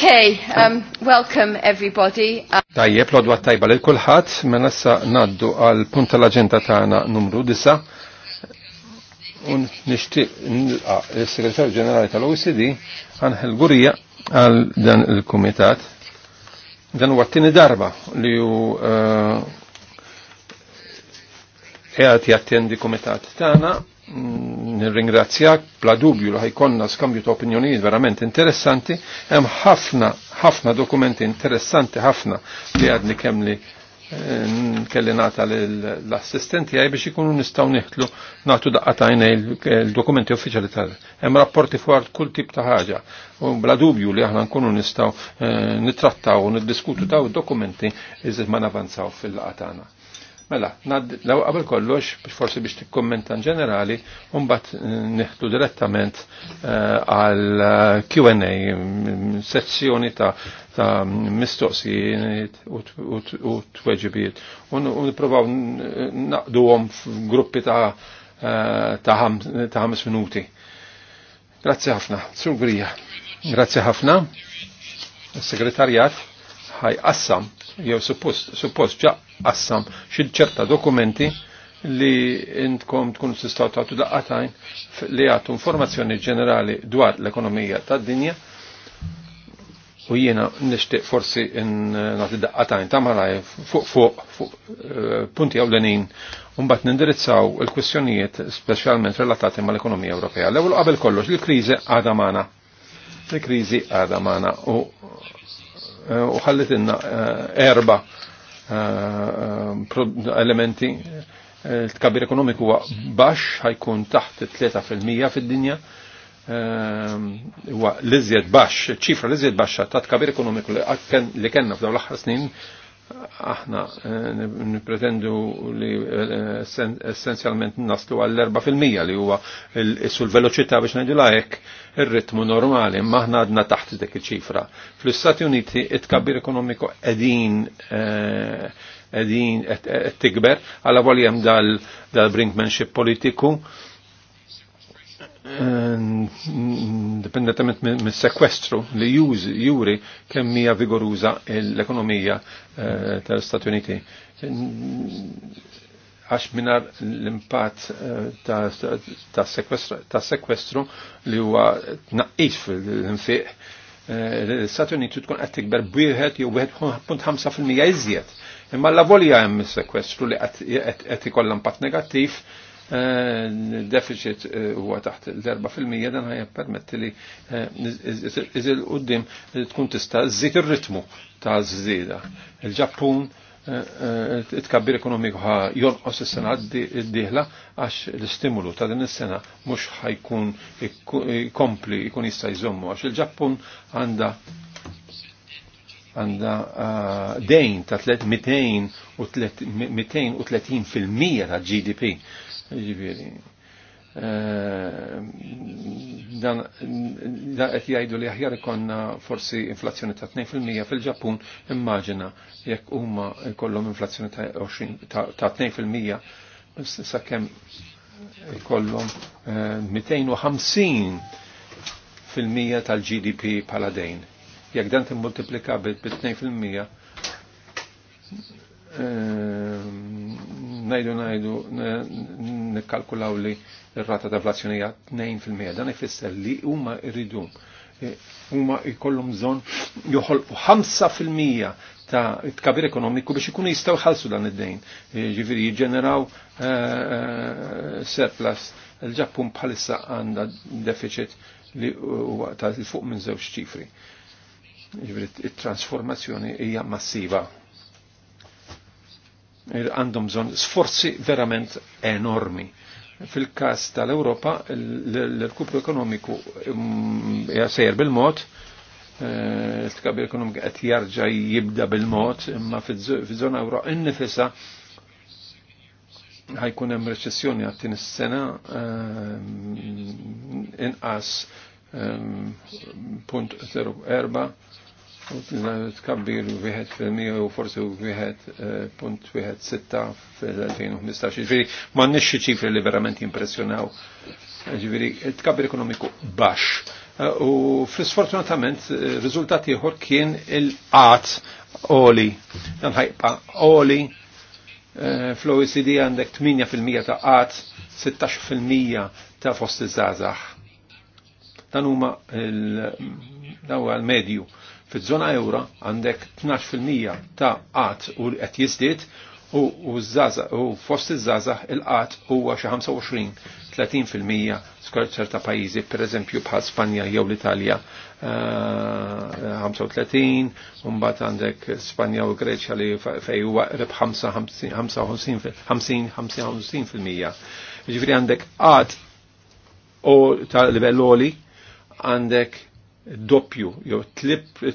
Okay, um, welcome everybody. Uh, Tajjeb, l tajba li kulħadd, mela issa naddu għal punt tal-aġenda tagħna numru 9. Un nishti il-Segretarju Ġenerali tal-OECD Anħel Gurija għal dan il-Kumitat. Dan huwa t-tieni darba li hu uh, għati għattendi komitat tana mm, nirringrazzjak bla dubju li ħajkonna skambju ta' opinjonijiet verament interessanti, hemm ħafna ħafna dokumenti interessanti ħafna li għadni kemm li eh, kelli nata l-assistenti għaj biex ikunu nistaw nagħtu natu daqqatajna il-dokumenti uffiċali tal Hemm rapporti fuq kull tip ta' ħaġa. U bla dubju li aħna nkunu nistaw eh, nitrattaw u niddiskutu daw dokumenti iżid ma navanzaw fil-laqatana. Mela, law qabel kollox, forsi biex tikkommenta ġenerali, mbagħad eh, nieħdu direttament eh, għal eh, Q&A, mm, sezzjoni ta' ta' mistoqsijiet u t tweġibiet. U naqdu għom f'gruppi ta' ta' ħames minuti. Grazzi ħafna, Sur Grija. Grazzi ħafna. Is-segretarjat assam jew suppost, suppost ġa qassam xi ċerta dokumenti li intkom tkun tistgħu tagħtu daqqatajn li jagħtu informazzjoni ġenerali dwar l-ekonomija tad-dinja u jiena nixtieq forsi nagħti daqatajn ta' malaj fuq fuq fuq eh, punti ewlenin u mbagħad nindirizzaw il-kwistjonijiet speċjalment relatati mal-ekonomija Ewropea. L-ewwel qabel kollox il kriżi għadha magħna. Il-kriżi għadha magħna u Eh, u ħallitinna inna eh, erba eh, elementi il-kabir ekonomiku huwa baxx ħajkun taħt 3% fid-dinja huwa l-iżjed baxx, ċifra l-iżjed baxxa ta' tkabir ekonomiku li kellna f'dawn l-aħħar snin aħna eh, nipretendu li eh, essenzjalment nastu għall-4% li huwa sul veloċità biex ngħidu lajek ir-ritmu normali, imma aħna għadna taħt dik iċ-ċifra. Fl-Istati Uniti it-kabbir ekonomiku qegħdin eh, qegħdin qed tikber għal hemm dal-brinkmanship politiku dependentament mis sekwestru li juri kemm hija vigoruża l-ekonomija eh, tal-Stati Uniti. Għax minar l impat eh, ta' sekwestru li huwa tnaqqis fil-infiq eh, l-Stati Uniti tkun qed tikber b'wieħed jew fil-mija iżjed. Imma la volja hemm is-sekwestru li qed ikollha impatt negattiv Eh, deficit eh, huwa taħt l-4% dan ħaj permetti li eh, iżil qudiem tkun tista' żżid ir-ritmu ta' żieda. Il-Ġappun it-kabbir ekonomiku ħa jonqos is-sena d-dieħla għax l-istimulu ta' din is-sena mhux ħajkun kompli jkun jista' jżommu għax il-Ġappun għandha għanda dejn ta' 230% ta' GDP Ġifieri. Eh, dan qed jgħidu li aħjar ikonna forsi inflazzjoni ta' 2% fil-Ġappun, immaġina jekk huma jkollhom inflazzjoni ta' 2% ta' 2% sakemm 250 fil-mija tal-GDP bħala dejn. Jekk dan timmultiplika bit-2 eh, najdu najdu nikkalkulaw li r-rata ta' inflazzjoni hija 2%. Dan ifisser li huma jridu eh, huma jkollhom bżonn joħolqu 5% ta' tkabir ekonomiku biex ikunu jistgħu jħallsu dan id-dejn. Eh, ġifieri jiġġeneraw eh, surplus. Il-Ġappun bħalissa għandha deficit li huwa ta' fuq minn żewġ ċifri. Ġifieri it-transformazzjoni hija massiva għandhom bżon sforzi verament enormi. fil kas tal europa l-rkupru ekonomiku mm, jasajer bil-mod, eh, l-kabir ekonomiku għet jarġa jibda bil-mod, imma fil żona Ewro innifisa ħajkun hemm reċessjoni għat tin sena eh, inqas eh, punt 0.4 tkabbir wieħed fil-mija u forsi wieħed eh, punt wieħed sitta fil-2015. Ġifieri m'għandniex xi ċifri li verament jimpressjonaw. Ġifieri tkabbir ekonomiku baxx. Eh, u sfortunatament eh, riżultat ieħor kien il qat oli. Dan ħajqa oli fl-OECD għandek 8% ta' qat, 16% ta' fost iż-żgħażagħ. Dan huma l-medju. Fiż-żona euro għandek 12% ta' għat u qed jizdiet u u fost iż żaza il għat huwa xi 25-30% skor ċerta pajjiżi, pereżempju bħal Spanja jew l-Italja 35, eh, u mbagħad għandek Spanja u Greċja li fejn huwa qrib 55-55%. Ġifieri għandek qatt u ta' livell għandek doppju jew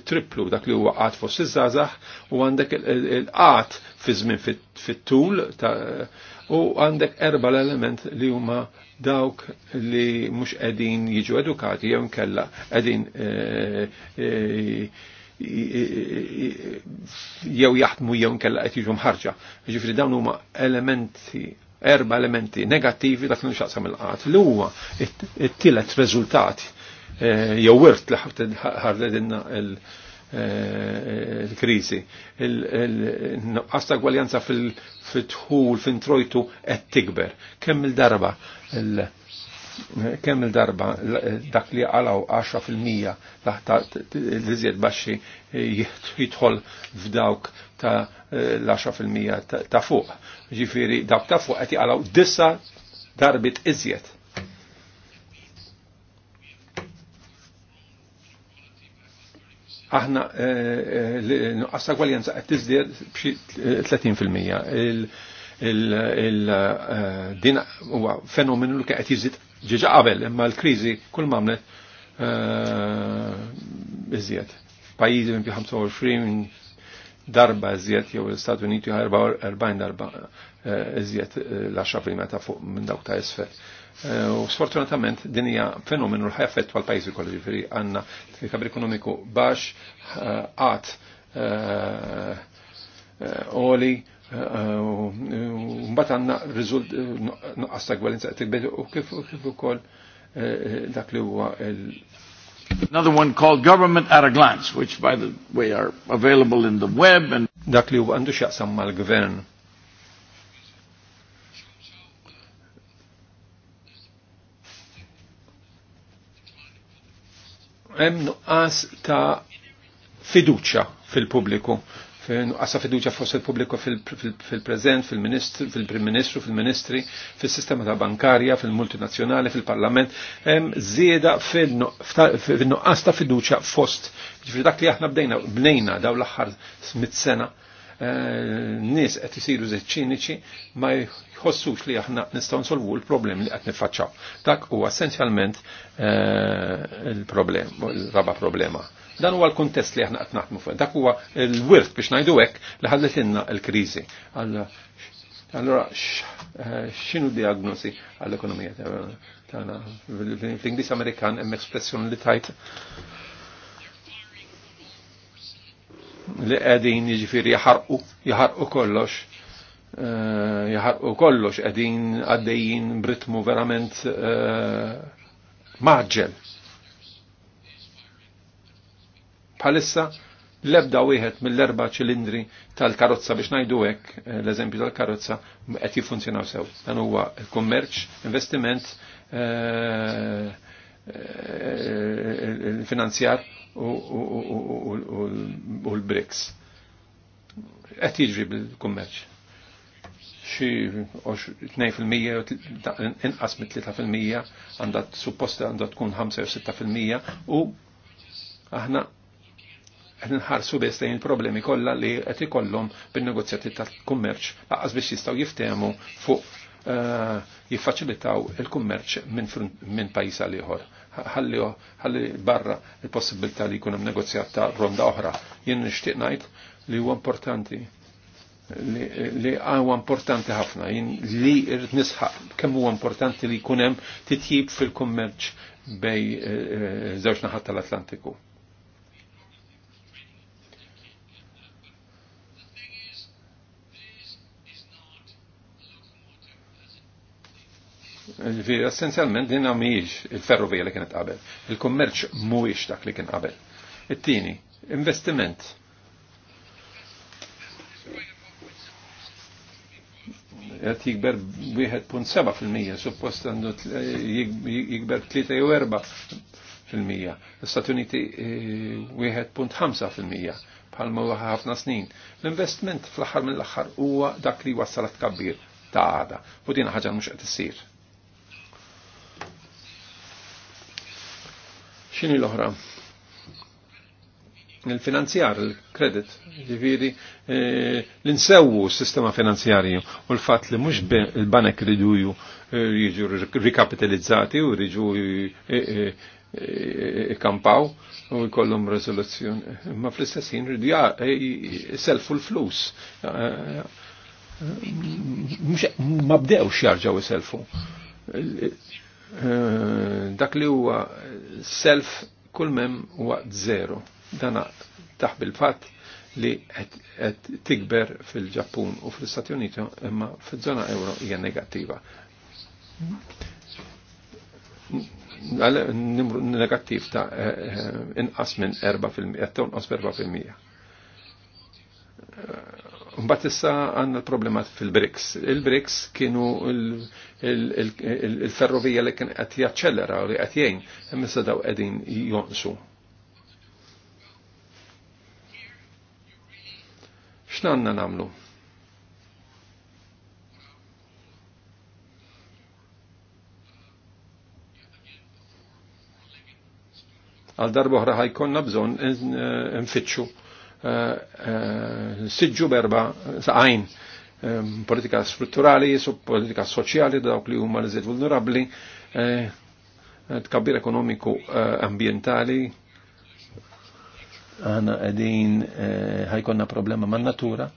triplu dak li huwa qat fost iż żazax u għandek il-qat fi żmien fit-tul u għandek erba l-element li huma dawk li mhux qegħdin jiġu edukati jew nkella qegħdin e, e, e, jew jaħdmu jew nkella qed jiġu mħarġa. Jiġifieri dawn huma elementi erba elementi negattivi dak li nxaqsam il-qat li huwa it-tielet riżultati Eh, jew wirt li ħarledinna eh, il-krizi. Il-nuqqas ta' gwaljanza fil-tħul, fil-trojtu qed tikber. Kemm il-darba kemm il-darba dak li għalaw 10% taħt l-izjed baxxi jidħol f'dawk ta' l-10% ta' fuq. Ġifiri, dawk ta' fuq qed għalaw disa darbit iżjed aħna eh, eh, nuqqas gwaljanza qed tiżdied b'xi 30%. Il-din eh, huwa fenomenu li qed jiżid ġiġa qabel, imma l-kriżi kull mamlet iżjed. Pajjiżi minn 25 darba iżjed jew l istat Uniti 44 darba iżjed l-10% ta' fuq minn dawk ta' isfel Eh, u sfortunatament din hija fenomenu li ħaffettwa għal pajjiżi kollu ġifieri għandna kabri ekonomiku baxx, qatt eh, eh, oli, mbagħad għandna riżult noqqas ta' gwalinza u kif ukoll dak li huwa l Another one called Government at a Glance, which by the way are available in the web and Dak li huwa għandu x'jaqsam mal-gvern hemm nuqqas ta' fiduċja fil-pubbliku għasa fiduċa fost il-pubbliku fil-prezent, fil-prim ministru, fil-ministri, fil-sistema ta' bankarja, fil-multinazzjonali, fil-parlament, zieda fil-nuqqas ta' fiduċa fost. Ġifri dak li aħna bdejna, bnejna daw l-axħar smit sena nis qed isiru żed ċiniċi ma jħossux li aħna nistgħu nsolvu l-problem li qed niffaċċaw. Dak huwa essenzjalment il-problem, l raba problema. Dan huwa l-kuntest li aħna qed naħdmu fuq. Dak huwa l-wirt biex ngħidu hekk li ħallitilna l-kriżi. Allora, x'inhu diagnosi għall-ekonomija tagħna? Fl-Ingliż Amerikan hemm espressjoni li tajt li qegħdin jiġifieri jaħarqu jaħarqu kollox eh, jaħarqu kollox qegħdin għaddejjin b'ritmu verament eh, maġġel. Bħalissa l-ebda wieħed mill-erba' ċilindri tal-karozza biex ngħidu hekk eh, l-eżempju tal-karozza qed jiffunzjonaw sew. Dan huwa l-kummerċ, investiment, il finanzjar u l-BRICS. Qed jiġri bil-kummerċ. Xi 2% inqas mit 3% għandha supposta għandha tkun 5 6% u aħna qed nħarsu biss il-problemi kollha li qed ikollhom bin-negozjati tal-kummerċ laqas biex jistgħu jiftehmu fuq eh, jiffaċilitaw il-kummerċ minn pajjiż għal ieħor ħalli barra il-possibilità li jkun hemm negozjat ta' ronda oħra. Jien nixtieq ngħid li huwa importanti li huwa importanti ħafna, li irrit nisħaq kemm huwa importanti li jkun hemm titjib fil-kummerċ bej eh, eh, żewġ naħat tal-Atlantiku. Ġifieri essenzjalment din mhijiex il-ferrovija li kienet qabel. il kommerċ mhuwiex dak li kien qabel. It-tieni, investiment. Qed jikber 1.7% fil-mija, suppost għandu eh, jikber 3 jew 4%. L-Stati Uniti 1.5% eh, bħalma ħafna snin. L-investiment fl-aħħar mill-aħħar huwa dak li wassalat kabbir ta' għada. U din ħaġa mhux qed issir. X'inhi l-oħra? il-finanzjar, il-kredit, ġiviri, eh, l-insewu s-sistema finanzjarju u l-fat li mux il-banek riduju eh, jiġu rikapitalizzati u riġu ikampaw eh, u jkollhom rezoluzzjoni. Ma fl-istess ħin ridu selfu l-flus. Ma bdewx jarġaw iselfu Eh, dak li huwa self kull mem huwa zero. Dana taħ bil fat li qed tikber fil-Ġappun u fl-Istati Uniti imma fiż-żona euro hija negattiva. Nimru negattiv ta' eh, eh, inqas minn 4 fil-mija, tonqos 4 Mbagħad issa għandna problema fil-BRICS. Il-BRICS kienu il-ferrovija li kien qed jaċċellera u li qed jgħin, hemm daw qegħdin jonqsu. X'għandna nagħmlu? Għal darba oħra ħajkonna bżonn nfittxu Eh, eh, siġġu berba eh, saqajn politika strutturali, politika soċjali dawk li huma li vulnerabbli, tkabbir ekonomiku ambientali, għana għedin ħajkonna problema man natura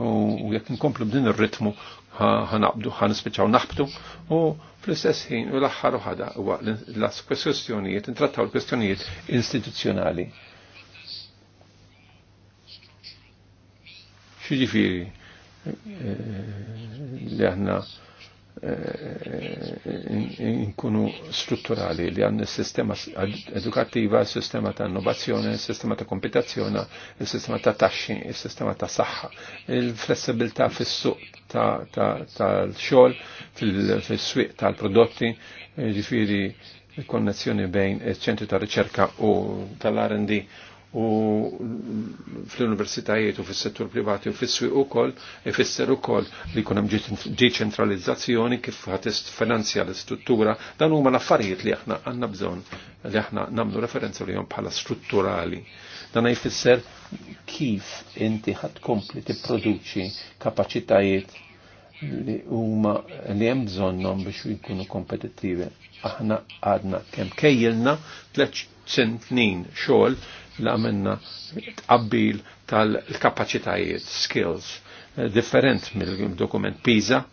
u jekk nkomplu b'din ir-ritmu ħan ħanispiċaw naħbtu u fl-istess ħin u l axħar u ħada u l-kwestjonijiet, intrattaw l-kwestjonijiet istituzzjonali Xieġifiri eh, li għanna eh, nkunu strutturali li għanna sistema edukattiva, s-sistema ta' innovazzjoni, s-sistema ta' kompetazzjoni, s-sistema ta' taxxi, sistema ta' saħħa, il-flessibilità fis-suq tal-xogħol, fis-swieq tal-prodotti, eh, ġifieri il-konnezzjoni bejn iċ-ċentri ta' riċerka u tal-R&D u fl-universitajiet u fis-settur privati u fis-swieq ukoll ifisser ukoll li jkun hemm deċentralizzazzjoni kif ħatest finanzja l-istruttura dan huma l-affarijiet li aħna għandna bżonn li aħna nagħmlu referenza lihom bħala strutturali. Dan jfisser kif inti ħadd kompli tipproduċi kapaċitajiet li huma li hemm bżonnhom biex jkunu kompetittivi. Aħna għadna kemm kejjilna tliet snin xogħol l għamenna tqabbil tal-kapacitajiet, skills, eh, different mill-dokument PISA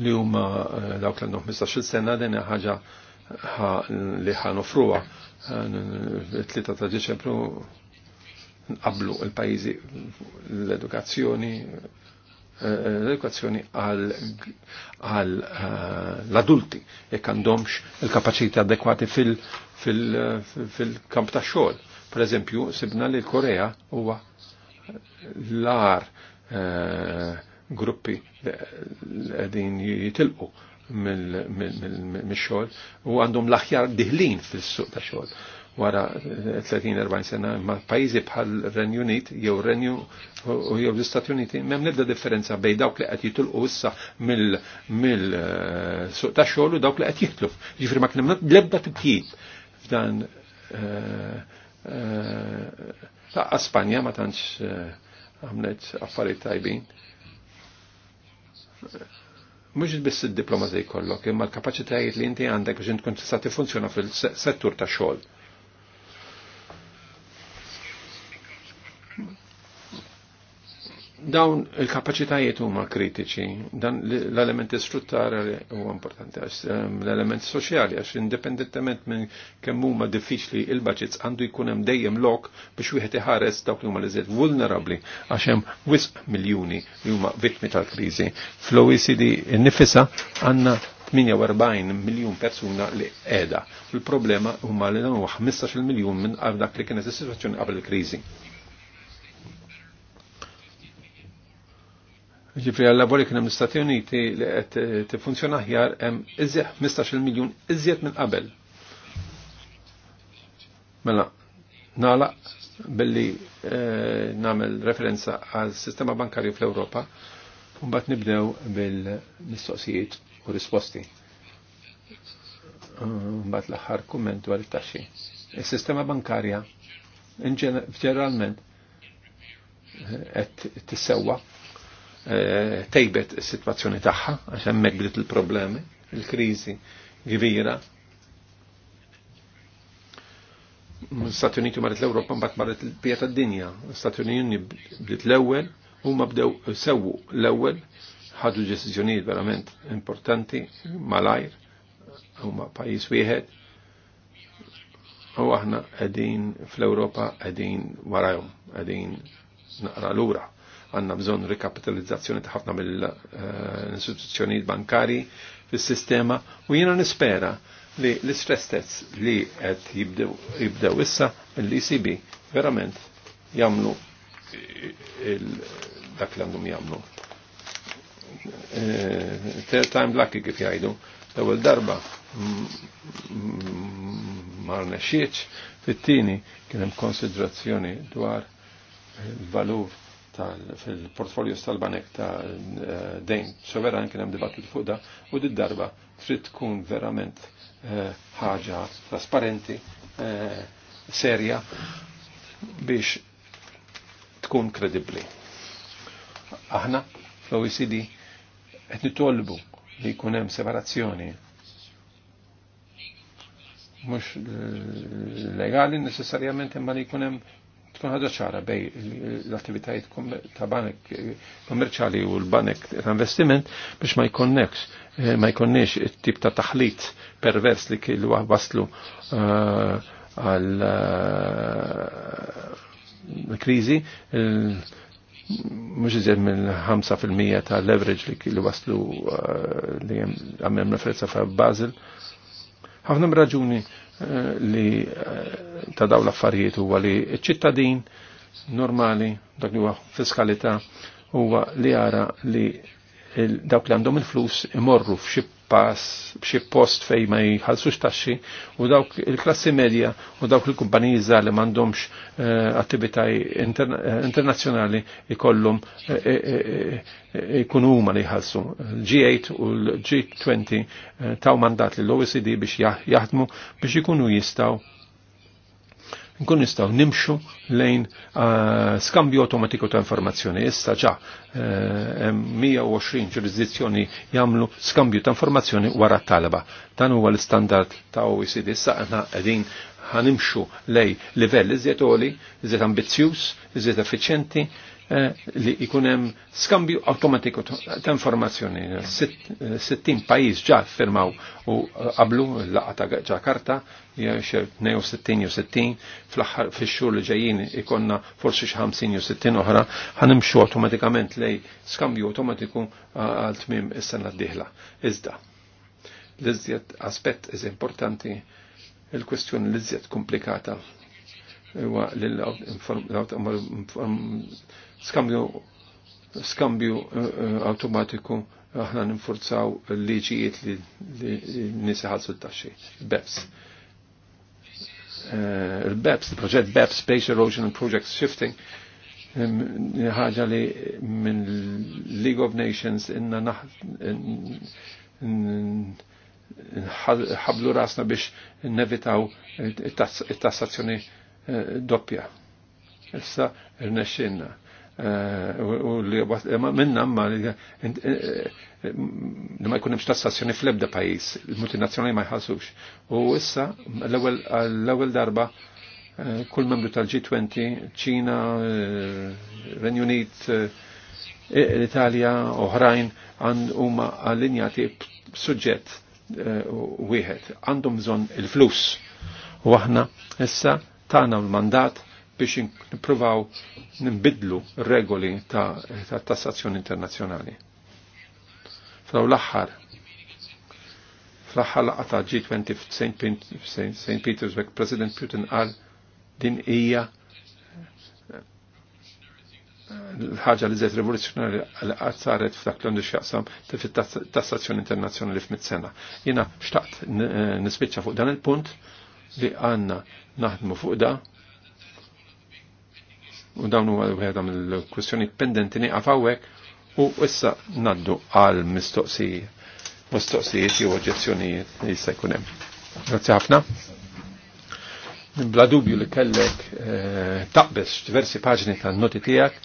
li huma eh, dawk l-għandhom 15 sena din ħaġa li ħan eh, l 3 ta' Deċembru nqablu l-pajjiżi l-edukazzjoni, Eh, eh, l-edukazzjoni għal eh, l-adulti jekk għandhomx il kapacita adekwati fil-kamp ta' xogħol. Per eżempju, sibna li l-Korea huwa l-ar gruppi li jitilqu mill-xogħol u għandhom l-aħjar diħlin fil-suq ta' xogħol wara 30-40 sena, ma pajizi bħal Renju Unit jew Renju jew l-Istati Uniti m'hemm nibda differenza bejn dawk li qed jitilqu issa mill-suq eh, ta' xogħol u dawk li qed jitlu. Jiġifieri ma kien l t tibtib f'dan ta' eh, eh, Spanja ma tantx għamlet affarijiet tajbin mux biss id-diploma se jkollok, imma l-kapacitajiet li inti għandek biex intkun tista' tiffunzjona fil-settur ta' xogħol. Dawn il-kapacitajiet huma kritiċi, dan l-element strutturali huwa importanti għax ehm, l-element soċjali għax indipendentement minn kemm huma diffiċli il-budgets għandu jkun hemm dejjem lok biex wieħed iħares dawk li huma li żed vulnerabbli għax hemm wisq miljuni li huma vittmi tal-kriżi. Fl-OECD nifisa għandna 48 miljon persuna li qiegħda. Il-problema huma li dan huwa 15 miljun minn dak li kienet is-sitwazzjoni qabel il-kriżi. Ġifri għal-labori kien hemm l-Istati Uniti li qed t-funzjona ħjar iżjed 15 miljun iżjed minn qabel. Mela, nagħlaq billi eh, nagħmel referenza għal sistema bankarju fl-Ewropa u mbagħad nibdew bil-mistoqsijiet u risposti. Eh, mbagħad l-aħħar kumment dwar it-taxxi. Is-sistema bankarja ġeneralment eh, qed tissewwa Eh, tejbet is-sitwazzjoni tagħha għax hemmhekk bdiet il-problemi, il-kriżi kbira. Stati Uniti marret l-Ewropa mbagħad marret il-bija tad-dinja. Stati Uniti bdiet l-ewwel huma bdew sewwu l-ewwel ħadu deċiżjonijiet verament importanti malajr huma pajjiż wieħed u aħna qegħdin fl-Ewropa qegħdin warahom, qegħdin naqra lura għanna bżon rikapitalizzazzjoni ta' ħafna mill-istituzzjonijiet bankari fis-sistema u jiena nispera li l-istress test li qed jibdew issa mill-ECB verament jagħmlu dak li għandhom jagħmlu. Third time lucky kif jgħidu, l-ewwel darba marna xieċ, fit-tieni kien hemm konsiderazzjoni dwar il-valur fil portfolio tal-banek ta' dejn soveran kien hemm dibattit fuq da u dit darba trid tkun verament eh, ħaġa trasparenti eh, serja biex tkun kredibli. Aħna fl-OECD qed nitolbu li jkun hemm separazzjoni mhux eh, legali necessarjament imma li jkun hemm tkun ħaġa ċara bej l-attivitajiet ta' banek kommerċali u l-banek ta' investiment biex ma jkonneks eh, ma jkonnex it-tip ta' taħlit pervers li kellu waslu eh, għal eh, krizi mux iżjed minn 5% ta' leverage li kellu waslu li għamem referenza fa' Basel Għafna mraġuni Eh, li eh, ta' daw l-affarijiet huwa li ċ-ċittadin normali dak li huwa fiskalità huwa li jara li dawk li għandhom il-flus imorru f'xi pass b'xi post fej ma jħallsux taxxi u dawk il-klassi medja u dawk il-kumpaniji żgħar li m'għandhomx eh, attività eh, internazzjonali ikollhom eh, jkunu huma li jħallsu. G8 u l-G20 taw mandat lill OECD biex jaħdmu biex ikunu jistgħu nkun nistaw nimxu lejn uh, skambju automatiku ta' informazzjoni. Issa ġa 120 uh, ġurisdizzjoni jamlu skambju ta' informazzjoni wara talba. Dan huwa l-standard ta' OECD. Issa għanna għedin għanimxu lej livell iżjed oli, iżjed ambizzjuż, iżjed effiċjenti Eh, li ikunem skambju automatiku ta' informazzjoni. 60 eh, pajis ġa firmaw u eh, qablu l-laqa ta' ġakarta, 62 u 60, fil-xur li ġejjin ikonna forsi 50 u 60 oħra, ħanimxu automatikament lej skambju automatiku għal tmim is-sena d-dihla. Iżda, l-iżjed aspett iż importanti il-kwestjoni l-iżjed komplikata huwa l skambju skambju eh, eh, automatiku aħna ninfurzaw liġijiet li nisa ħalsu t-taxxi. BEPS. Eh, Il-BEPS, il-proġett BEPS, Space Erosion and Project Shifting, ħaġa li minn League of Nations inna nħablu rasna biex nevitaw it-tassazzjoni doppja. Issa, rnexxinna Eh, eh, minna ma li eh, ma jkunemx tassazzjoni fl-ebda pajis, il-multinazzjonali ma jħassux. U issa l-ewwel darba kull membru tal-G20, ċina, Renju Unit, l-Italja, oħrajn għand huma allinjati b'suġġett wieħed. Għandhom bżonn il-flus. U aħna issa tagħna l-mandat biex nippruvaw nimbidlu regoli ta' tassazzjoni internazzjonali. Fraw l-aħħar, fl-aħħar laqata ta' G20 f'St. Petersburg, President Putin qal din hija eh, l-ħagġa li zed rivoluzjonari li għazzaret saret f'dak l-għandu xjaqsam fit-tassazzjoni internazzjonali f'mit sena. Jena xtaqt eh, nisbitċa fuq dan il-punt li għanna naħdmu fuq da u dawn huwa wieħed mill-kwistjoni pendenti nieqaf hawnhekk u issa naddu għal mistoqsijiet mistoqsijiet jew oġġezzjonijiet li jista' jkun hemm. Grazzi ħafna. Bla dubju li kellek eh, taqbes diversi paġni tan-noti tiegħek.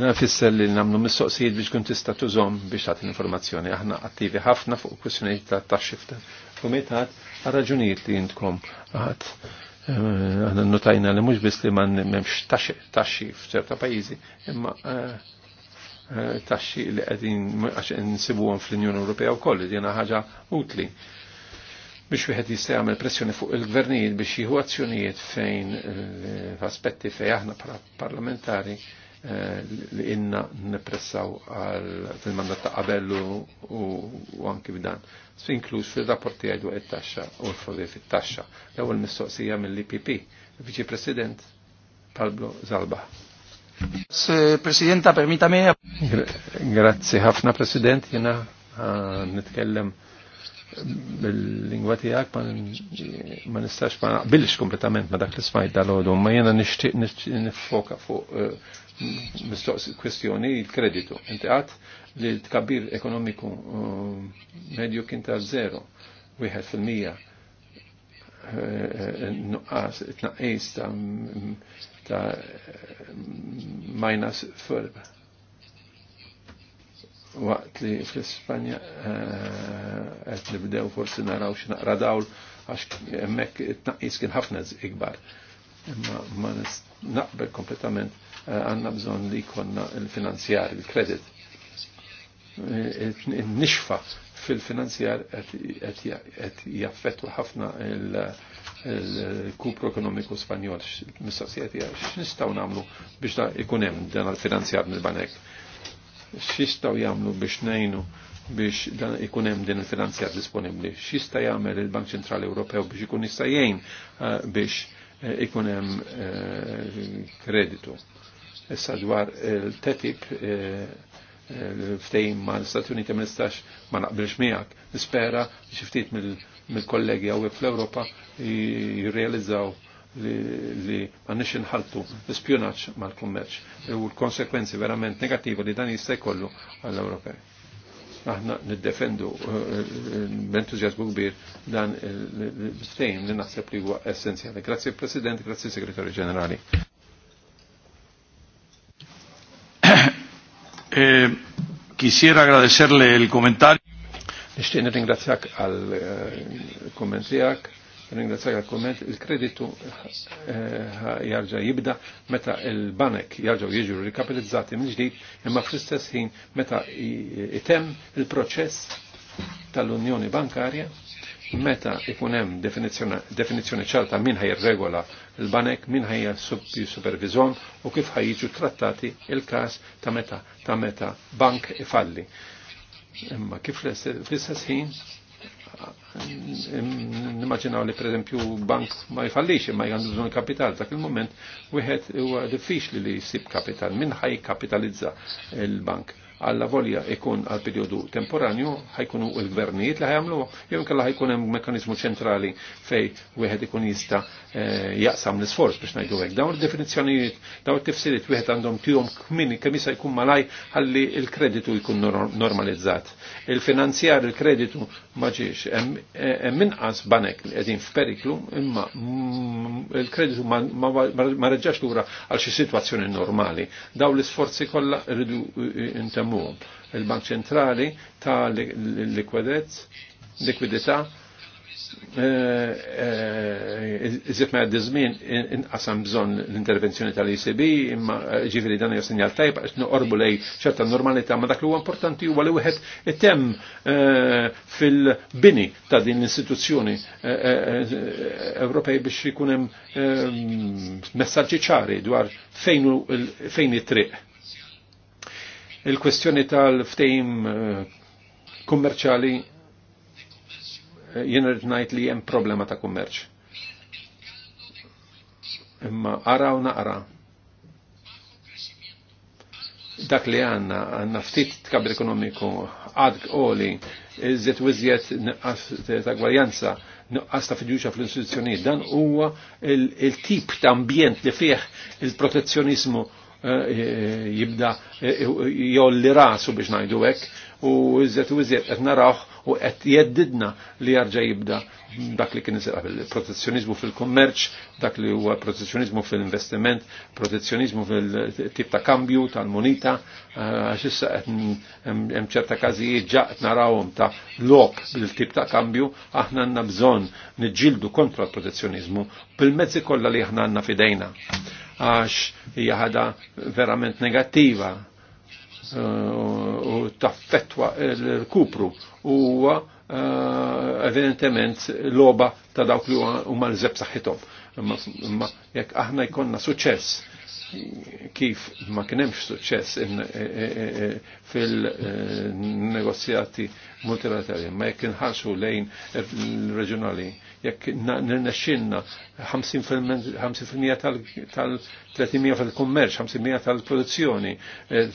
Nafisser li namlu mistoqsijiet biex kun tista' tużhom biex tagħti informazzjoni. Aħna attivi ħafna fuq kwistjonijiet ta' taxxifta. Kumitat għal raġunijiet li jintkom għad għanna notajna li mux bis li man memx taxxi f'ċerta pajizi, imma eh, eh, taxxi li għedin għax nsibu għan fl-Unjoni Ewropea u koll, li ħaġa utli biex wieħed jista' jagħmel pressjoni fuq il-gvernijiet biex jieħu azzjonijiet fejn eh, aspetti fejn aħna parlamentari Eh, li inna nipressaw fil-mandat ta' qabellu u anki b'dan. Sfinklux fil-rapporti għajdu għed taxxa u l fodi fil-taxxa. L-ewel mistoqsija mill-IPP, Viċi President Pablo Zalba. Presidenta, permitami. Grazie, ħafna, President, jena ah, nitkellem bil-lingwa tijak ma nistax ma naqbilx kompletament ma dak l-ismajt dal-ħodu, ma jena nishtiq nifoka fuq eh, mistoqs kwestjoni il-kreditu. Inti għat li l-tkabbir ekonomiku uh, medju kien ta' zero, wieħed fil-mija uh, uh, nuqqas, it-naqqis ta' minus furb. Waqt li fl-Ispanja għet bdew forsi naraw xinaqra dawl għax hemmhekk it naqqis kien ħafna ikbar. Imma ma naqbel kompletament Eh, għanna bżon li konna il-finanzjar, il-kredit. Eh, Il-nixfa fil-finanzjar għet jaffetu ħafna il kupro ekonomiku spanjol. Mistoqsijat jgħal, x'nistgħu nagħmlu biex da ikun hemm dan il-finanzjar mill-banek? Xistaw jagħmlu biex ngħinu biex dan ikun hemm din il-finanzjar disponibli? X'jista' jagħmel il-Bank Centrali Ewropew biex ikun jista' jgħin eh, biex ikun hemm kreditu? Issa dwar il-TTIP eh, ftejn ma l-Stati Uniti ma nistax ma naqbilx miegħek. Nispera li xi ftit mill-kollegi hawnhekk fl-Ewropa jirrealizzaw li għannix inħaltu l-spionaċ mal-kummerċ u l-konsekwenzi verament negativi li dan jista' jkollu għall-Ewropej. Aħna niddefendu eh, b'entużjażmu kbir dan l-ftejn li naħseb li huwa essenzjali. Grazzi President, grazzi Segretari Ġenerali. Eh, quisiera agradecerle el comentario. Nishtiqni ringrazzjak għal eh, kommentijak, ringrazzjak għal komment, il-kreditu eh, jarġa jibda meta il-banek jarġaw jiġu rikapitalizzati minn ġdid, imma fl-istess ħin meta jitem il-proċess tal-Unjoni Bankarja, meta ikun definizjoni definizzjoni ċarta min ħajregola regola il-banek min ħajja supervizon u kif ħajġu trattati il-kas ta' meta ta' meta bank ifalli. Imma kif l istess ħin nimmaġinaw li per eżempju bank ma jfallix imma jgħandu bżon kapital dak il-moment wieħed huwa diffiċli li jsib kapital min ħaj kapitalizza il-bank għalla volja ikun għal periodu temporanju ħajkunu il-gvernijiet li ħajamlu jew kalla ħajkun hemm mekanizmu ċentrali fej wieħed ikun jista eh, jaqsam l-isforz biex ngħidu hekk. Dawn id-definizzjonijiet, dawn it-tifsiriet wieħed għandhom tihom kmini kemm jista' jkun malaj ħalli il kreditu jkun normalizzat. Il-finanzjar il-kreditu ma ġiex hemm inqas banek li qegħdin f'periklu imma mm, il-kreditu ma reġġax lura għal xi sitwazzjoni normali. Daw l-isforzi kollha rridu eh, intemmu nżommuhom. Il-Bank Ċentrali ta' likwidità eh, eh, iżif ma' dizmin inqasam bżon l-intervenzjoni tal-ECB, imma eh, ġifiri dan jew sinjal tajb, għax noqorbu lej ċerta normalità, ma dak li huwa importanti huwa li wieħed item fil-bini ta' din l-istituzzjoni Ewropej biex ikun hemm messaġġi ċari dwar fejn it-triq Il-kwestjoni tal-ftejm eh, kummerċali eh, jien rrid ngħid li hemm problema ta' kummerċ. Imma ara u naqra dak li għanna, għanna ftit tkabri ekonomiku, għad għoli, zjet u zjet ta' gwarjanza, nuqqas ta' fiduċa fl-istituzzjoni, dan huwa il-tip ta' ambjent li fih il-protezzjonizmu jibda jolli rasu biex najdu hekk u iżet u iżet qed narawh u qed jeddidna li jarġa' jibda dak li kien il-protezzjonizmu fil-kommerċ, dak li huwa protezzjonizmu fil-investiment, protezzjonizmu fil-tip ta' kambju tal-monita, għax issa hemm ċerta każijiet ġaq narawhom ta' lok bil-tip ta' kambju, aħna għandna bżonn niġġieldu kontra l-protezzjonizmu bil-mezzi kollha li aħna għandna fidejna għax hija ħada verament negattiva eh, u taffetwa l-kupru u eh, evidentement loba ta' dawk li huma l-żeb saħħithom. Imma jekk aħna jkollna suċċess kif ma kienemx suċċess e- e- e- fil-negozjati multilaterali, ma jekk inħarsu lejn il-reġjonali, jekk nirnexxinna 50% tal-300 fil-kummerċ, 50% tal-produzzjoni,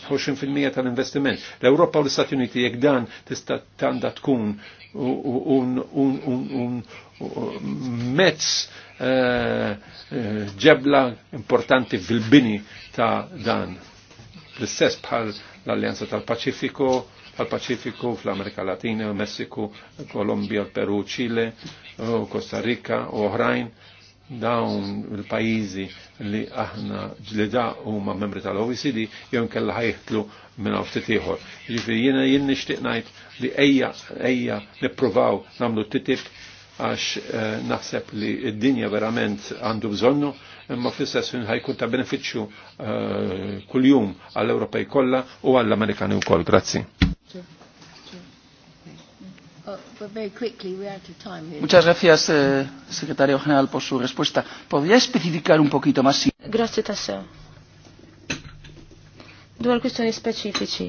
20% eh, tal-investiment. L-Ewropa u l-Istati Uniti jekk dan tista' tanda tkun un mezz eh, eh, ġebla importanti fil-bini ta' dan. L-istess bħal l-Alleanza tal-Paċifiku, tal paċifiku fl-Amerika Latina, Messiku, Kolombia, Peru, Ċile, eh, Costa Rica oħrajn dawn il-pajizi li aħna ġlida huma membri tal-OECD jom kella ħajħtlu minn hawn ftit ieħor. Jiġifieri jiena jien nixtieq ngħid li ejja ejja nippruvaw nagħmlu titib għax eh, naħseb li d-dinja verament għandu bżonnu imma fl-istess ħajkun ta' beneficju eh, kuljum għall-Ewropej kollha u għall-Amerikani wkoll. Grazzi. Uh, Muchas gracias, eh, secretario general, por su respuesta. ¿Podría especificar un poquito más? Si... Gracias, tassew. Due questioni specifici.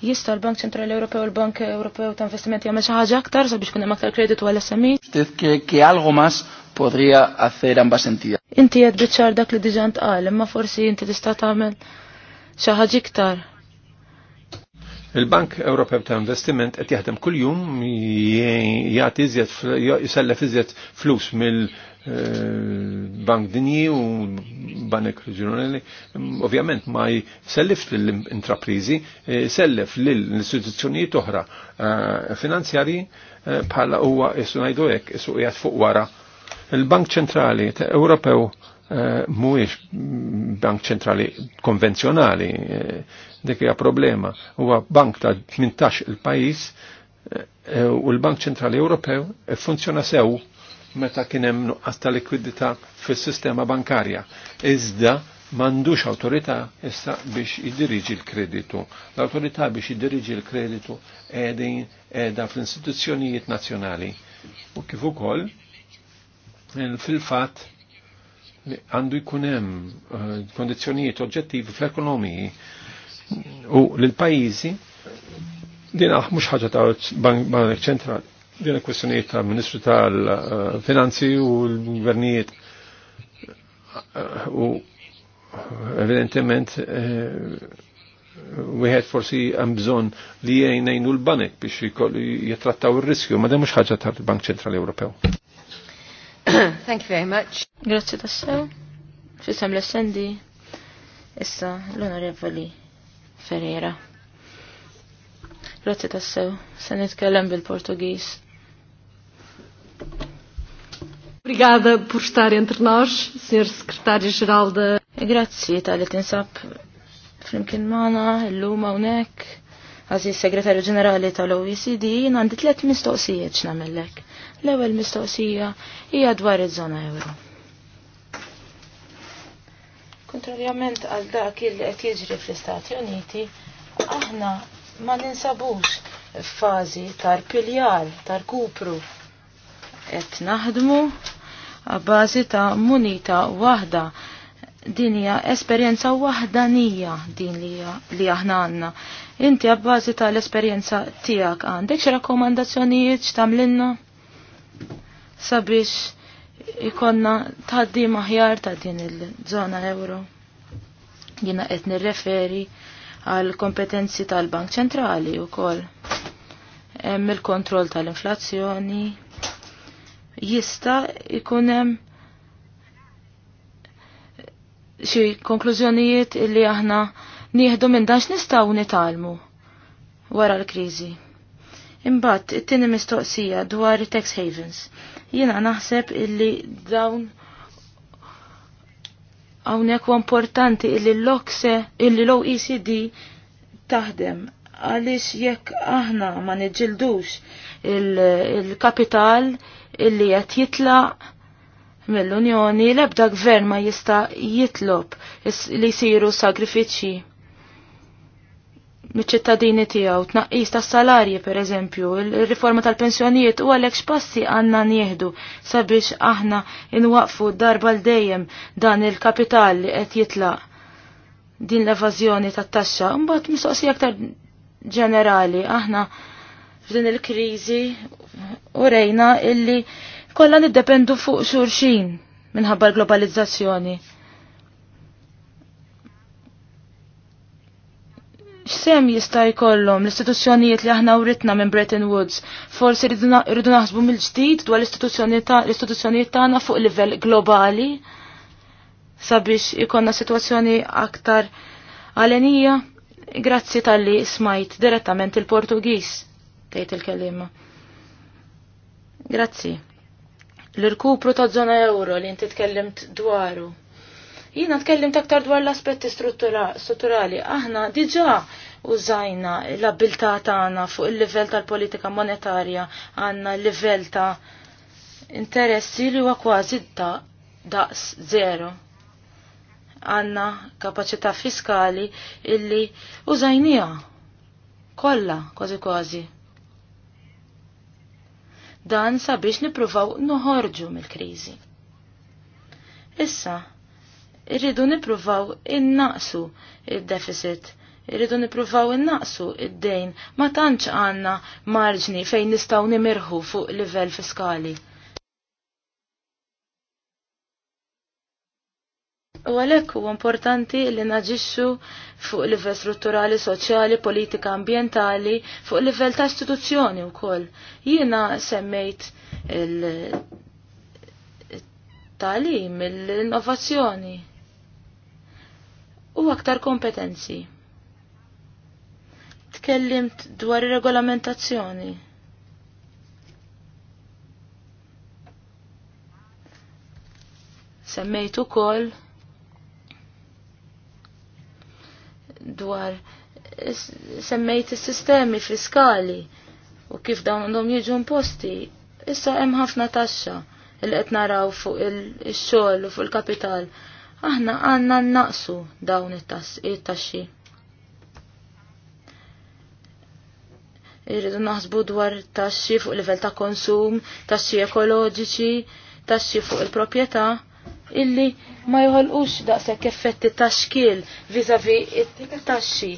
Jista' l-Bank Centrali Ewropew l-Bank Ewropew ta' Investimenti jagħmel xi ħaġa aktar sabiex kun hemm aktar kreditu għal SMI. E? Tiet cree que algo mas podrija hacer ambas entidades. Inti qed biċċar dak li diġant ntqal, imma forsi inti tista' tagħmel xi ħaġa iktar. Il-Bank Ewropew ta' Investiment qed jaħdem kuljum jagħti iżjed jisellef iżjed flus mill eh, bank dinji u banek reġjonali ovvjament ma jsellif lill-intraprizi, eh, sellef lill-istituzzjonijiet oħra eh, finanzjarji bħala huwa isu ngħidu hekk isu qiegħed fuq wara. Il-Bank Ċentrali Ewropew Eh, mhuwiex bank ċentrali konvenzjonali, eh, dik hija problema. Huwa bank ta' 18 il-pajjiż eh, u l-Bank Ċentrali Ewropew funzjona sew meta kien hemm nuqqas ta' likwidità fis-sistema bankarja. Iżda m'għandux awtorità issa biex jiddiriġi l-kreditu. L-awtorità biex jiddiriġi l-kreditu qegħdin qiegħda fl-istituzzjonijiet nazzjonali. U kif ukoll fil-fatt għandu jkunem eh, kondizjonijiet oġġettivi fl-ekonomiji u l-pajizi din ah, mhux ħaġa ta' Bank Ċentrali. Din kwestjonijiet ta' Ministru tal-Finanzi u l-Gvernijiet u evidentement eh, wieħed forsi hemm bżonn li jgħinejnu l-banek biex jitrattaw ir-riskju, ma dem mhux ħaġa tal-Bank Ċentrali Ewropew. Thank you very much. Grazzi tassew. Fisem l-essendi. Issa l-onorevoli Ferreira. Grazzi tassew. Se nitkellem bil-Portugis. Obrigada por estar entre nós, Sr. Secretário-Geral da... Grazzi tal-li tinsab flimkien mana, l unek. għonek Għaziz segretarju ġenerali tal-OECD, għandi tlet mistoqsijiet x'namillek. L-ewwel mistoqsija hija dwar iż-żona euro. Kontrarjament għal dak li qed jiġri fl-Istati Uniti, aħna ma ninsabux f'fażi tar-piljar, tar-kupru. Qed naħdmu għabbażi ta' munita waħda din hija esperjenza waħdanija din li aħna għandna. Inti għabbażi tal-esperjenza tiegħek għandek xi rakkomandazzjonijiet x'tagħmlilna sabiex ikonna di maħjar ta' din il-żona euro. Jiena qed nirreferi għal kompetenzi tal-Bank Ċentrali wkoll. Hemm il-kontroll tal-inflazzjoni jista' ikun hemm xi konklużjonijiet illi aħna nieħdu minn dan x'nistgħu nitalmu wara l-kriżi. Imbagħad it-tieni mistoqsija dwar tax havens. Jiena naħseb illi dawn hawnhekk huwa importanti illi l-okse illi l ECD taħdem għaliex jekk aħna ma niġġildux il-kapital illi qed jitlaq mill-Unjoni l-ebda gvern ma jista jitlob li jsiru sagrifiċċji miċ-ċittadini tiegħu tnaqqis tas-salarji pereżempju, il-riforma tal-pensjonijiet u għalhekk x'passi għandna nieħdu sabiex aħna inwaqfu darba l dejjem dan il-kapital li qed jitlaq din l-evażjoni tat-taxxa. Mbagħad mistoqsija aktar ġenerali aħna f'din il-kriżi u rejna illi kollha niddependu fuq xurxin minħabba l-globalizzazzjoni. X'sem jista' jkollhom l-istituzzjonijiet li aħna writna minn Bretton Woods, forsi rridu naħsbu mill-ġdid dwar l-istituzzjonijiet tagħna fuq livell globali sabiex ikonna situazzjoni aktar għalenija grazzi tal-li smajt direttament il-Portugis, tejt il-kelima. Grazzi l-irkupru ta' zona euro li inti tkellimt dwaru. Jina tkellimt aktar dwar l-aspetti strutturali. Aħna diġa użajna l-abilta tagħna fuq il-livell tal-politika monetarja għandna l-livell ta' interessi li huwa kważi ta' daqs zero. Għanna kapacità fiskali illi użajnija kollha kważi kważi dan sabiex nipruvaw noħorġu mill-kriżi. Issa, irridu nipruvaw innaqsu il deficit irridu nipruvaw innaqsu id-dejn, ma tantx għanna marġni fejn nistaw nimirħu fuq livell fiskali. U għalhekk huwa importanti li naġixxu fuq livell strutturali, soċjali, politika ambjentali, fuq livell ta' istituzzjoni wkoll. Jiena semmejt il-talim, l-innovazzjoni u aktar kompetenzi. Tkellimt dwar ir-regolamentazzjoni. Semmejt ukoll dwar semmejt is-sistemi fiskali u kif dawn għandhom jiġu imposti, issa hemm ħafna taxxa il qed naraw fuq il-xogħol u fuq il-kapital. Aħna għandna naqsu dawn it-taxxi. Irridu naħsbu dwar taxxi fuq livell ta' konsum, taxxi ekoloġiċi, taxxi fuq il-proprjetà illi ma joħolqux daqshekk effetti taxkil vizavi it-taxxi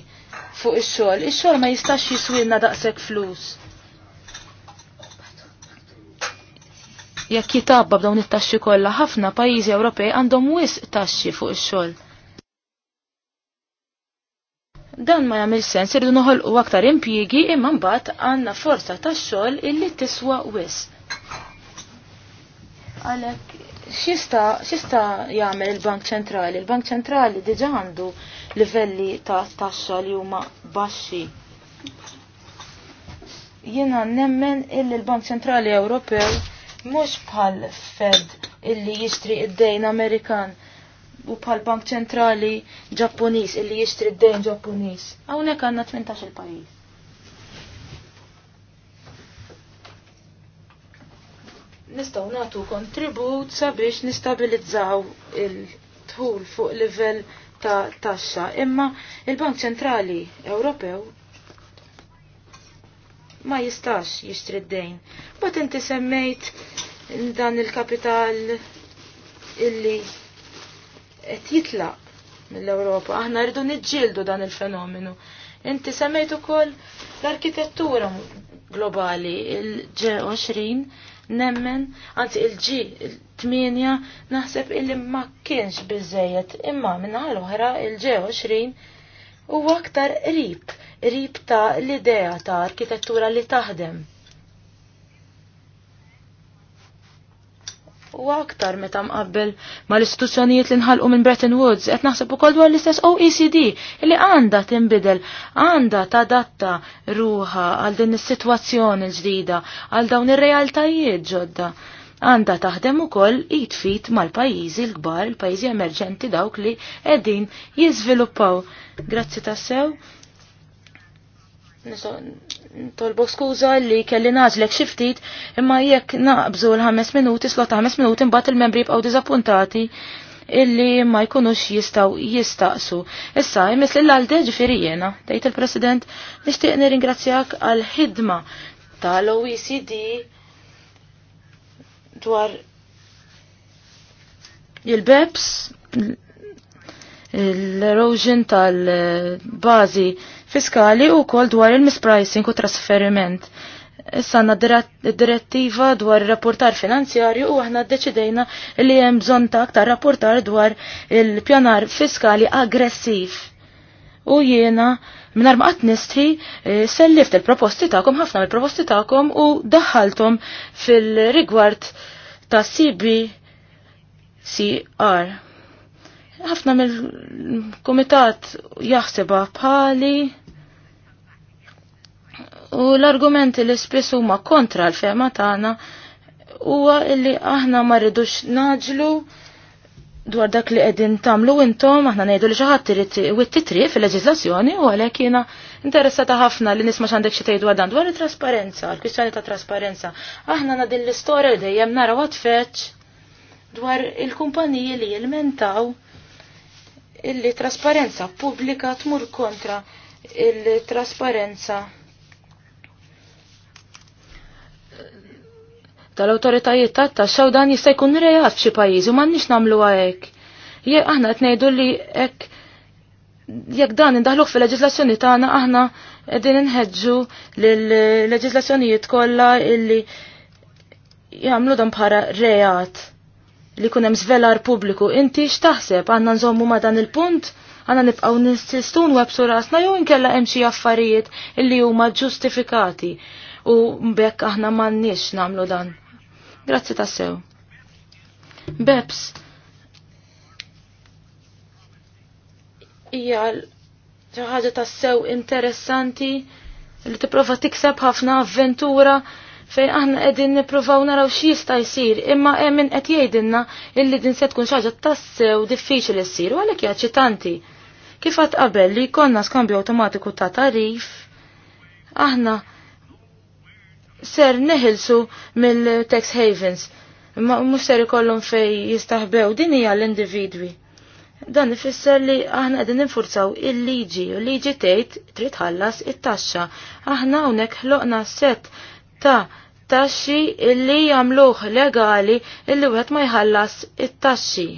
fuq ix-xogħol. Ix-xogħol ma jistax jiswilna daqshekk flus. Jekk jitabba b'dawn it-taxxi kollha ħafna pajjiżi Ewropej għandhom wisq taxxi fuq ix-xogħol dan ma jagħmel sens irridu noħolqu aktar impjiegi imma mbagħad għandna forza tax-xogħol illi tiswa wis. Għalhekk xista jagħmel il-Bank Ċentrali? Il-Bank Ċentrali diġa għandu livelli ta' taxxa li huma baxxi. Jiena nemmen illi il bank Ċentrali Ewropew mhux bħal Fed illi jixtri id-dejn Amerikan u bħal Bank Ċentrali Ġappuniż illi jixtri id-dejn Ġappuniż. Hawnhekk għandna 18 il-pajjiż. nistaw natu kontribut sabiex nistabilizzaw il-tħul fuq livell ta' taxxa. Imma il-Bank Ċentrali Ewropew ma jistax jixtri d-dejn. Bat inti semmejt dan il-kapital illi qed jitlaq mill-Ewropa. Aħna rridu niġġieldu dan il-fenomenu. Inti semmejt ukoll l-arkitettura globali il-G20 nemmen, anzi il-ġi il-8 naħseb illi ma kienx bizzejet imma minna l-oħra il-G20 u aktar rib, rib ta' l-idea ta' arkitettura li taħdem. u aktar meta mqabbel mal-istituzzjonijiet li nħalqu minn Bretton Woods qed naħseb ukoll dwar l-istess OECD li għandha tinbidel, għandha tadatta ruha għal din is-sitwazzjoni ġdida, għal dawn ir-realtajiet ġodda. Għandha taħdem ukoll id fit mal-pajjiżi l-kbar, il-pajjiżi emerġenti dawk li qegħdin jiżviluppaw. Grazzi tassew. Tolbo skuża li kelli naġlek xiftit imma jekk naqbżu l-ħames minuti, slot ħames minuti mbagħad il-membri jibqgħu diżappuntati illi ma jkunux jistaw jistaqsu. Issa, jmiss li l-għalde ġifiri jena, dejt il-President, nishtiq nir-ingrazzjak għal-ħidma tal-OECD dwar il-BEPS, l-erosion tal-bazi il president nishtiq nir ingrazzjak għal ħidma tal oecd dwar il beps l erosion tal bazi fiskali u kol dwar il-mispricing u trasferiment. Issa direttiva dwar rapportar finanzjarju u aħna deċidejna li hemm bżonn ta' aktar rapportar dwar il-pjanar fiskali aggressiv. U jiena minar ma nistħi e, sellift il-proposti ta'kom, ħafna mil proposti ta'kom u daħaltom fil-rigward ta' CBCR. ħafna mill-komitat jaħseba bħali U l-argumenti li spiss huma kontra l-fema tagħna huwa li aħna ma rridux naġlu dwar dak li qegħdin tagħmlu intom aħna ngħidu li xi ħadd irid tittri fil-leġiżlazzjoni u għalhekk jiena interessata ħafna li nisma' x'għandek xi dwar dan dwar it-trasparenza, l-kwistjoni ta' trasparenza. Aħna na din l-istorja li dejjem naraw għatfeċ dwar il-kumpaniji li jilmentaw illi trasparenza pubblika tmur kontra il-trasparenza tal-autoritajiet tat ta' xawdan dan jista' jkun rejat f'xi pajjiżi u m'għandniex nagħmluha hekk. Jekk aħna qed ngħidu li hekk jekk dan indaħluh fil-leġislazzjoni tagħna aħna qegħdin inħeġġu lill-leġislazzjonijiet kollha illi jagħmlu dan bħala rejat li kun hemm żvelar pubbliku. Inti x'taħseb għandna nżommu ma' dan il-punt? Għanna nibqaw nististun web surasna jew inkella hemm xi affarijiet illi huma ġustifikati u mbekk aħna m'għandniex nagħmlu dan. Grazzi tassew. Beps. Ija ħaġa tassew interessanti li tipprova tikseb ħafna avventura fejn aħna qegħdin nippruvaw naraw x'jista' jsir, imma hemm min qed jgħidilna illi din se tkun xi ħaġa tassew diffiċli ssir u għalhekk hija Kif qatt qabel li jkollna skambju awtomatiku ta' tarif, aħna ser neħilsu mill-tax havens. Ma mux ser ikollhom fej jistaħbew din hija l-individwi. Dan ifisser li aħna qegħdin infurzaw il-liġi u liġi tgħid trid ħallas it-taxxa. Aħna hawnhekk ħloqna set ta' taxxi illi jagħmluh legali illi wieħed ma jħallas it-taxxi.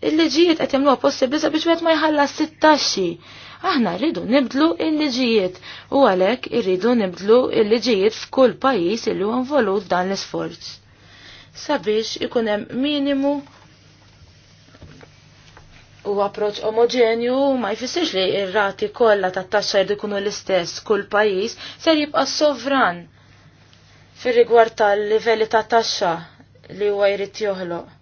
Il-liġijiet qed jagħmluha possibbli sabiex wieħed ma jħallas it-taxxi Aħna rridu nibdlu il-liġijiet u għalhekk irridu nibdlu il-liġijiet f'kull pajjiż illi għan involut dan l-isforz. Sabiex ikun hemm minimu u approċ omogenju ma jfissirx li irrati rati kollha tat-taxxa jridu l-istess kull pajjiż ser jibqa' sovran fir-rigward tal-livelli ta' taxxa li huwa jrid joħloq.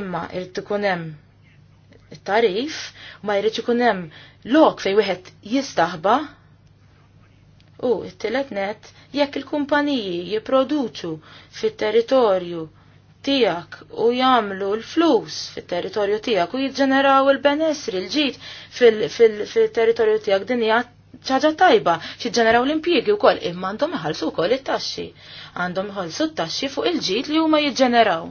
Imma jrid ikun hemm tarif ma jrid ikun hemm lok fej wieħed jistaħba u t-telet net jekk il-kumpaniji jipproduċu fit-territorju tijak u jamlu l-flus fit-territorju tijak u jidġeneraw il-benessri, l-ġit fil-territorju fil, tijak dinja ċaġa tajba, xidġeneraw l-impiegi u kol imma għandhom iħalsu kol it-taxxi. Għandhom iħalsu t-taxxi fuq il-ġit li huma jidġeneraw.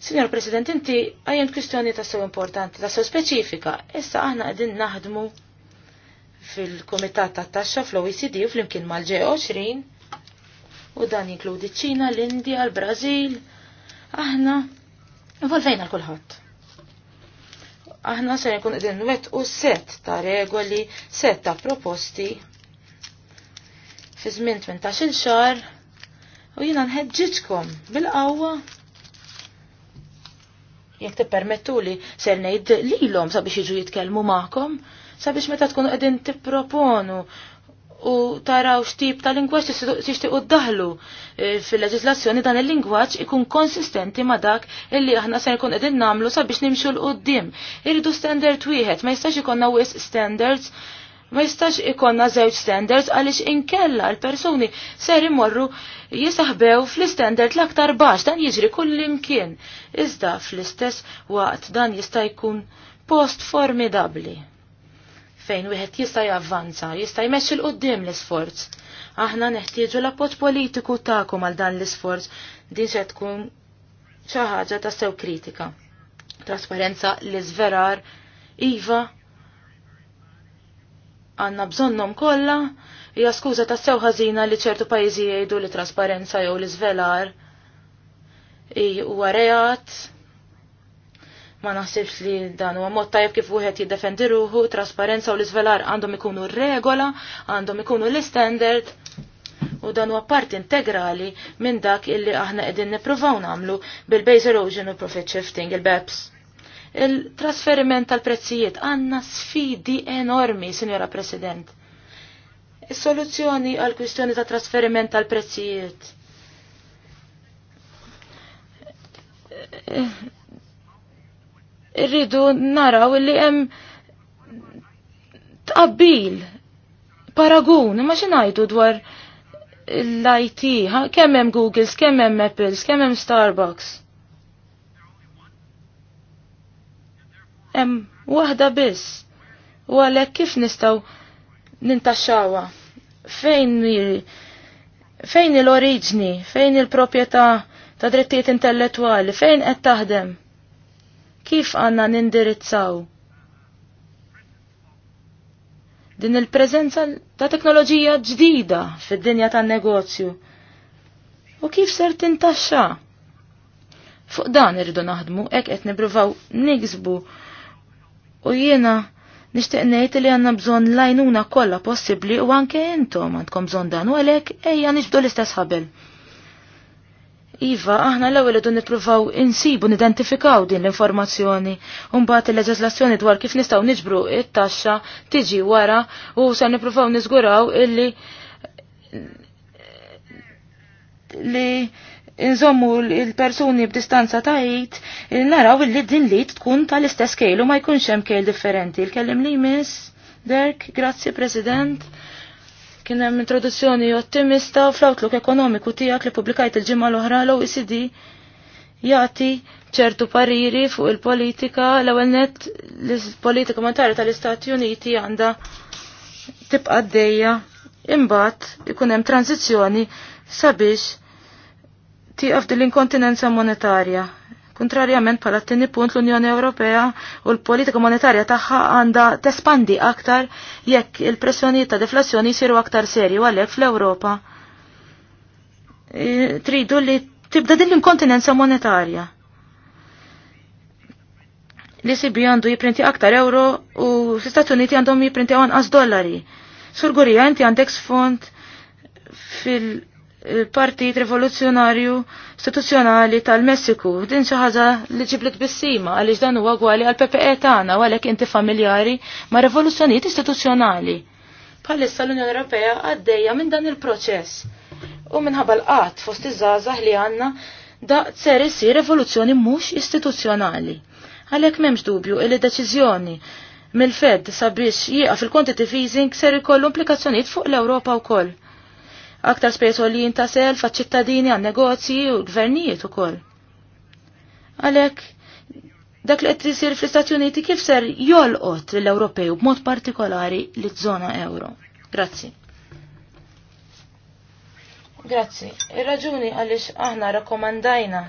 Signor President, inti għajem kwistjoni ta' sew importanti, ta' sew speċifika. Issa aħna għedin naħdmu fil-Komitat ta' Taxxa fl-OECD u fl-imkien mal-G20 u dan jinkludi ċina l-Indja, l-Brażil. Aħna involvejna l-kulħadd. Aħna se jkun qegħdin nwettqu set ta' regoli, set ta' proposti fi żmien 18-il xahar u jiena nħeġġiġkom bil-qawwa jekk li ser ngħid lilhom sabiex jiġu jitkellmu magħkom, sabiex meta edin qegħdin tipproponu u taraw x'tip ta' lingwaġġ tixtiequ ddaħlu e, fil-leġislazzjoni dan il-lingwaġġ ikun konsistenti ma' dak illi aħna se nkun qegħdin nagħmlu sabiex nimxu l qudiem Irridu standard wieħed, ma jistax ikun wisq standards Ma jistax ikonna żewġ standards għaliex inkella l-persuni ser imorru jisaħbew fl-standard l-aktar baxx dan jiġri kull imkien. Iżda fl-istess waqt dan jista' jkun post formidabli. Fejn wieħed jista' javvanza, jista' jmexxi l qudiem l-isforz. Aħna neħtieġu l-appoġġ politiku tagħkom għal dan l-isforz din se tkun xi ħaġa ta' sew kritika. Trasparenza l-iżverar, iva, għanna bżonnom kollha hija skuża ta' sew ħażina li ċertu pajjiżi jgħidu li trasparenza jew li żvelar huwa reat. Ma naħsibx li dan huwa mod tajjeb kif wieħed jiddefendi ruħu, trasparenza u l-iżvelar għandhom ikunu regola, għandhom ikunu l-istandard u dan huwa parti integrali minn dak illi aħna qegħdin nippruvaw nagħmlu bil-base erosion u profit shifting il-BEPS il-trasferiment tal-prezzijiet għanna sfidi enormi, Sinjora President. Is-soluzzjoni għal kwistjoni ta' trasferiment tal-prezzijiet. Irridu naraw li hemm tqabbil paragun, ma xinajdu dwar l-IT, kemm hemm Google, kemm hemm Apples, kemm hemm Starbucks. hemm waħda biss. U għalhekk kif nistgħu nintaxxawha? Fejn fejn il-oriġni, fejn il-proprjetà ta' drittijiet intellettwali, fejn qed taħdem? Kif għandna nindirizzaw? Din il-preżenza ta' teknoloġija ġdida fid-dinja tan-negozju. U kif ser tintaxxa? Fuq dan irridu naħdmu, hekk qed nibruvaw niksbu U jiena nixtieq ngħid li għandna bżonn lajnuna kollha possibbli u anke intom għandkom bżonn dan u għalhekk ejja nixbdu l-istess ħabel. Iva, aħna l-ewwel idu nippruvaw insibu nidentifikaw din l-informazzjoni u mbagħad il-leġislazzjoni dwar kif nistgħu niġbru it-taxxa tiġi wara u se nippruvaw niżguraw illi li nżommu l-persuni b'distanza ta' id, naraw li din li tkun tal-istess kejl ma jkunx hemm kejl differenti. Il-kellim li miss, Dirk, grazzi President. Kien hemm introduzzjoni ottimista fl-outlook ekonomiku tiegħek li pubblikajt il-ġimgħa l-oħra l-OECD jagħti ċertu pariri fuq il-politika l-ewwel net l-politika monetarja tal-Istati Uniti għandha tibqa' d imbagħad ikun hemm tranzizzjoni sabiex tieqaf din l-inkontinenza monetarja. Kontrarjament pala t-tini punt l-Unjoni Ewropea u l-politika monetarja tagħha għandha tespandi aktar jekk il-pressjoni ta' deflazzjoni jsiru aktar serju għalhekk fl-Ewropa. Tridu li tibda din l-inkontinenza monetarja. L-ECB għandu jiprinti aktar euro u l-Istati Uniti għandhom jiprinti għanqas dollari. Surgurija, inti għandek sfond fil- il-Partit Rivoluzzjonarju Istituzzjonali tal-Messiku. Din xi ħaġa li ġiblet bissima għaliex dan huwa gwali għal PPE tagħna u għalhekk inti familjari ma' revoluzzjonijiet istituzzjonali. Bħalissa l-Unjoni Ewropea għaddejja minn dan il-proċess. U minħabba l-qatt fost iż-żgħażagħ li għandna da ser isir revoluzzjoni mhux istituzzjonali. Għalhekk m'hemmx dubju li deċiżjoni mill-Fed sabiex jieqaf il-quantitative easing ser ikollu implikazzjonijiet fuq l-Ewropa wkoll aktar spesso li ta' self ċittadini għan-negozji u l-gvernijiet ukoll. Għalhekk dak li qed isir fl-Istati Uniti kif ser jolqot l ewropew b'mod partikolari li żona euro. Grazzi. Grazzi. Ir-raġuni għaliex aħna rakkomandajna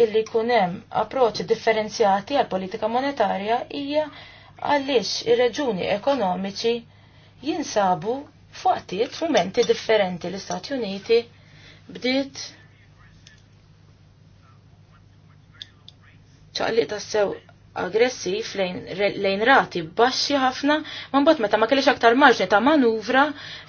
illi kunem approċ differenzjati għal politika monetarja hija għaliex ir-reġuni ekonomiċi jinsabu fuqtiet momenti differenti l-Istati Uniti bdiet ta' tassew aggressiv lejn rati baxxi ħafna, man mbagħad meta ma kellix aktar marġni ta' manuvra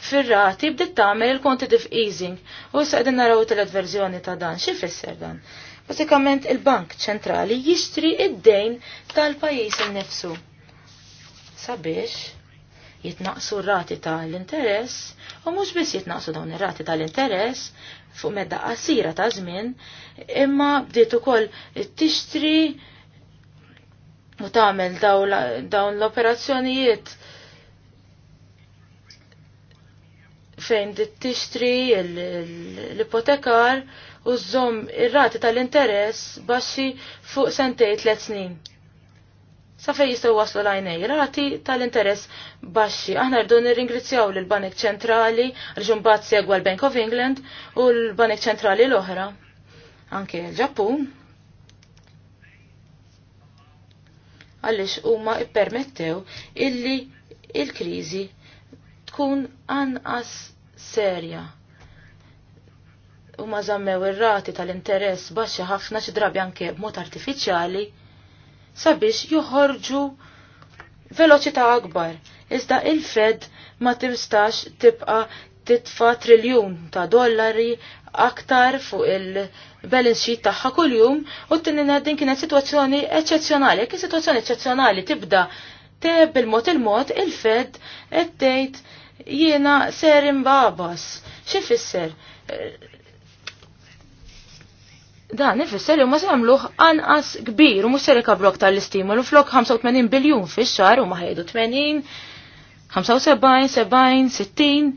fir-rati bdiet tagħmel il-quantitative easing. U issa qegħdin naraw il-verżjoni ta' dan. Xi fisser dan? Basikament il-Bank Ċentrali jixtri id-dejn tal-pajjiż innifsu. Sabiex jitnaqsu r-rati tal-interess u mhux biss jitnaqsu dawn ir-rati tal-interess fuq medda qasira ta' żmien, imma bdiet ukoll tixtri u tagħmel dawn l-operazzjonijiet fejn dit tixtri l-ipotekar u żżomm ir-rati tal-interess baxxi fuq sentej tliet snin sa fej jistaw waslu lajnej rati tal-interess baxxi. Aħna rdu nirringrazzjaw l banek ċentrali l-ġumbazzi segwa l-Bank of England u l-Banek ċentrali l-oħra. Anke l-Ġappun. Għalix huma ippermettew illi il-kriżi tkun anqas serja. Huma żammew ir-rati tal-interess baxxi ħafna xi drabi anke b'mod artifiċjali sabiex joħorġu veloċità akbar. Iżda il-Fed ma timstax tibqa titfa triljun ta' dollari aktar fuq il-balance sheet tagħha kuljum u t din kienet sitwazzjoni eċċezzjonali. Kien sitwazzjoni eċċezzjonali tibda te bil-mod il-mod il-Fed qed tgħid jiena ser imbabas. Xi fisser? Dan ifisser li ma se anqas kbir u mhux se l tal L flok 85 biljun fix xar huma ħejdu 80, 75, 70, 60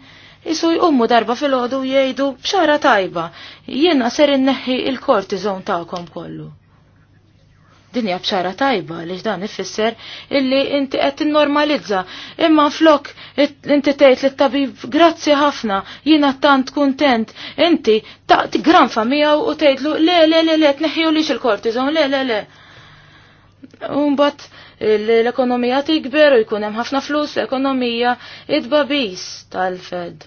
isu jqummu darba fil-ħodu jgħidu bxara tajba, jiena ser inneħħi il-kortizon ta'kom kollu. Dinja bċara tajba li dan ifisser illi inti qed tinnormalizza. Imma flok inti tgħid lit tabib grazzi ħafna, jiena tant kuntent, inti taqt granfa miegħu u tgħidlu le le le le tneħħiju lix il-kortizon, le le le. Umbat l-ekonomija tikber u jkun hemm ħafna flus l-ekonomija id-babis tal-Fed.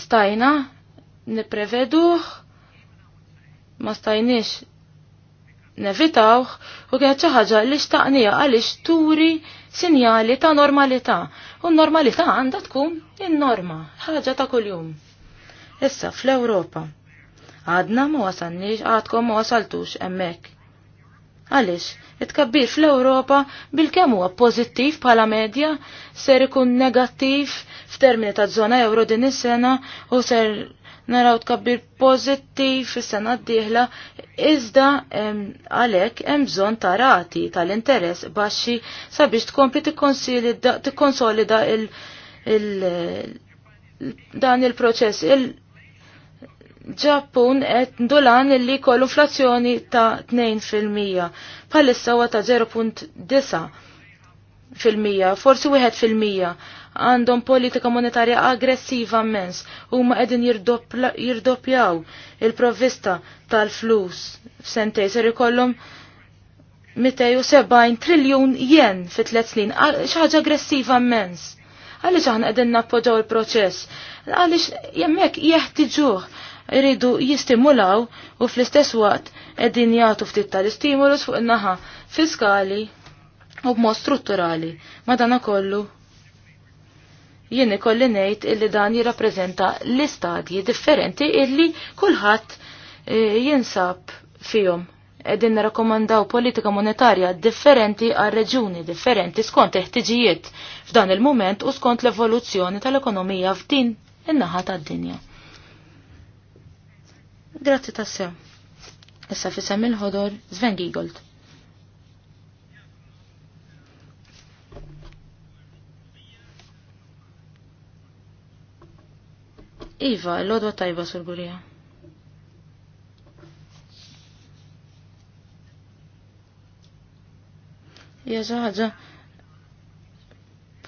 Stajna, nipreveduh ma stajniex nevitawh u kienet xi ħaġa li xtaqnija għaliex turi sinjali ta' normalità. U normalità għandha tkun in-norma, ħaġa ta' kuljum. Issa fl-Ewropa. Għadna ma wasalniex, għadkom ma wasaltux hemmhekk. Għaliex, it-kabbir fl-Ewropa bil-kemm huwa pożittiv bħala medja ser ikun negattiv f'termini ta' żona euro din is-sena u ser naraw tkabbir pozittiv fis-sena d-dieħla iżda għalhekk hemm bżonn ta' rati tal-interess baxxi sabiex tkompli tikkonsolida il, dan il-proċess. Il-Ġappun qed ndulan illi jkollu inflazzjoni ta' 2%. Palissa huwa ta' 0.9 fil forsi wieħed fil-mija għandhom politika monetarja aggressiva mens u ma edin jirdoppjaw il-provvista tal-flus f'sentej ser ikollhom 270 triljun jen fit tliet snin, xaħġa aggressiva mens. Għaliex aħna qegħdin nappoġġaw il-proċess? Għaliex jemmek jeħtiġuh iridu jistimulaw u fl-istess waqt qegħdin jagħtu ftit tal-istimulus fuq in-naħa fiskali u b'mod strutturali. Madana kollu jien ikolli ngħid illi dan jirrapprezenta l-istadji differenti illi kulħadd eh, jinsab fihom. Qegħdin nirrakkomandaw politika monetarja differenti għal reġuni differenti skont eħtiġijiet f'dan il-mument u skont l-evoluzzjoni tal-ekonomija f'din in-naħa tad-dinja. Grazzi tassew. Issa fisem il-ħodor Sven Giegold. Iva, l-odwa tajba sur-gurija. Hija pozittiva, ħaġa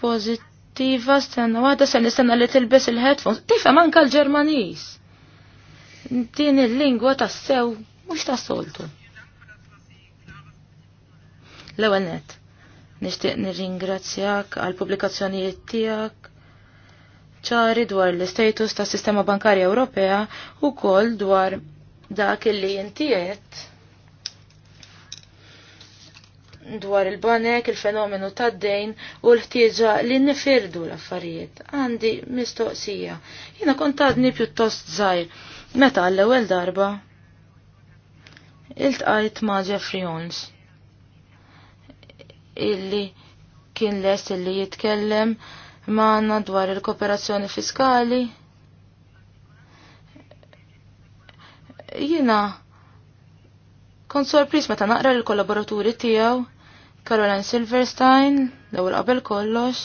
pożittiva stenna waħda se nistenna li tilbes il-headphones. Tifhem anke l-Ġermaniż. Din il-lingwa tas-sew mhux ta' soltu. L-ewwel nett. Nixtieq nirringrazzjak għall pubblikazzjonijiet tiegħek ċari dwar l-istatus ta' sistema bankarja Ewropea u kol dwar dak li jintiet dwar il-banek, il-fenomenu tad dejn u l-ħtieġa li nifirdu l-affarijiet. Għandi mistoqsija. Jina kontadni pjuttost zaħir. Meta għall ewel darba il-tqajt ma' Jeffrey Holmes illi kien les illi jitkellem maħna dwar il-kooperazzjoni fiskali. Jina, kont sorpris meta naqra l-kollaboraturi tiegħu Caroline Silverstein, l-ewwel qabel kollox,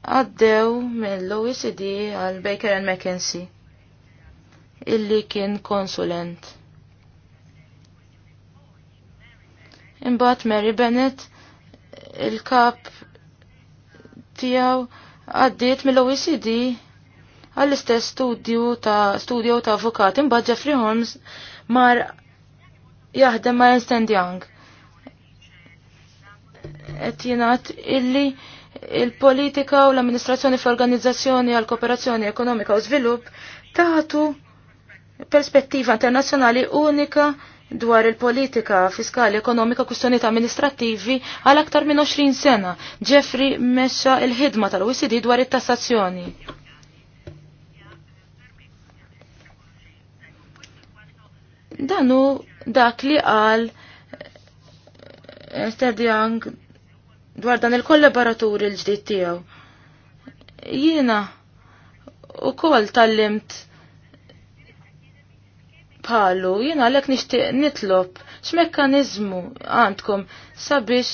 għaddew mill-OECD għal Baker and McKenzie, illi kien konsulent. Imbagħad Mary Bennett il-kap tijaw għaddiet mill-OECD għall-istess studio ta' studju ta' avukat imba Jeffrey Holmes mar jaħdem ma' Ernst Young. Et jenat illi il-politika u l-amministrazzjoni fl-organizzazzjoni għal kooperazzjoni ekonomika u żvilupp tagħtu perspettiva internazzjonali unika dwar il-politika fiskali, ekonomika, kustjoniet amministrativi għal aktar minn 20 sena. Jeffrey mexxa il-ħidma tal-OECD dwar it-tassazzjoni. Danu dak li għal eh, Ted Young dwar dan il-kollaboratur il-ġdid tiegħu. Jiena u kol tal-limt palu, jina għalek nishtiq nitlob x'mekkaniżmu għandkom sabiex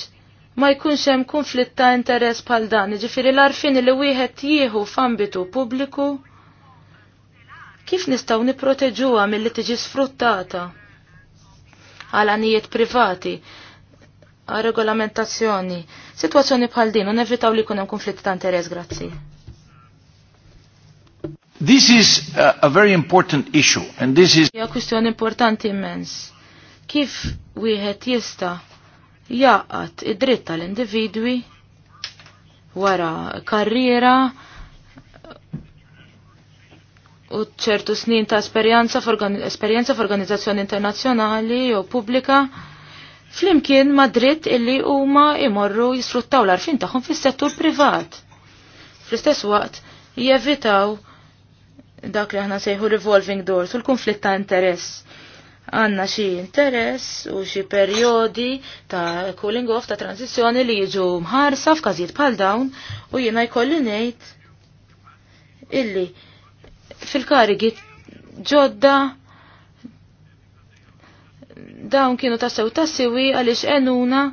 ma jkunx hemm konflitt ta' interess bħal dan, ġifiri l-arfin li wieħed jieħu f'ambitu pubbliku. Kif nistgħu nipproteġuha milli tiġi sfruttata għal anijiet privati, għal regolamentazzjoni, sitwazzjoni bħal din u nevitaw li jkun hemm konflitt ta' interess, grazzi. This is a, a very important issue and this is Ja kwistjoni importanti immens. Kif wieħed jista' jaqat id-dritt tal-individwi wara karriera u ċertu snin ta' esperjenza f'organizzazzjoni internazzjonali jew pubblika flimkien ma' dritt illi huma imorru jisfruttaw l-arfin tagħhom fis-settur privat. Fl-istess waqt jevitaw dak li aħna sejħu revolving doors u l-konflitt ta' interess. Għanna xi interess u xi periodi ta' cooling off ta' transizjoni li jiġu mħarsa f'każijiet bħal dawn u jiena jkolli ngħid illi fil-karigi ġodda dawn kienu tassew tassiwi għaliex enuna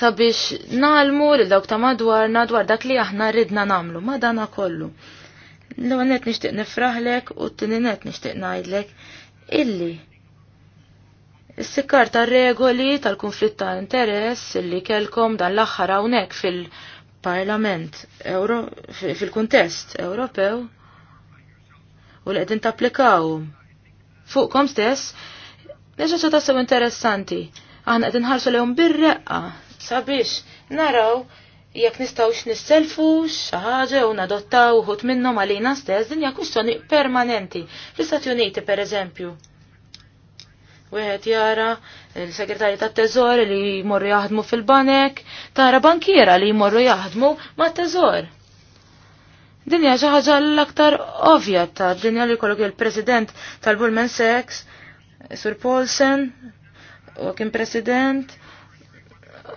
sabiex nalmu l dawk ta' madwarna dwar dak li aħna ridna namlu, ma dana kollu l-għanet nishtiq nifraħlek u t-tininet nishtiq najdlek illi Is-sikkar tar-regoli tal-konflitt ta' interess illi kelkom dan l-aħħar hawnhekk fil-Parlament Euro fil-kuntest Ewropew u li qegħdin tapplikaw fuqkom stess neġa tassew interessanti. Aħna qegħdin ħarsu lehom bir-reqqa sabiex naraw jekk nistawx nisselfu xaħġa u nadottaw uħut minnom għalina stess din hija kwistjoni permanenti. Fl-Istati Uniti pereżempju. Wieħed jara il-segretarji tat-teżor li jmorru jaħdmu fil-banek, tara bankiera li jmorru jaħdmu t teżor Din xi ħaġa l-aktar ovvja ta' dinja li jkollok il-President tal-Bullman Sex, Sur Paulsen, u kien President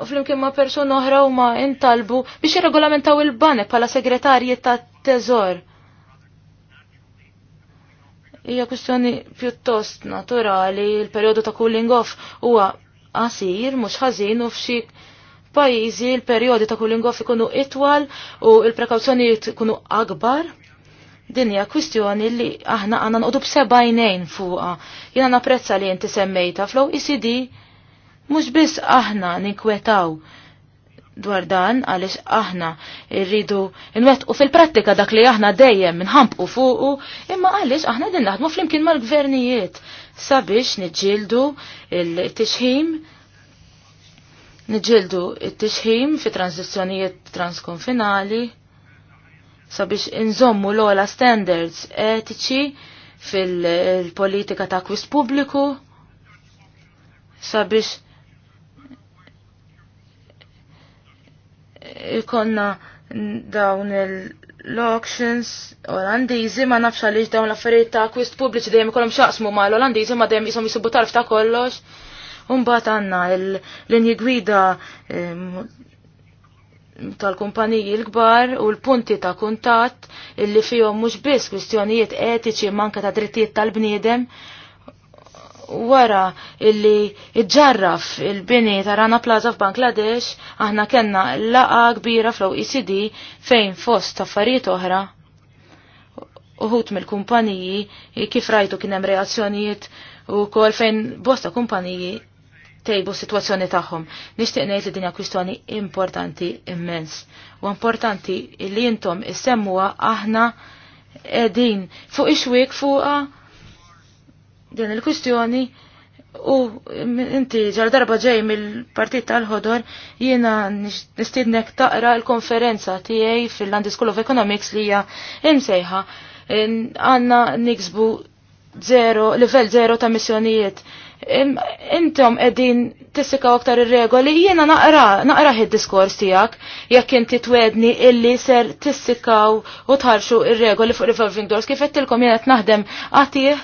u flimkien ma' persuna oħra huma intalbu biex jirregolamentaw il-banek bħala segretarji ta' teżor. Hija kwistjoni pjuttost naturali, il-perjodu ta' cooling off huwa qasir mhux ħażin u f'xi pajjiżi l-perjodi ta' cooling off ikunu itwal u l prekawzjoni ikunu akbar din hija kwistjoni li aħna għandna nqodu b'seba' jnejn fuqha. Jiena napprezza li inti semmejta flow ECD Mhux biss aħna ninkwetaw dwar dan għaliex aħna rridu nwettqu fil-prattika dak li aħna dejjem u fuqu, imma għaliex aħna din naħdmu flimkien mal-gvernijiet sabiex niġġieldu il-tixħim niġildu il tixħim fi tranzizzjonijiet transkonfinali sabiex inżommu l-ola standards etiċi fil-politika ta' kwis pubbliku sabiex ikonna dawn l-auctions olandizi ma nafx għaliex dawn l-affarijiet ta' kwist pubbliċi dejjem ikollhom xaqsmu ma l-Olandiżi ma dejjem jisom jisibu tarf ta' kollox. Umbagħad għandna l-linji gwida tal-kumpaniji l-kbar u l-punti ta' kuntatt illi fihom mhux biss kwistjonijiet etiċi manka ta' drittijiet tal-bniedem wara illi iġġarraf il-bini ta' Rana Plaza f'Bangladesh, aħna kenna laqa kbira fl-OECD fejn fost taffariet oħra. Uħut mill-kumpaniji kif rajtu kien hemm reazzjonijiet u kol fejn bosta kumpaniji tejbu situazzjoni tagħhom. Nixtieq ngħid li dinja kwistjoni importanti immens. U importanti li intom issemmuha aħna qegħdin fuq ix-xwieg fuqha din il-kwistjoni u inti ġar darba ġej mill-partit tal-ħodor jiena nistidnek taqra l-konferenza tiegħi fil land School of Economics li hija imsejħa għandna niksbu zero, level zero ta' missjonijiet intom qegħdin tissikaw aktar ir-regoli, jiena naqra, naqra id-diskors tiegħek. jekk inti twedni illi ser tissikaw u tħarxu ir-regoli fuq revolving doors, kif qed jien jiena naħdem għatih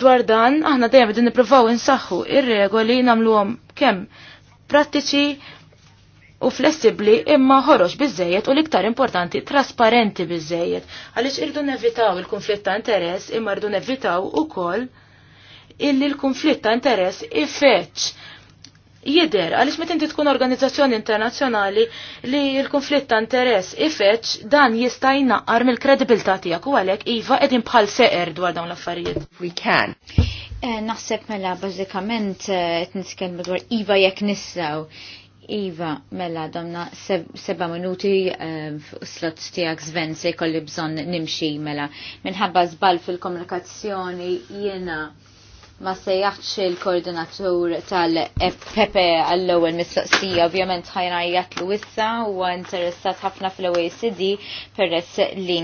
Dwar dan, aħna dejjem qegħdin nippruvaw insaħħu ir-regoli nagħmluhom kemm prattiċi u flessibli imma ħoroġ biżejjed u l-iktar importanti trasparenti biżejjed. Għaliex irdu nevitaw il-konflitt ta' interess imma irdu nevitaw ukoll illi l-konflitt ta' interess ifeċ jider, għalix met inti tkun organizzazzjoni internazzjonali li l-konflitt ta' interess ifeċ dan jista' jnaqqar mill kredibilta tiegħek u għalhekk iva qegħdin bħal seqer dwar dawn l-affarijiet. We can. Eh, naħseb mela bażikament eh, qed nitkellmu dwar iva jekk nissaw. Iva, mela domna seba minuti eh, slot tijak zven se kolli bżon nimxi mela. Minħabba zbal fil-komunikazzjoni jena ma sejjaħx il-koordinatur tal-Pepe għall-ewwel mistoqsija ovvjament ħajna jgħat l wissa u interessat ħafna fl-OECD peress li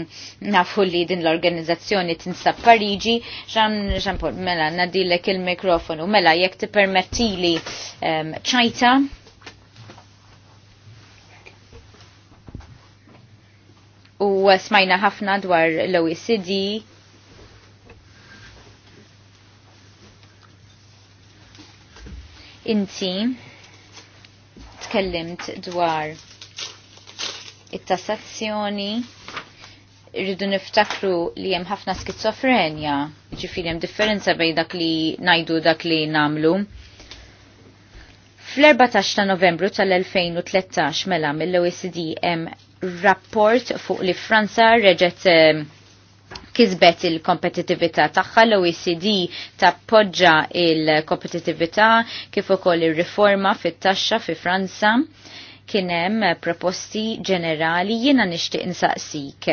nafu li din l-organizzazzjoni tinsab Pariġi ġan mela nadilek il-mikrofonu mela jekk tippermettili ċajta u smajna ħafna dwar l-OECD Inti tkellimt dwar it-tassazzjoni rridu niftakru li hemm ħafna skizofrenja, ġifieri hemm differenza bejn dak li ngħidu dak li nagħmlu. Fl-14 ta' Novembru tal-2013 mela mill-OECD hemm rapport fuq li Franza reġet eh, kisbet il-kompetitività tagħha l-OECD tappoġġa il kompetitivita kif ukoll ir-riforma fit-taxxa fi Franza kien hemm proposti ġenerali jiena nixtieq insaqsik.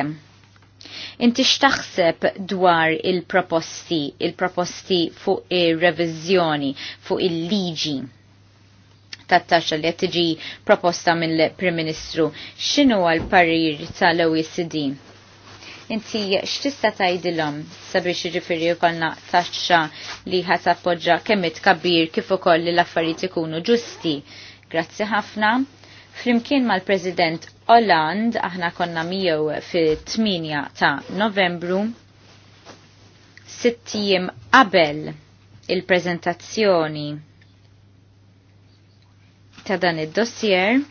Inti xtaħseb dwar il-proposti, il-proposti fuq ir-reviżjoni, fuq il-liġi? tat-taxxa li qed tiġi proposta mill-Prim Ministru. X'inhu l-parir tal-OECD? inti x'tista' tgħidilhom sabiex jiġifieri jkollna taxxa li ħasappoġġa appoġġa kemm kabbir kif ukoll li l-affarijiet ikunu ġusti. Grazzi ħafna. Flimkien mal-President Holland aħna konna miegħu fit-8 ta' Novembru sittijim qabel il-preżentazzjoni ta' dan id-dossier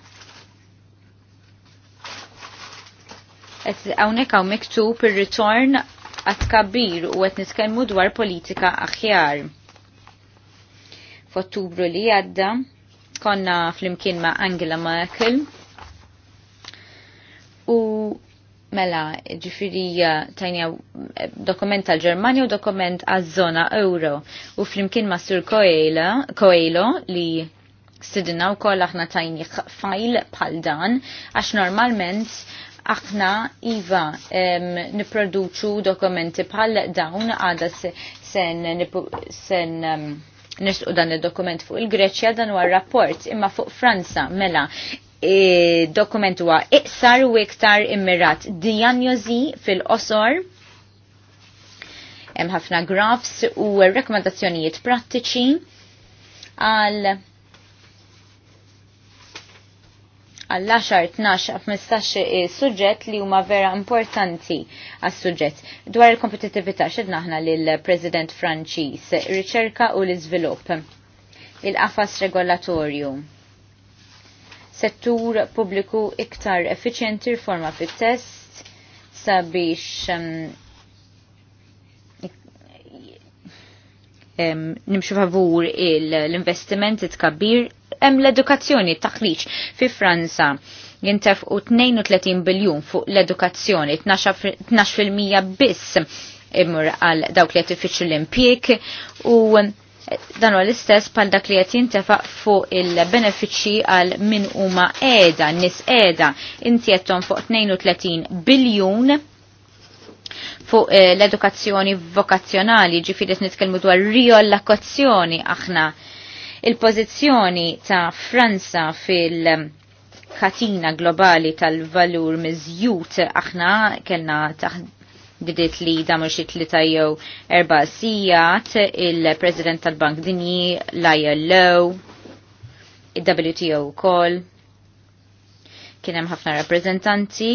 għawnek hawn miktub ir-ritorn għat kabbir u qed nitkellmu dwar politika aħjar. F'Ottubru li għadda konna flimkien ma' Angela Merkel u mela ġifiri tajnja eh, dokument għal ġermanja u dokument għaż-żona euro u flimkien ma' Sur Coelho li sidna u koll aħna tajnja fajl bħal dan għax normalment aħna iva niproduċu dokumenti bħal dawn għada sen, sen um, nisqu dan il-dokument fuq il-Greċja dan huwa rapport imma fuq Franza mela e, dokument huwa iqsar u iktar immirat dijanjozi fil-qosor hemm ħafna grafs u rekomandazzjonijiet prattiċi għal għall-10, 12, 15 suġġett li huma vera importanti għas suġġett Dwar il-kompetitività xedna aħna lill-President Franċiż, riċerka u l-iżvilupp, il-qafas regolatorju settur pubbliku iktar effiċjenti riforma fit-test sabiex nimxu favur l-investimenti tkabbir hemm l-edukazzjoni taħriġ fi Franza jintef u 32 biljun fuq l-edukazzjoni, 12% biss imur għal dawk li jtifiċu l-impjek u dan l-istess pal dak li qed jintefaq fuq il-benefiċċji għal min huma qiegħda, nis qiegħda inti qedhom fuq 32 biljun fuq eh, l-edukazzjoni vokazzjonali, ġifieri nitkellmu dwar riolakazzjoni aħna il-pożizzjoni ta' Franza fil- katina globali tal-valur mizjut aħna kellna bidiet li damu xi tlita jew erba' sijat il-President tal-Bank Dinji, l-ILO, il-WTO kol Kien hemm ħafna rappreżentanti.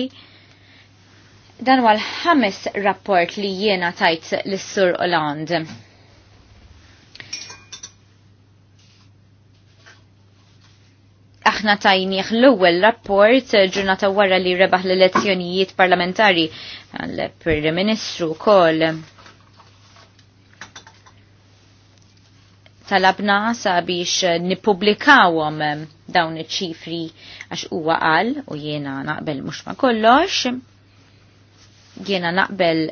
Dan huwa l-ħames rapport li jiena tajt lis sur Oland aħna tajnieħ l-ewwel rapport eh, ġurnata wara li rebaħ l-elezzjonijiet parlamentari għall-Prim Ministru wkoll. Talabna sabiex nippubblikawhom eh, dawn iċ-ċifri għax huwa qal u jiena naqbel mhux ma kollox. Jiena naqbel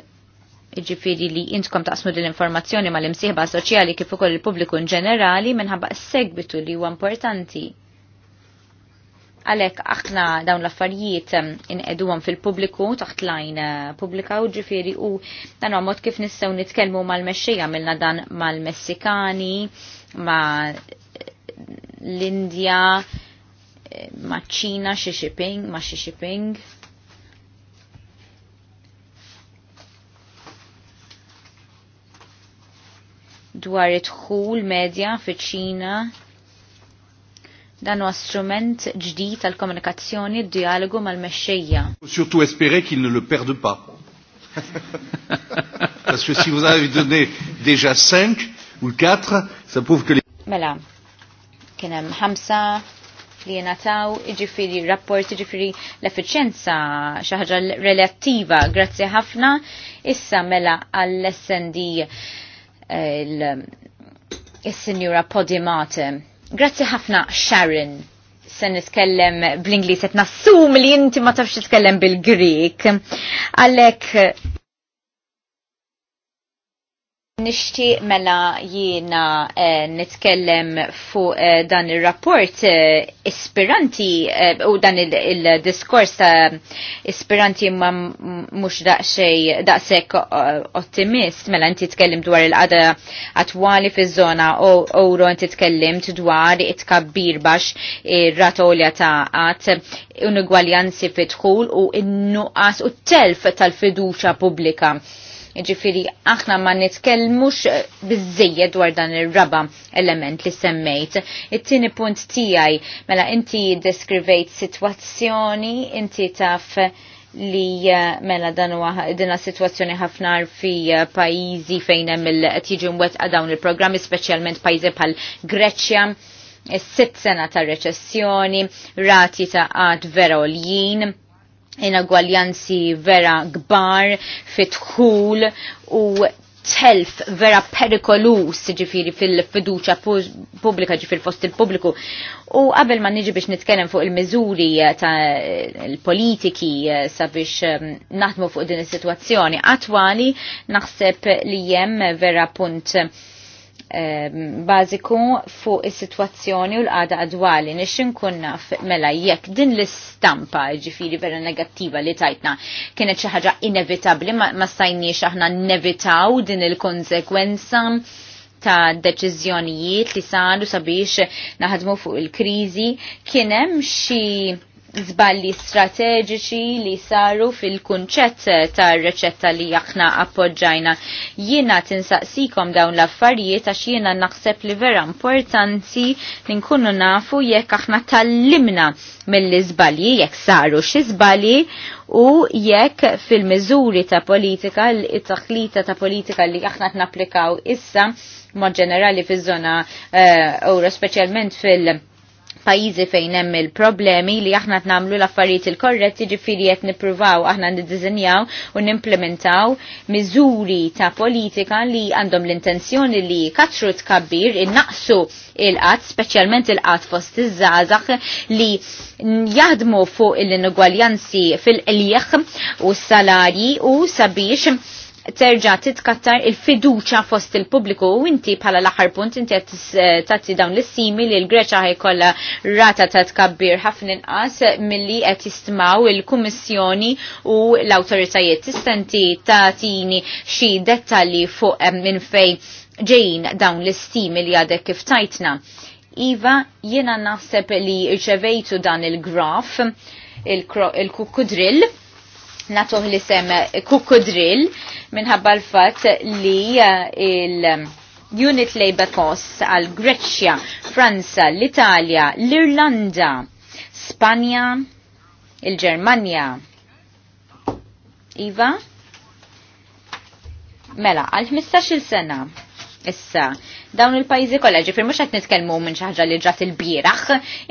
ġifiri li intkom taqsmu din l-informazzjoni mal-imsieħba soċjali kif ukoll il-pubbliku in ġenerali minħabba s-segbitu li huwa importanti Għalek aħna dawn l-affarijiet inqeduhom fil-pubbliku taħt lajn eh, pubblika u ġifiri u dan mod kif nistgħu nitkellmu mal-mexxejja milna dan mal-Messikani, ma eh, l-Indja, eh, ma ċina xi shipping, ma xi shipping. dwar it-dħul medja fiċ-Ċina Dan huwa strument ġdid tal-komunikazzjoni d-dialogu mal-mexxejja. Surtout espérer qu'il ne le perde pas. Parce que si vous avez donné déjà 5 ou 4, ça prouve que les... Mela, kien hemm ħamsa li jenataw, iġifiri rapport, iġifiri l-efficienza xaħġa relattiva, grazzi ħafna, issa mela għall-SND eh, il-Signora Podimate. Grazzi ħafna Sharon. Se nitkellem bl-Inglis qed nassum li inti ma tafx tkellem bil-Grik. Għalek, Nishti mela jiena eh, nitkellem fuq eh, dan il-rapport eh, ispiranti u dan il-diskors ta' ispiranti ma mux daqxej daqsek ottimist mela inti tkellem dwar il-qada attwali fi zona u uro inti tkellem dwar it-kabbir bax il ratolja ta' għat un igwaljansi fi tħul u n-nuqas u t-telf tal-fiduċa publika Ġifiri, aħna ma nitkellmux eh, bizzejjed dwar dan ir-raba element li semmejt. It-tieni punt tiegħi mela inti deskrivejt situazzjoni, inti taf li eh, mela dan huwa dina sitwazzjoni ħafna fi eh, pajjiżi fejn hemm qed jiġu mwettqa dawn il-programmi speċjalment pajjiżi bħal Greċja is-sitt sena ta' reċessjoni, rati ta' għad veroljien, inagwaljanzi vera gbar fitħul u telf vera perikolus ġifiri fil-fiduċa publika ġifiri fost il-publiku. U qabel ma niġi biex nitkellem fuq il-mizuri ta' il-politiki eh, sabiex eh, naħdmu fuq din is-sitwazzjoni attwali naħseb li jem vera punt Ehm, bażiku fuq is-sitwazzjoni u l-qada għadwali nix nkun mela jekk din l-istampa ġifiri vera negattiva li tajtna kienet xi ħaġa inevitabli ma stajniex aħna nevitaw din il-konsekwenza ta' deċiżjonijiet li saru sabiex naħadmu fuq il-kriżi kien hemm xi zballi strateġiċi li saru fil-kunċett ta' reċetta li aħna appoġġajna. Jiena tinsaqsikom dawn l-affarijiet għax jiena naħseb li vera importanti li nkunu nafu jekk aħna tallimna mill izbalji jekk saru xi żbalji u jekk fil-miżuri ta' politika, it-taħlita ta' politika li aħna t-naplikaw issa mod ġenerali fil-zona, u eh, uh, specialment fil- pajizi fejn hemm il-problemi li aħna tnamlu l-affarijiet il-korretti ġifieri qed nippruvaw aħna niddiżinjaw u nimplementaw miżuri ta' politika li għandhom l-intenzjoni li katru tkabbir innaqsu il-qatt, speċjalment il-qatt fost iż-żgħażagħ li jaħdmu fuq l-inugwaljanzi fil-qlieħ u s-salarji u sabiex terġa titkattar il-fiduċa fost il-pubbliku u inti bħala l-aħħar punt inti qed eh, tagħti dawn l-istimi li l-Greċa ħajkollha rata ta' tkabbir ħafna inqas milli qed jistmaw il-Kummissjoni u l-awtoritajiet tistanti tagħtini xi dettalji fuq eh, minn fejn ġejn dawn l-istimi li għadek kif tajtna. Iva, jiena naħseb li rċevejtu dan il-graf, il-kukudrill, il graf il kukudrill natuħ li sem kukodril minħabba l-fat li eh, il- Unit Labour Costs għal Greċja, Franza, l-Italja, l-Irlanda, Spanja, il-Ġermanja. Iva? Mela, għal 15 sena. Issa, dawn il pajzi kollha ġifier mhux qed nitkellmu minn xi ħaġa li ġrat il-bieraħ.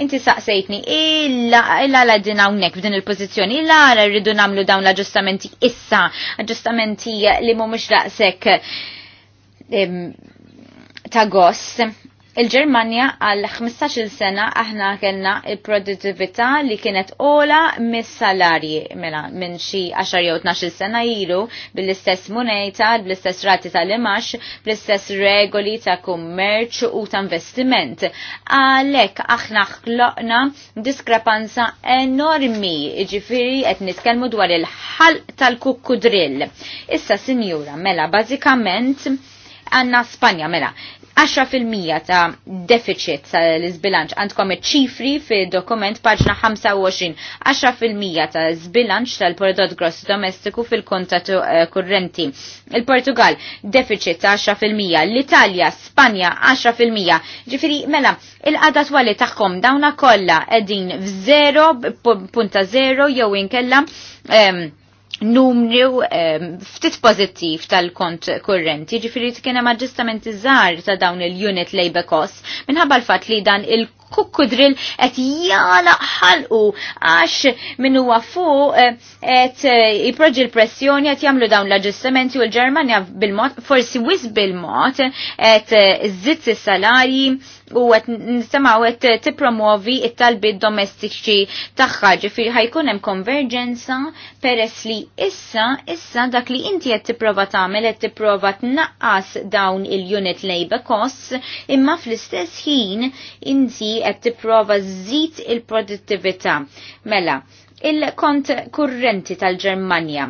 Inti saqsejtni illa la din hawnhekk f'din il-pożizzjoni illa rridu nagħmlu dawn l-aġġustamenti issa, aġġustamenti li mhumiex daqshekk ta' goss Il-Ġermanja għal 15 sena aħna kellna il-produttività li kienet ola mis-salarji mela minn xi 10 jew 12 sena ilu bl-istess moneta, bl-istess rati tal-imax, bl-istess regoli ta' kummerċ u ta' investiment. Għalek aħna ħloqna diskrepanza enormi ġifiri qed nitkellmu dwar il ħal tal-kukkudrill. Issa sinjura mela bażikament għanna Spanja mela 10% ta' deficit l-izbilanċ. Għandkom ċifri fi dokument paġna 25. 10% ta' zbilanċ tal-prodott gross domestiku fil uh, eh, kurrenti. Il-Portugal deficit ta' 10%. L-Italja, Spanja 10%. Ġifiri, mela, il-qada twali taħkom dawna kolla edin f-0.0 jew inkella. Um, numru um, ftit pozittiv tal-kont kurrenti, ġifiri t kena maġġistament iżar ta' dawn il-unit labor costs, minħabba l-fat li dan il kukkudril et jala ħalqu għax minn huwa fuq et eh, jiproġi eh, l-pressjoni et jamlu dawn l-aġġustamenti u l-Ġermanja bil-mod, forsi wis bil-mod et zitt eh, is-salarji u għet nistamaw għet tipromovi it-talbi domestiċi taħħa ġifir ħajkun hemm konverġenza peress li issa, issa dak li inti għet tiprova tagħmel qed tipprova tnaqqas dawn il-unit labor costs imma fl-istess ħin inti qed tipprova żid il-produttività. Mela, il-kont kurrenti tal-Ġermanja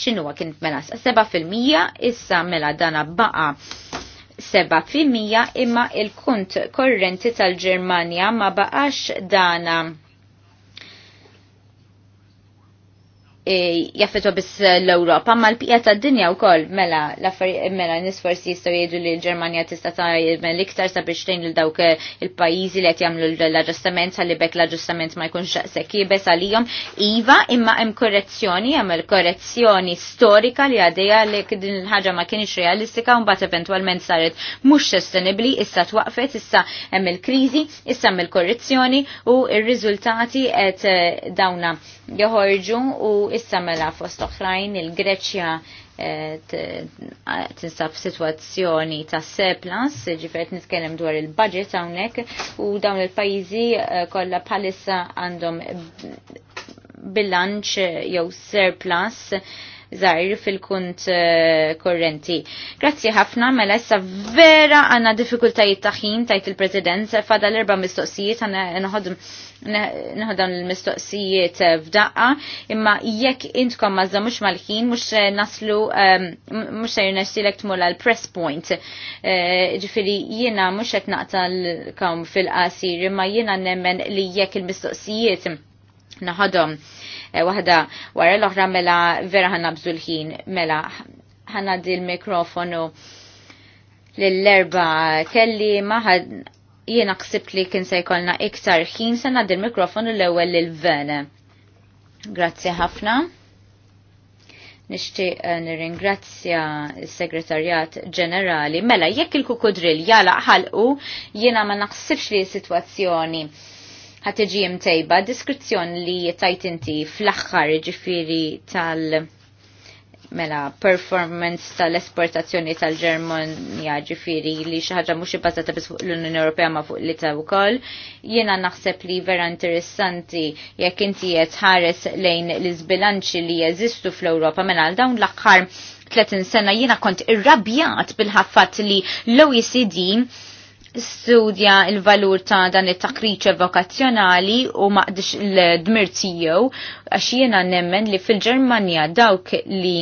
x'inhuwa kien mela 7% issa mela dana baqa' 7% imma il-kunt korrenti tal-Ġermanja ma baqax dana E, jaffetwa biss l-Europa, ma l-piqet tad-dinja u koll, mela, mela nisforsi jistaw jiedu li l-Germania tista ta' l-iktar sa' biex tejn l-dawk eh, il-pajizi li għet l-aġustament, għalli bekk l-aġustament ma' jkunx daqsek jibes għalijom. Iva, imma hemm korrezzjoni, hemm korrezzjoni storika li għadija li din ħaġa ma kienx realistika un bat eventualment saret mux sostenibli, issa twaqfet, issa hemm il-krizi, issa jem il-korrezzjoni u il-riżultati għet eh, dawna joħorġu u Issa mela fost oħrajn il-Greċja eh, tinsab situazzjoni ta' surplus, ġifret nitkellem dwar il-budget hawnhekk u dawn il-pajjiżi eh, kollha palissa għandhom bilanċ eh, jew surplus zaħir fil-kunt eh, korrenti. Grazzi ħafna, mela issa vera għanna diffikultajiet taħin tajt il-President, fada l-erba mistoqsijiet għanna nħodan l-mistoqsijiet eh, f'daqqa, imma jekk intkom mażda mux mal-ħin, mux naslu, mux ehm, sejr nestilek tmulla l-press point. Eh, ġifiri jiena mux etnaqta l-kom fil-qasir, imma jiena nemmen li jekk il-mistoqsijiet ħafna ħadhom eh, waħda wara l-oħra mela vera ħanna bżulħin mela ħanna il mikrofonu l-erba kelli maħad jiena ksib li kien se jkollna iktar ħin se ngħaddi l-mikrofonu l-ewwel lil Vene. Grazzi ħafna. Nixtieq eh, nirringrazzja s-Segretarjat Ġenerali. Mela, jekk il-kukudril jala ħalqu, jiena ma naħsibx li s-sitwazzjoni ħateġi mtejba diskrizzjoni li tajt inti fl-axħar ġifiri tal- mela performance tal-esportazzjoni tal-Ġermanja ġifiri li xaħġa muxi bazzata bis fuq l-Unjoni Ewropea ma fuq li ita wkoll. Jiena naħseb li vera interessanti jekk inti qed ħares lejn l-iżbilanċi li jeżistu fl-Ewropa mela għal dawn l-aħħar 30 sena jiena kont irrabjat bil-ħaffat li l-OECD studja il-valur ta' dan it-takriċ vokazzjonali u maqdix l-dmir tiegħu għax jiena nemmen li fil-Ġermanja dawk li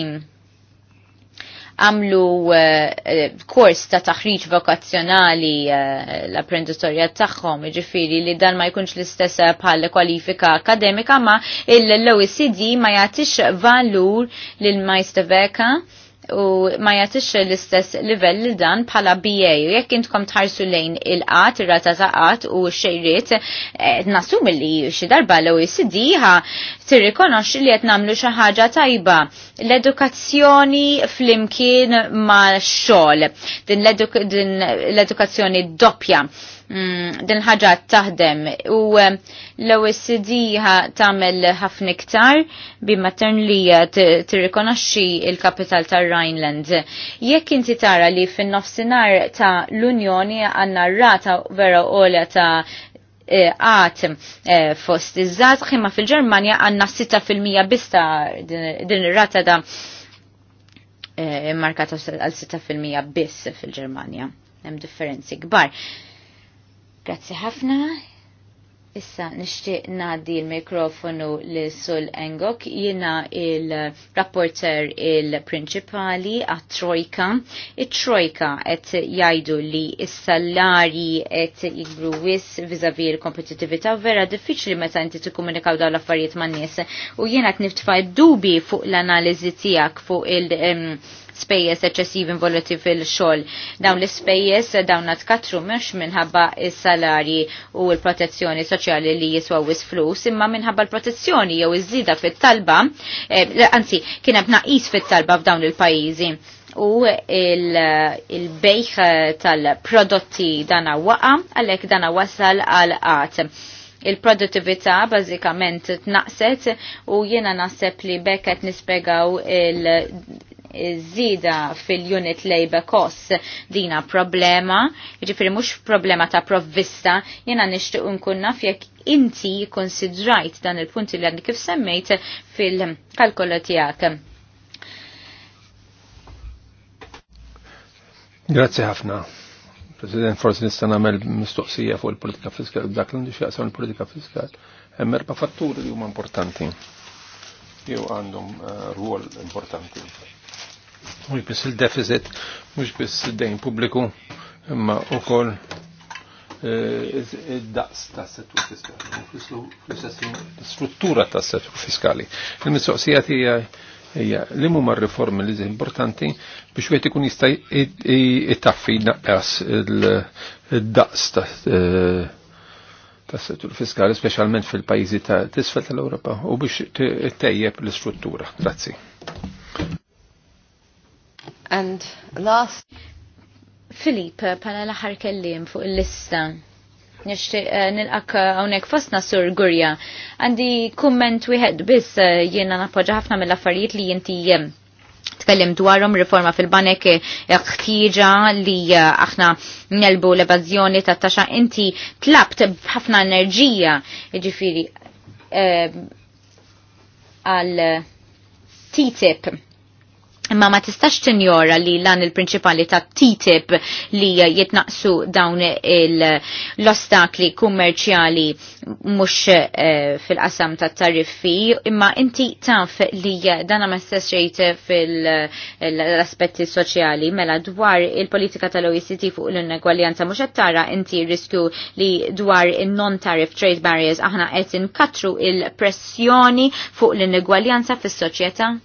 għamlu eh, eh, kors ta' taħriġ vokazzjonali eh, l-apprenditorja tagħhom, ġifiri li dan ma jkunx l-istess bħal kwalifika akademika ma l-OECD ma jagħtix valur lil majsteveka. veka u ma jagħtix l-istess livell li dan bħala BA u jekk intkom tħarsu lejn il-qat, ir-rata ta' qat u xejriet eh, nasum li xi darba l-OECD ha tirrikonoxxi li qed nagħmlu xi ħaġa tajba. L-edukazzjoni flimkien ma' xogħol, din l-edukazzjoni doppja Mm, din ħaġa taħdem u um, l-OECD tagħmel ħafna iktar tern li tirrikonoxxi il-kapital tar-Rhineland. Jekk inti tara li fin-nofsinhar ta' l-Unjoni għandna rata vera għolja ta' eh, għat eh, fost iż-żat imma fil-Ġermanja għandna 6% bista din ir-rata da' eh, markata għal 6% biss fil-Ġermanja. Hemm differenzi kbar. Grazzi ħafna. Issa nixtieq ngħaddi l-mikrofonu li Sul Engok jiena il-rapporter il-prinċipali għat-Trojka. il trojka qed jgħidu li s-salari qed jikbru wis vizavi l kompetitivita vera diffiċli meta inti tikkomunikaw dawn l-affarijiet man-nies u jina qed niftfa' dubi fuq l-analiżi tiegħek fuq il- spejjeż eċċessiv involuti fil-xogħol. Dawn l-ispejjeż dawn tkatru mux minħabba s-salarji u l-protezzjoni soċjali li jiswaw flus imma minħabba l-protezzjoni jew iż-żida fit-talba, eh, anzi kien hemm naqis fit-talba f'dawn il-pajjiżi u il-bejħ tal-prodotti dana waqa, għalek dana wasal għal għat Il-produttività bażikament tnaqset u jiena naħseb li bekket nispegaw zida fil-unit labor costs dina problema, ġifiri mux problema ta' provvista, jena nishtu unkunna fjek inti konsidrajt dan il-punti li għandi kif semmejt fil-kalkola Grazie ħafna. President, forsi nista' nagħmel mistoqsija fuq il-politika fiskal dak li xjaqsam il-politika fiskal. Hemm erba' fatturi li huma importanti. Jew għandhom eh, rwol importanti mux biss il-deficit, mux biss id dejn publiku, imma u koll eh, id-daqs ta' settur fiskali, struttura ta' settur fiskali. Il-mistoqsija tijaj hija li mumma riformi li importanti biex wieħed ikun jista' jittaffi naqqas il-daqs ta' eh, settur fiskali, specialment fil-pajizi ta' tisfel tal-Europa, u biex tejjeb l-istruttura. Grazzi. And last... Filip, pala laħar kellim fuq il-lista. Nishtiq eh, nilqak għonek eh, fosna sur Gurja. Għandi kumment wieħed biss eh, jiena napoġa ħafna mill-affarijiet li jinti tkellem dwarhom riforma fil-banek ħtieġa li aħna nelbu l-evażjoni ta' taxa inti tlabt ħafna enerġija ġifiri għal TTIP Imma ma tistax tinjora li lan il-prinċipali ta' TTIP li jitnaqsu dawn l-ostakli kummerċjali mux eh, fil-qasam ta' tariffi, imma inti taf li dana ma stess xejt fil-aspetti soċjali mela dwar il-politika tal-OECD fuq l-inegwaljanza mux tara inti riskju li dwar il-non-tariff trade barriers aħna qed inkatru il-pressjoni fuq l-inegwaljanza fis-soċjetà?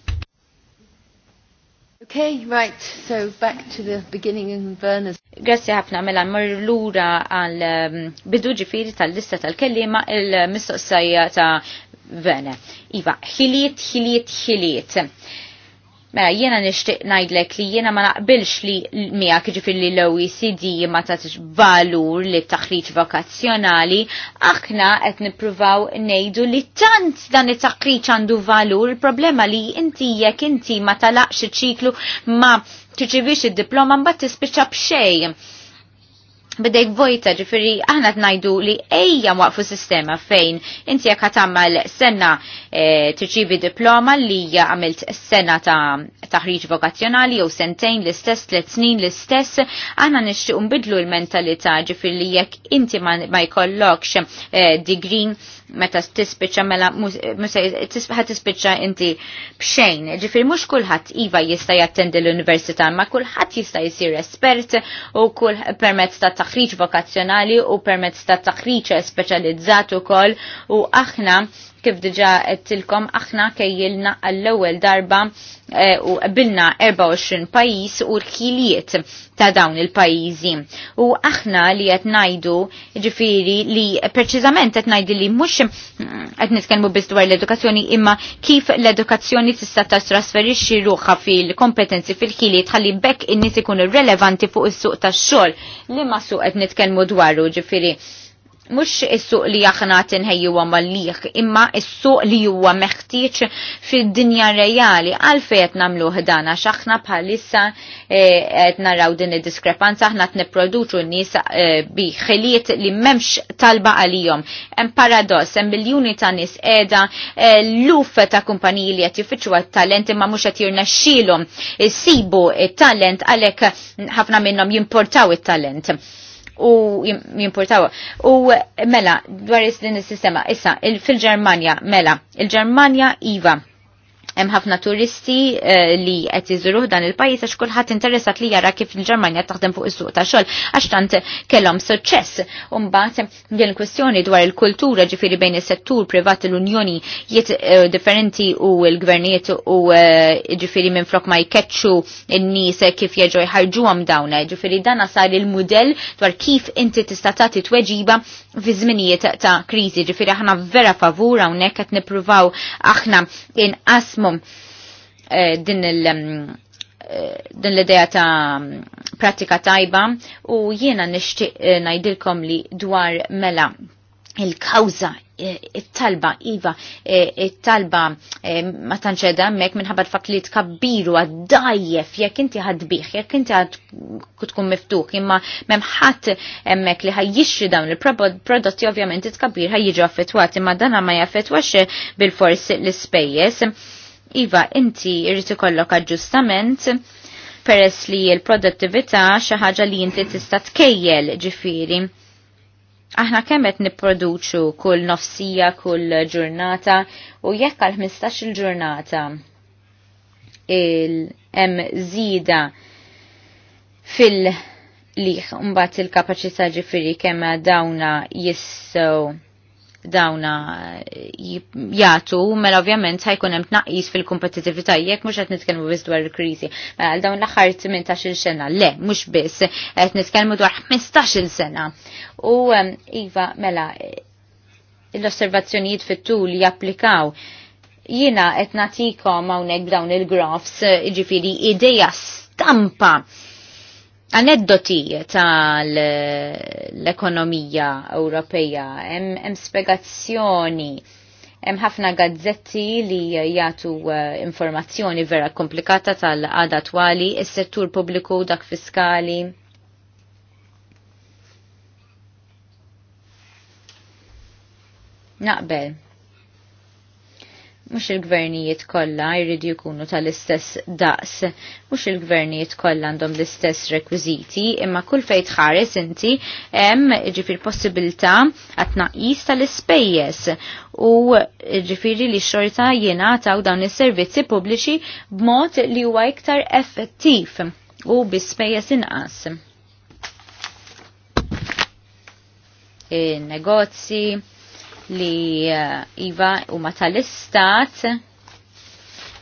Okay, right, so back to the beginning in Berners. Grazie ħafna mela mmur lura għal um, bidu ġifiri tal-lista tal-kellima il-mistoqsija ta' Vene. Iva, ħiliet, ħiliet, ħiliet. Mela, jiena nixtieq ngħidlek li jiena ma naqbilx li mija kġifir li l-OECD ma tatx valur li taħriġ vakazzjonali, aħna qed nippruvaw ngħidu li tant dan it taħriċ għandu valur, il-problema li inti jekk inti ma talaqx iċ-ċiklu ma tiċivix id-diploma mbagħad tispiċċa b'xejn Bidejk vojta ġifiri aħna t-najdu li ejja waqfu sistema fejn inti jek għatammal senna e, tirċibi diploma li għamilt sena ta' taħriġ vokazzjonali jew sentejn l-istess, tliet snin l-istess, aħna nixtieq nbidlu l-mentalità ġifiri li jekk inti ma, ma jkollokx e, degree meta tispiċċa mela ħad tispiċċa inti bxejn. Ġifier mhux kulħadd iva jista' jattendi l-università, ma kulħadd jista' jsir espert u kull permezz ta' taħriġ vokazzjonali u permezz ta' taħriġ speċjalizzat ukoll u aħna Kif diġa tilkom aħna kejjilna għall-ewwel darba eh, u qabilna 24 pajis u rkiliet ta' dawn il-pajizi. U aħna li qed ngħidu ġifieri li preċizament qed ngħidu li mhux mm, qed nitkellmu biss dwar l-edukazzjoni imma kif l-edukazzjoni tista' trasferixxi ruħha fil-kompetenzi fil-ħiliet ħalli bekk in-nies ikunu relevanti fuq is-suq tax-xogħol li ma suq qed nitkellmu dwaru ġifieri mux il-suq li aħna tinħejju għamalliħ, imma il-suq li huwa meħtieċ fil-dinja reali, għalfej qed namlu ħdana, xaħna bħalissa eh, qed naraw din id-diskrepanza, aħna t-niproduċu n nisa eh, bi xiliet li memx talba għalijom. Hemm paradoss, hemm miljuni ta' nis edha eh, luf ta' kumpaniji li qed jufiċu għat-talent imma mhux qed jirnexxilhom isibu it-talent għalhekk ħafna minnhom jimportaw it-talent u jimportawa. U mela, dwar din is-sistema, issa, fil-Ġermanja, mela, il-Ġermanja IVA hemm ħafna turisti eh, li qed iżuruh dan il-pajjiż għax kulħadd interessat li jara kif il-Ġermanja taħdem fuq is-suq ta' xogħol għax tant kellhom suċċess. U mbagħad din il-kwestjoni dwar il-kultura ġifieri bejn is-settur privat l-Unjoni jiet eh, differenti u l-gvernijiet u eh, ġifieri minflok ma jkeċċu n nies kif jeġgħu jħarġuhom dawn. Ġifieri dan sar il-mudell dwar kif inti tista' tagħti tweġiba fi żminijiet ta' kriżi. Ġifieri aħna vera favur hawnhekk qed nippruvaw aħna inqas jifmu eh, din il- mm, eh, din l-ideja ta' pratika tajba u jiena nishtiq eh, najdilkom li dwar mela il-kawza it-talba, Iva, it-talba ma tanċeda mek minħabba l-fat li tkabbiru għaddajjef, jek inti għadbiħ, jek inti għad kutkun miftuħ, imma memħat emmek li ħajjixri dawn il-prodotti ovvjament it-kabbir ħajjiġu affetwat, imma dana ma jaffetwax bil-fors l-spejjes Iva, inti irrid ikollok aġġustament peress li l-produttività xi ħaġa li inti tista' tkejjel ġifieri. Aħna kemm qed nipproduċu kull nofsija, kull ġurnata u jekk għal 15 il-ġurnata il em zida fil-liħ mbagħad il-kapaċità ġifieri kemm dawna jissu so dawna eh, jagħtu, mela ovvjament ħajkun hemm tnaqqis fil kompetitività jekk mhux qed nitkellmu biss dwar il-kriżi. Mela dawn l-aħħar 18-il sena, le, mhux biss qed nitkellmu dwar 15-il sena. U iva, mela eh, l-osservazzjonijiet fit-tul japplikaw Jiena qed natikom hawnhekk dawn il-grafs, eh, ġifieri ideja stampa aneddoti tal-ekonomija Ewropeja, hemm spiegazzjoni, hemm ħafna gazzetti li jagħtu eh, informazzjoni vera komplikata tal-għada twali, is-settur pubbliku dak fiskali. Naqbel mux il-gvernijiet kolla jridu jkunu tal-istess daqs, mux il-gvernijiet kolla għandhom l-istess rekwiziti, imma kull fejt ħares inti hemm ġifir possibilità għatnaqis tal-ispejjes u ġifiri li xorta jena taw dawn is-servizzi pubbliċi b'mod li huwa iktar effettiv u bispejjes inqas. In negozji, li uh, Iva u ma tal-istat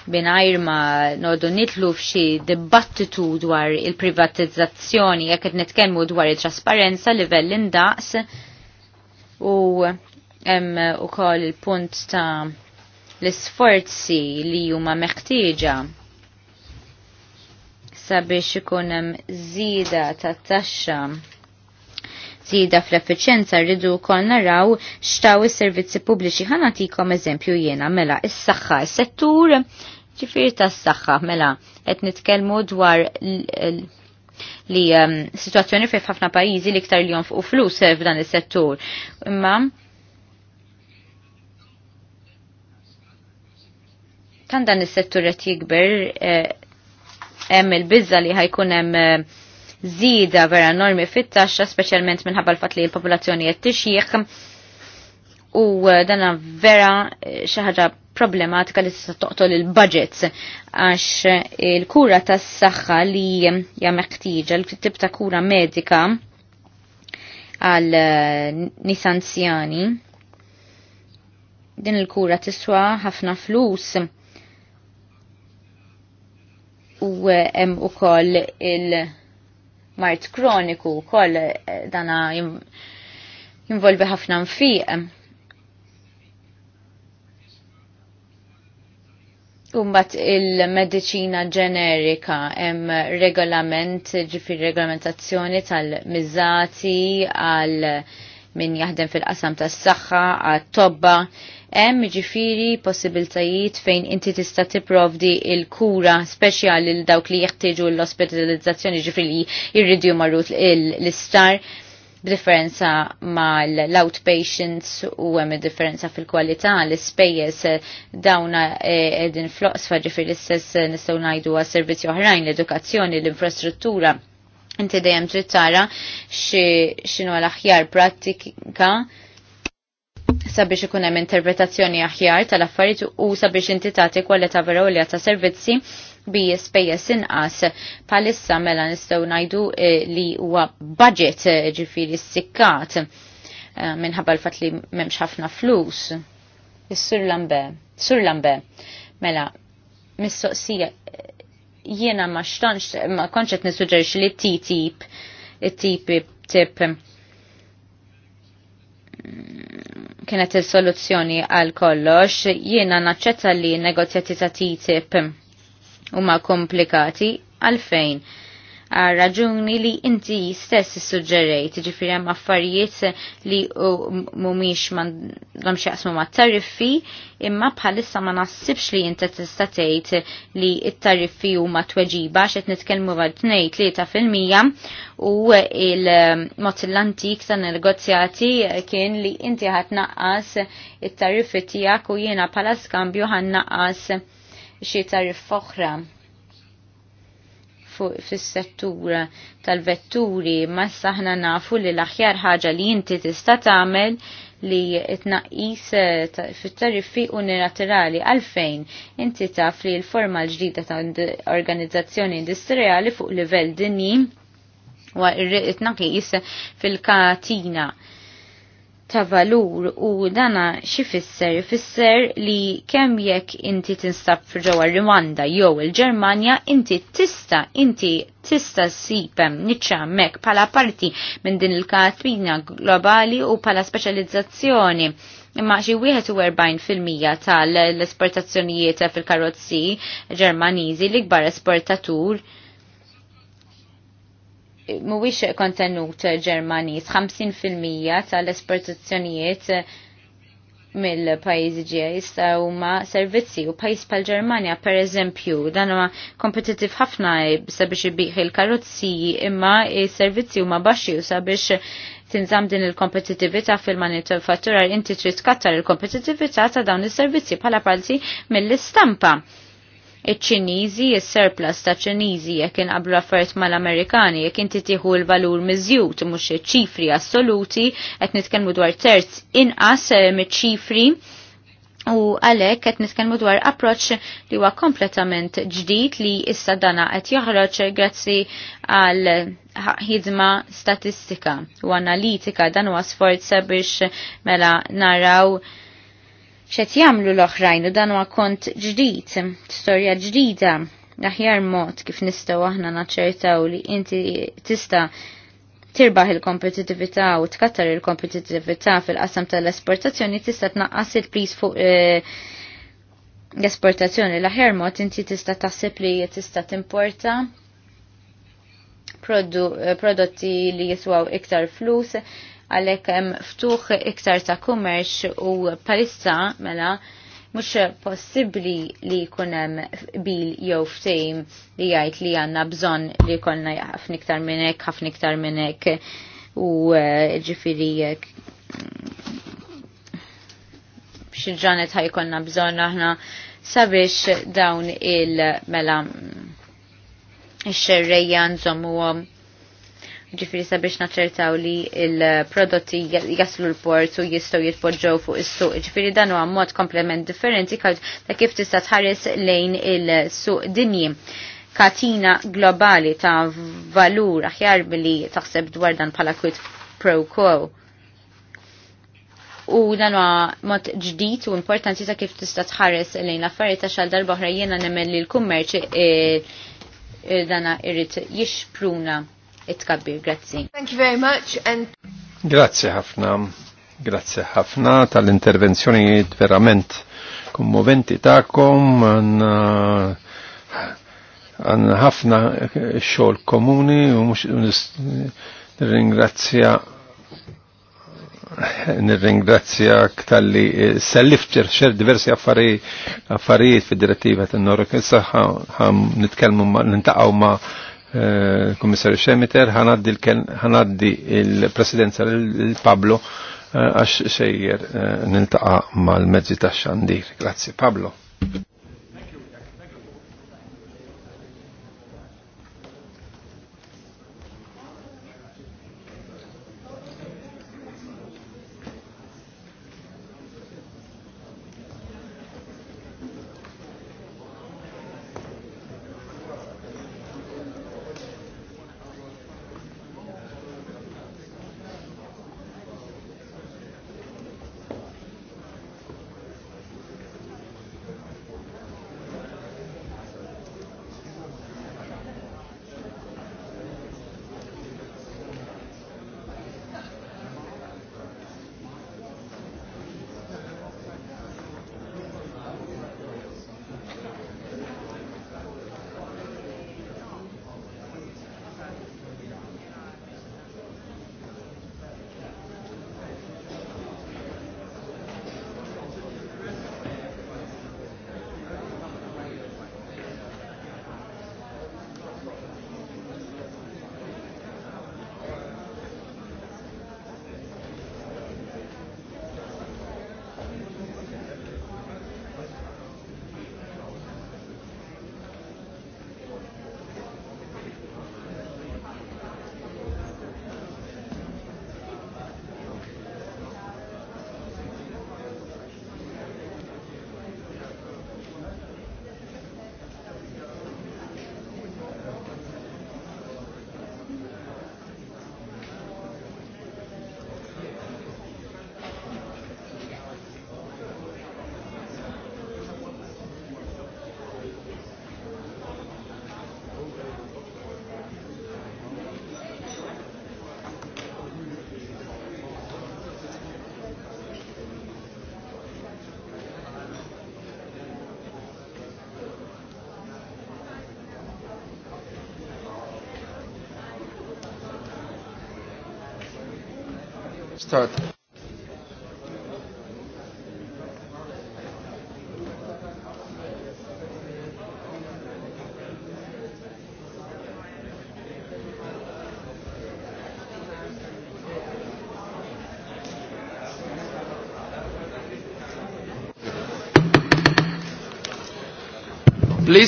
binajr ma nordu nitlu f'xi dibattitu dwar il-privatizzazzjoni jekk qed nitkellmu dwar it-trasparenza livell indaqs u hemm ukoll il-punt ta' l-isforzi li huma meħtieġa sabiex ikun hemm żida ta' taxxa zida fl-effiċenza rridu wkoll naraw xtaw is-servizzi pubbliċi ħanatikom eżempju jiena mela is-saħħa, s settur ġifier tas-saħħa mela qed nitkellmu dwar li ehm, situazzjoni fejn ħafna pajjiżi li iktar li jonfqu flus f'dan is-settur. Imma kan dan is-settur qed jikber eh, hemm il-biża li ħajkun hemm eh, żieda vera enormi fit-taxxa, speċjalment minħabba l-fatt li l-popolazzjoni qed tixjieħ u eh, dana vera eh, xi ħaġa problematika li tista' toqtol il-budgets għax eh, il-kura tas-saħħa li hija meħtieġa l-tip ta' kura medika għal nis anzjani. Din il-kura tiswa ħafna flus u hemm ukoll il- mart kroniku wkoll eh, dana jinvolvi ħafna nfiq. Umbat il-medicina ġenerika hemm regolament ġifir regolamentazzjoni tal-mizzati għal min jaħdem fil-qasam tas-saħħa għat-tobba Hemm ġifiri possibiltajiet fejn inti tista' tipprovdi il-kura speċjali l dawk li jeħtieġu l-ospitalizzazzjoni ġifiri li jirridu marrut l-istar differenza ma l-outpatients u hemm differenza fil-kwalità l-ispejjeż eh, dawna qegħdin eh, floqsfa ġifier l-istess eh, nistgħu ngħidu għas servizzi oħrajn l-edukazzjoni, l-infrastruttura. Inti dejjem trid tara x'inhu l-aħjar prattika sabiex ikun hemm interpretazzjoni aħjar tal-affarijiet u sabiex inti tagħti kwalità vera u ta' servizzi bi spejjeż inqas bħalissa mela nistgħu ngħidu eh, li huwa budget eh, ġifieri s-sikkat eh, minħabba l-fatt li m'hemmx ħafna flus. Is-sur Lambe, sur Lambe, mela mistoqsija jiena ma xtantx ma konċet nissuġġerix li t-tip it-tip tip, tip kienet il-soluzzjoni għal kollox, jiena naċċetta li negozjati ta' TTIP huma komplikati għalfejn għal raġuni li inti stess suġġerejt, ġifiri hemm affarijiet li mhumiex m'għandhom x'jaqsmu mat-tariffi, imma bħalissa ma nassibx li inti tista' tgħid li t-tariffi huma tweġiba xet nitkellmu għal tnejn tlieta fil-mija u il-mod l-antik ta' negozjati kien li inti ħadd naqqas it-tariffi tiegħek u jiena bħala skambju ħannaqqas xi tariff oħra fis settura tal-vetturi ma saħna nafu li l-aħjar ħaġa li inti tista' tagħmel li tnaqqis eh, fit-tariffi unilaterali għalfejn inti taf li l-forma l-ġdida ta' organizzazzjoni industrijali fuq livell dinji wa irriqit naqis fil-katina ta' valur u dana xifisser fisser li kemm jekk inti tinstab ġewwa Rwanda jew il-Ġermanja inti tista inti tista sipem niċċamek pala parti minn din il-katrina globali u pala speċjalizzazzjoni imma xi 41% tal-esportazzjonijiet fil-karozzi Ġermaniżi l-ikbar esportatur mhuwiex kontenut Ġermaniż 50% tal-esportazzjonijiet mill-pajjiżi ġej issa huma servizzi u pajjiż pal ġermanja pereżempju dan huwa kompetittiv ħafna sabiex ibiħ il-karozziji imma s-servizzi huma baxxi u sabiex tinżam din il-kompetitività fil-manifatturar inti trid kattar il-kompetitività ta' dawn is-servizzi bħala parti mill-istampa iċ-Ċiniżi is-surplus ta' Ċiniżi jekk inqablu affarijiet mal-Amerikani jekk inti tieħu l-valur miżjud mhux iċ-ċifri assoluti qed nitkellmu dwar terz inqas eh, miċ-ċifri U għalek qed nitkellmu dwar approċċ li huwa kompletament ġdid li issa dana qed joħroġ grazzi għal ħidma statistika u analitika dan huwa sforza biex mela naraw xet jamlu l-oħrajn u dan huwa kont ġdid, storja ġdida, aħjar mod kif nistgħu aħna naċċertaw li inti tista' tirbaħ il-kompetitività u tkattar il-kompetitività fil-qasam tal-esportazzjoni tista' tnaqqas il-pris fuq eh, l-esportazzjoni l-aħjar mod inti tista' taħseb li tista' timporta eh, prodotti li jiswaw iktar flus għalhekk hemm ftuħ iktar ta' kummerċ u palissa mela mhux possibbli li jkun hemm bil jew ftejm li jgħid li għandna bżonn li jkollna ħafna iktar minn hekk, ħafna iktar minn hekk u eh, ġifieri mm, xilġanet ħajkonna bżonn aħna sabiex dawn il-mela mm, xerreja nżommu għom ġifiri sabiex naċċertaw li il-prodotti jaslu l-port u jistaw jitpoġġow fuq is-suq. Ġifiri dan huwa mod komplement differenti ta' kif tista' tħares lejn il-suq dinji katina globali ta' valur aħjar billi taħseb dwar dan bħala kwit pro quo. U dan huwa mod ġdid u importanti ta' kif tista' tħares lejn l-affarijiet ta' xal darba oħra jiena nemmen li l-kummerċ eh, eh, dana irrid jixpruna it-tkabbir. Grazzi. Thank you very much. And... Grazie ħafna. Grazie ħafna tal intervenzjoni verament kommoventi ta'kom għanna ħafna xol komuni u mux nirringrazzja nirringrazzja ktalli sellif ċer diversi affari affarijiet fi direttiva tan-norok issa ħam nitkellmu nintaqgħu ma' Komissarju eh, Xemiter, ħanaddi il-presidenza l-Pablo eh, għax xejjer eh, nil-taqa mal-mezzi tax xandir. Grazie Pablo.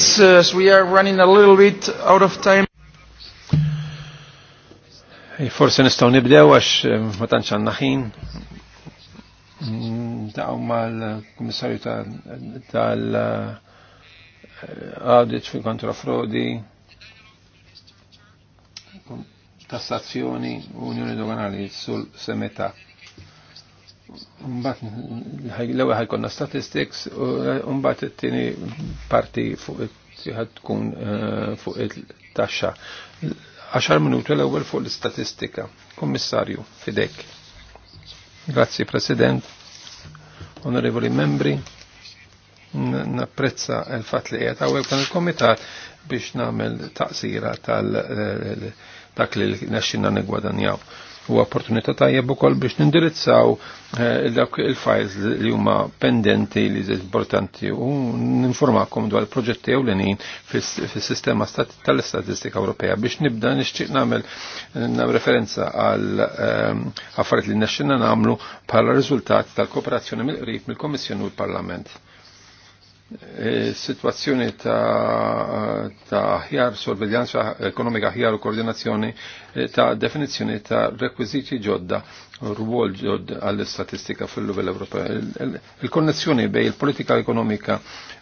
colleagues, uh, we are running a little bit out of time. Forse nistaw nibdew għax eh, ma tantx għandna ħin. Mm, Daw mal-Kummissarju tal-Audit fi kontra frodi, tassazzjoni Unjoni Doganali sul semeta mbagħad l-ewwel ħajkonna statistics u eh, mbagħad it-tieni parti fuq it tkun eh, fuq it-taxxa. 10 minuti l-ewwel fuq l-istatistika. Kommissarju, fidek. Grazzi President, onorevoli membri, napprezza l-fat li qiegħed hawnhekk dan il-komitat biex nagħmel taqsira tal eh, dak li nexxinna nigwadanjaw u opportunità tajjeb ukoll biex nindirizzaw eh, dak il-files li huma pendenti li importanti u ninformakom dwar proġetti ewlenin fis-sistema tal-istatistika Ewropea biex nibda nixtieq nagħmel referenza għal ehm, affarijiet li nexxinna nagħmlu bħala riżultat tal-kooperazzjoni mill-qrib mill komissjoni u l-Parlament. E, situazzjoni ta', ta ħjar sorveljanza ekonomika ħjar u koordinazzjoni e, ta' definizzjoni ta' rekwiziti ġodda rwol ġodda għall-istatistika fil-livell Ewropew. il konnessjoni bej il-politika ekonomika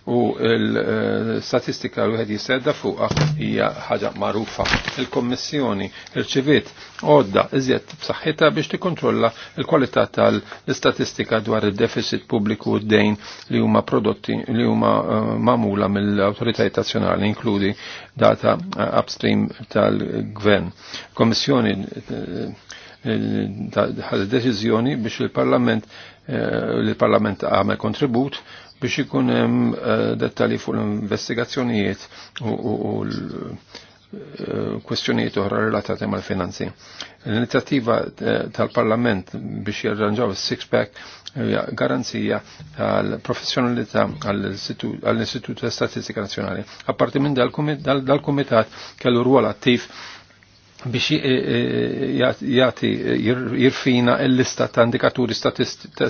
u l-statistika l għed jisedda fuqa hija ħaġa marufa. Il-Kommissjoni irċivit għodda iżjed b'saħħitha biex tikkontrolla l-kwalità tal-istatistika dwar id-deficit pubbliku u d-dejn li huma prodotti li huma eh, mamula mill-awtoritajiet nazzjonali inkludi data eh, upstream tal-gvern. Kommissjoni eh, ħad deċiżjoni biex il-Parlament li parlament għamel kontribut biex ikun hemm eh, dettali fuq l-investigazzjonijiet u l eh, kwestjonijiet oħra relatati mal-finanzi. L-inizjattiva eh, tal-Parlament biex jirranġaw il-six-pack garanzija għal-professjonalità għall-Istitut ta' Statistika Nazjonali. Apparti minn dal-Komitat kellu rwol attiv biex jati jirfina l lista ta' indikaturi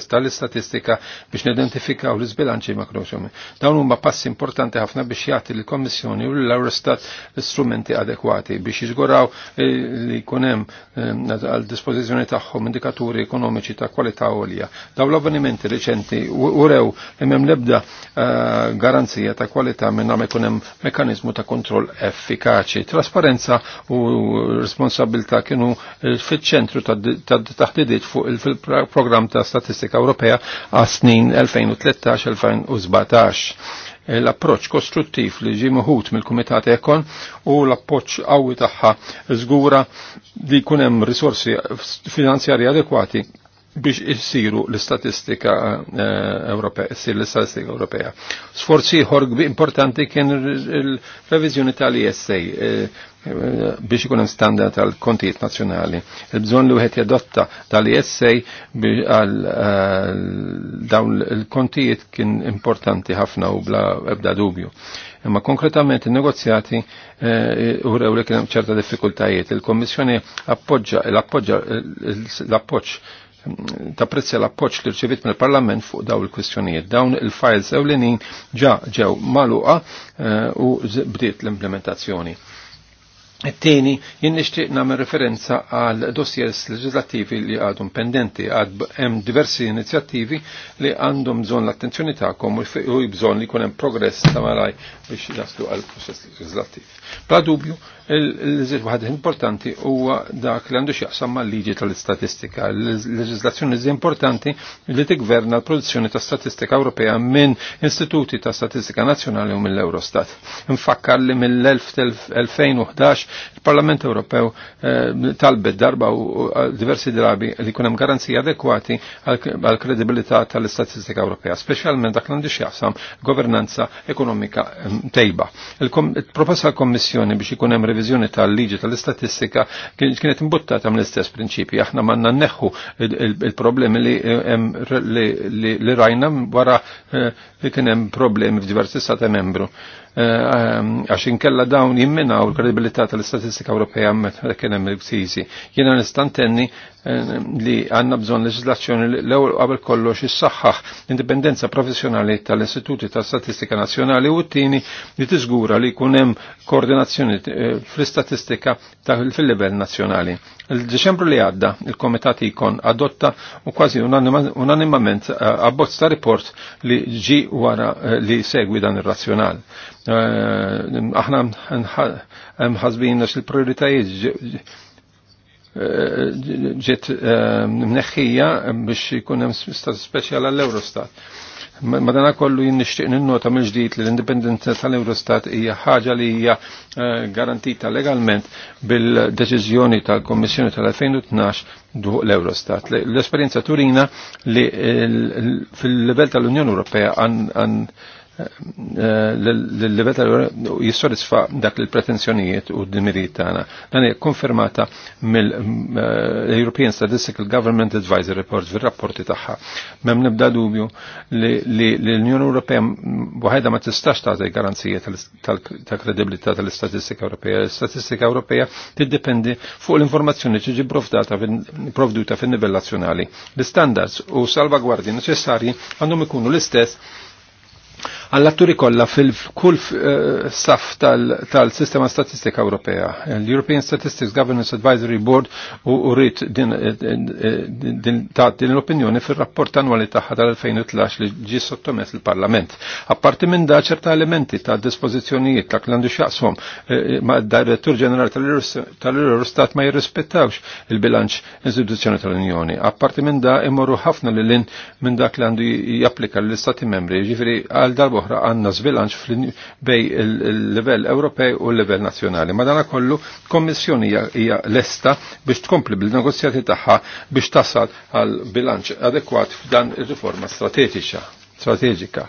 tal-istatistika biex nidentifikaw l-izbilanċi makroċomi. Dawn huma passi importanti ħafna biex jati l-Kommissjoni u l-Eurostat l-istrumenti adekwati biex jizguraw eh, li kunem eh, għal dispożizzjoni tagħhom indikaturi ekonomiċi ta' kwalità għolja. Daw l-avvenimenti reċenti urew imem lebda eh, garanzija ta' kwalità minn ma jkun hemm mekkaniżmu ta' kontroll effikaċi. Trasparenza u responsabilta kienu fit ċentru tad-taħdidiet fuq il-programm ta' statistika Ewropea għas snin 2013-2017 l-approċ kostruttiv li ġi muħut mill-Kumitat Ekon u l-approċ qawwi tagħha żgura li jkun hemm risorsi finanzjarji adekwati biex issiru l-istatistika eh, Ewropea, issir l-istatistika Ewropea. Sforzi ħorg importanti kien il-revizjoni tal-ISA, eh, biex ikun hemm standard għal kontijiet nazzjonali. Il-bżonn li wieħed jadotta dal-ISA għal eh, dawn il-kontijiet kien importanti ħafna u bla ebda dubju. Imma konkretament il-negozjati eh, u rew li kienem ċerta diffikultajiet. Il-Kommissjoni appoġġa l-appoġġ ta' prezzja l-appoġġ li rċevit mill-Parlament fuq daw il-kwistjonijiet. Dawn il-files ewlenin ġa ġew maluqa eh, u bdiet l-implementazzjoni. Tieni, jien nixtieq nagħmel referenza għal dossiers leġislattivi li għadhom pendenti, għad hemm diversi inizjattivi li għandhom bżonn l-attenzjoni tagħkom u bżonn li jkun hemm progress ta' malaj biex jaslu għal proċess leġislattiv. Bla dubju, il żir waħed importanti huwa dak li għandu xieqsam mal-liġi tal-istatistika. L-leġislazzjoni iżda importanti li tigverna l-produzzjoni ta' statistika Ewropea minn istituti ta' statistika nazzjonali u mill-Eurostat. Infakkar li mill-2011 il-Parlament Ewropew eh, talbet darba u diversi drabi li kunem garanzija adekwati għal kredibilità tal-istatistika Ewropea, speċjalment dak li għandu xieqsam governanza ekonomika eh, tejba. Il-proposta kommissjoni biex ikun hemm ir-reviżjoni tal-liġi tal-istatistika kienet imbuttata mill-istess prinċipji. Aħna manna neħu il-problemi li li rajna wara li eh, kien hemm problemi f'diversi stati membru eh, għax inkella dawn jimminaw l-kredibilità tal-istatistika Ewropea meta kien hemm il-kriżi. Jiena nistantenni Eh, li għanna bżon leġislazzjoni l-ewwel qabel kollox is-saħħaħ indipendenza professjonali tal-Istituti ta' Statistika Nazzjonali u t-tieni li tiżgura li jkun hemm koordinazzjoni eh, fl-istatistika fil-livell nazzjonali. Il-Deċembru li għadda il-Komitat ikon adotta u kważi unanimament eh, abbozz ta' report li ġi wara li segwi dan ir-razzjonal. Aħna mħazbin il-prioritajiet Eh, ġiet eh, mneħħija biex jkun hemm stat speċjal għall-Eurostat. Madana kollu jinnixtieq ninnota mill ġdid li l-indipendenza tal-Eurostat hija ħaġa li hija eh, garantita legalment bil-deċiżjoni tal-Kommissjoni tal-2012 du l-Eurostat. L-esperjenza turina li fil-livell tal-Unjoni Ewropea għan Eh, l-level tal jissodisfa dak il pretenzjonijiet u d-dimirijiet tagħna. Dan hija konfermata mill-European eh, Statistical Government Advisory Report fir-rapporti tagħha. Mem nibda dubju li l-Unjoni Ewropea waħedha ma tistax tagħti garanzija tal-kredibilità tal-istatistika Ewropea. L-istatistika Ewropea tiddependi fuq l-informazzjoni tiġi provduta fin-nivell nazzjonali. L-standards u salvagwardji neċessarji għandhom ikunu l-istess għall-atturi kollha fil-kull eh, staff tal-sistema statistika Ewropea. L-European Statistics Governance Advisory Board u rrit eh, eh, din l-opinjoni fil-rapport annwali tagħha tal-2013 li ġi sottomess il-Parlament. Apparti minn da ċerta elementi ta' dispożizzjonijiet ta' klandu xaqshom ma' d-Direttur Ġeneral tal-Eurostat ma jirrispettawx il-bilanċ istituzzjoni tal-Unjoni. Apparti minn da imorru ħafna lil lin minn dak li għandu japplika l-Istati membri, ġifiri għal darbo oħra għanna żbilanċ bej il-livell Ewropej u l-livell nazzjonali. Madana kollu kommissjoni hija lesta biex tkompli bil-negozjati tagħha biex tasal għal bilanċ adekwat f'dan ir-riforma strateġika.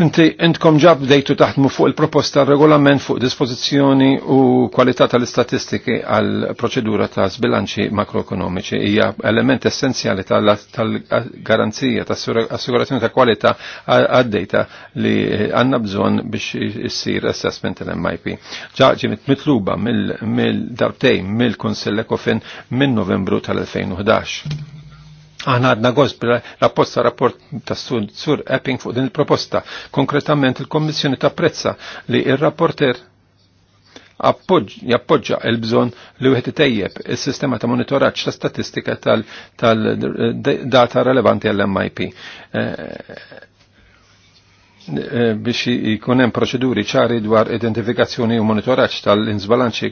Inti intkom ġab bdejtu taħdmu fuq il-proposta regolament fuq dispozizjoni u kwalità tal-istatistiki għal proċedura ta' sbilanċi makroekonomiċi hija element essenzjali tal-garanzija ta' assigurazzjoni ta' kwalità għad dejta li għandna bżonn biex issir assessment tal-MIP. Ġa ġiet mitluba mill-darbtejn mill konsell Ekofin minn Novembru tal-2011. Aħna għadna għoz bil rapposta rapport ta' sur Epping fuq din il-proposta. Konkretament il-Kommissjoni ta' prezza li il-rapporter jappoġġa il-bżon li wieħed itejjeb is-sistema ta' monitoraġġ ta' statistika tal-data relevanti għall-MIP. Eh, Eh, biex jkun hemm proċeduri ċari dwar identifikazzjoni u monitoraġġ tal-inżbalanċi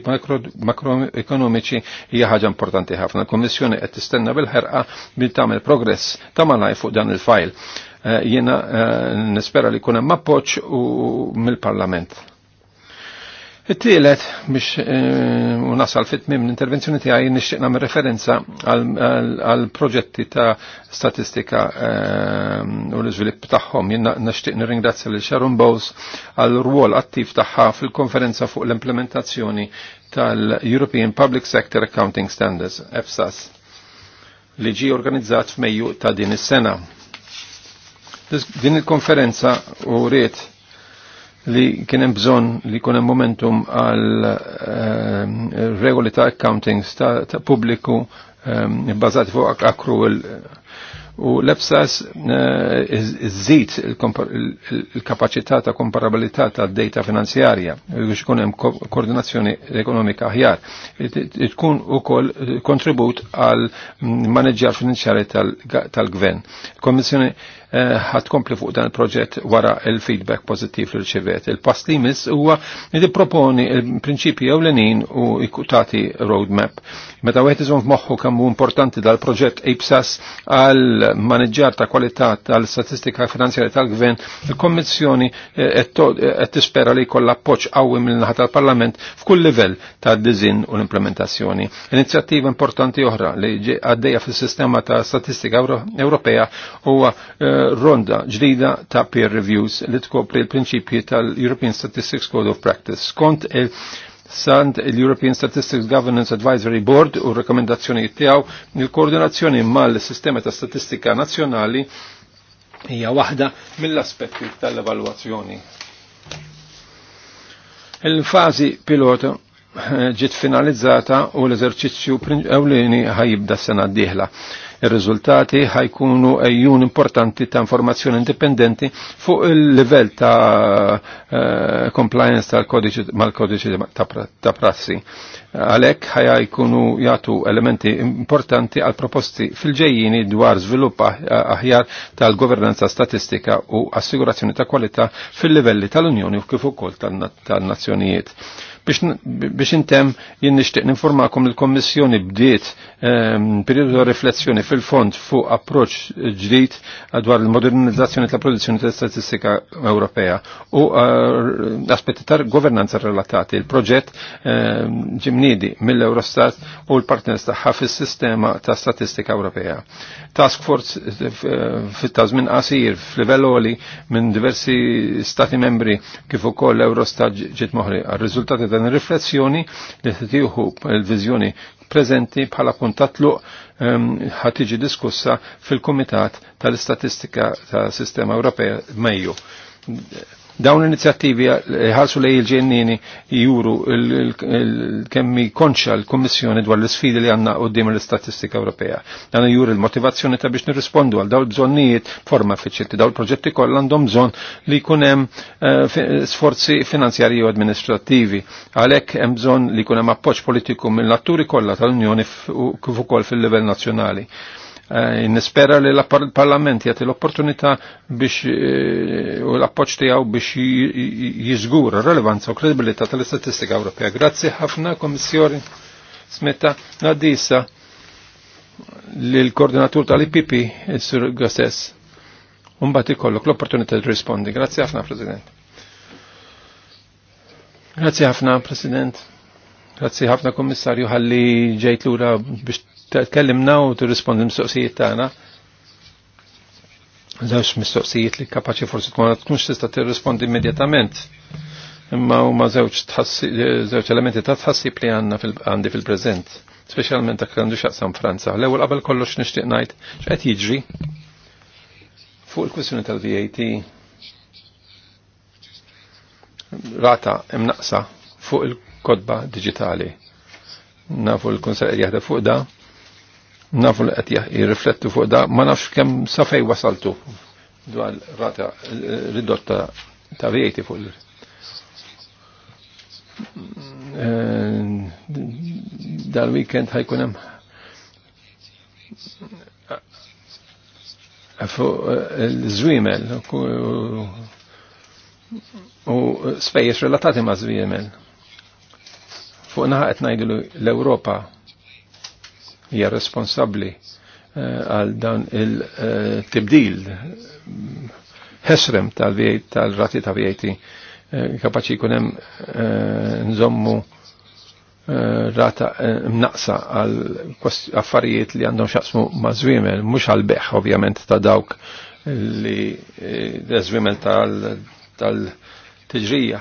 makroekonomiċi hija ħaġa importanti ħafna. L-Kommissjoni qed tistenna bil-ħerqa bil tagħmel progress ta' malaj fuq dan il-fajl. Eh, jiena eh, nispera li jkun hemm appoġġ mill-Parlament. It-tielet biex eh, u nasal fit-mim l-intervenzjoni tiegħi nixtieq me referenza għal proġetti ta' statistika eh, u l izvilip tagħhom. Jien nixtieq nirringrazzja lil Sharon Bowes għal rwol attiv tagħha fil-konferenza fuq l-implementazzjoni tal-European Public Sector Accounting Standards, EFSAS, li ġie organizzat f'Mejju ta' din is-sena. Din il-konferenza u riet li kienem bżon li kunem momentum għal ehm, regoli ta' accounting ta', ta publiku ehm, bazat fuq accrual u l-EPSAS eh, żid il-kapacità ta' komparabilità ta' data finanzjarja biex ikun hemm koordinazzjoni ekonomika aħjar. Tkun ukoll kontribut għal mm, maneġġjar finanzjarji tal-gvern. Il-Kommissjoni Eh, ħatkompli fuq dan il-proġett wara il-feedback pozittiv li rċivet. Il-pass li miss huwa li proponi il-prinċipji ewlenin u ikutati roadmap. Meta wieħed iżomm f'moħħu kemm hu importanti dal-proġett APSAS għal maneġġar ta' kwalità tal-statistika finanzjarja tal-gvern, il-Kommissjoni eh, qed tispera li jkollha appoġġ qawwi mill-naħa tal-Parlament f'kull livell tad-diżin u l-implementazzjoni. Inizjattiva importanti oħra li għaddejja fis-sistema ta' statistika Ewropea huwa uh, ronda ġdida ta' peer reviews li tkopri l-prinċipji tal-European Statistics Code of Practice. Skont il- sant l-European Statistics Governance Advisory Board u rekomendazzjoni tiegħu il-koordinazzjoni mal-sistema ta' statistika nazzjonali hija waħda mill-aspetti tal-evalwazzjoni. Il-fazi pilota eh, ġiet finalizzata u l-eżerċizzju ewlieni ħajibda s-sena d-dieħla. Ir-riżultati ħajkunu ejjun importanti ta' informazzjoni indipendenti fuq il-livell ta' eh, compliance tal-kodiċi mal-kodiċi ta' prassi. Għalhekk ħajja jkunu jagħtu elementi importanti għal proposti fil-ġejjini dwar svilupp ah, aħjar tal-governanza statistika u assigurazzjoni ta' kwalità fil-livelli tal-Unjoni u kif ukoll tan-nazzjonijiet biex intem jien nixtieq ninformakom il-Kommissjoni bdiet Ehm, periodu ta' riflessjoni fil-fond fuq approċ ġdid dwar il-modernizzazzjoni ta' produzzjoni ta' statistika Ewropea u eh, aspetti ta' governanza relatati. Il-proġett ehm, ġimnidi mill-Eurostat u l-partners ta' fis-sistema ta' statistika Ewropea. Task force eh, fit żmien qasir f'livell oli minn diversi stati membri kif ukoll l-Eurostat ġiet moħri. Ar-riżultati dan ir-riflessjoni li tieħu l-viżjoni prezenti bħala kuntatlu ehm, ħatiġi diskussa fil-Kumitat tal-Istatistika tal Sistema Ewropea Mejju Dawn l-inizjattivi eh, ħarsu lej il-ġennini juru kemmi konċa l-Kommissjoni dwar l-sfidi li għanna u l-Istatistika Ewropea. Dan juru l-motivazzjoni ta' biex nirrispondu għal l bżonnijiet forma effiċjenti. dawn l-proġetti kollha għandhom bżonn li jkun hemm eh, sforzi finanzjarji u administrativi. Għalhekk hemm bżonn li jkun hemm appoġġ politiku mill-atturi kollha tal-Unjoni kif ukoll fil-livell nazzjonali. Eh, nispera li l-Parlament jagħti l-opportunità biex eh, u l-appoġġ tijaw biex jiżgura r-relevanza u kredibilità tal-istatistika Ewropea. Grazzi ħafna, Komissjoni Smetta Nadisa l-koordinatur tal-IPP, il-Sur Gossess. Umbat ikollok l-opportunità di rispondi. Grazie ħafna, President. Grazie ħafna, President. Grazie ħafna, Kommissarju, għalli ġejt lura biex tkellimna u tirrispondi mistoqsijiet tagħna. Żewġ mistoqsijiet li kapaċi forsi tkun tkunx tista' tirrispondi immedjatament. Imma huma żewġ żewġ elementi ta' tħassib li għandna għandi fil-preżent, speċjalment dak għandu x'aqsam Franza. L-ewwel qabel kollox nixtieq ngħid x'qed jiġri fuq il kwissjoni tal-VAT rata imnaqsa fuq il-kodba digitali nafu l-konser jahda fuq da, nafu li qed jirriflettu fuq da, ma nafx kem sa wasaltu dwar rata ridotta ta' vieti fuq eh, dal-weekend ħajkunem fuq eh, l-zwimel u spejjex relatati ma' zwimel. Fuq naħat najdu l europa hija responsabbli eh, għal dan il-tibdil ħesrem tal-rati ta' vieti eh, kapaċi kunem eh, nżommu rata mnaqsa għal affarijiet li għandhom xaqsmu ma' zwimel, mux għal beħ ovvjament ta' dawk li zwimel tal-tġrija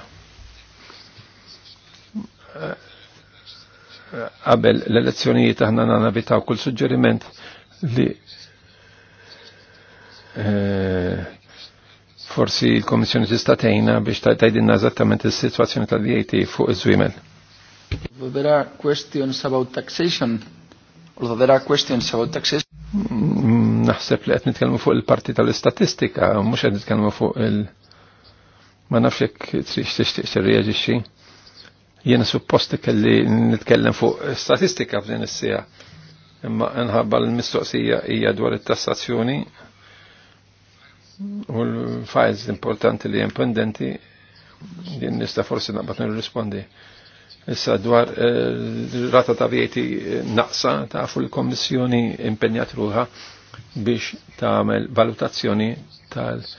qabel l-elezzjonijiet aħna bitaw kull suġġeriment li eh, forsi l-Komissjoni tista' tgħinna biex tgħidilna eżattament is-sitwazzjoni tal-VAT fuq iż-żwiemel. There questions about taxation, although there are questions about taxation. Mm, naħseb li qed nitkellmu fuq il-parti tal-istatistika, mhux qed nitkellmu fuq il- Ma nafx jekk trix tixtieq tirreaġixxi. Jena supposti kelli nitkellem fuq statistika f'din is-sija. Imma nħabba l-mistoqsija hija dwar it-tassazzjoni u l-files importanti li hemm pendenti din nista' forsi naqbad nirrispondi. Issa dwar eh, rata ta' vieti naqsa ta' fu l-Kommissjoni impenjat ruħa biex tagħmel valutazzjoni tal- ta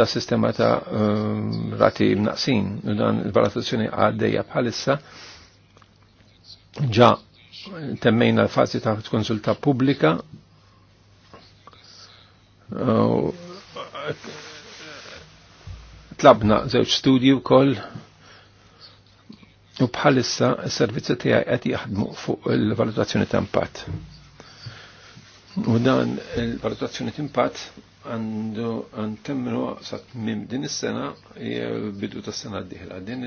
ta' sistema ta' ehm, rati naqsin u dan il-valutazzjoni għaddejja bħalissa ġa temmejna l-fazi ta' konsulta pubblika ehm, tlabna zewġ studiju kol u bħalissa s-servizzi tiegħi qed jaħdmu fuq il-valutazzjoni ta' impatt. U dan il-valutazzjoni ta' impatt għandu għantemmru sat mim din is-sena hija bidu tas-sena d-dieħla. Din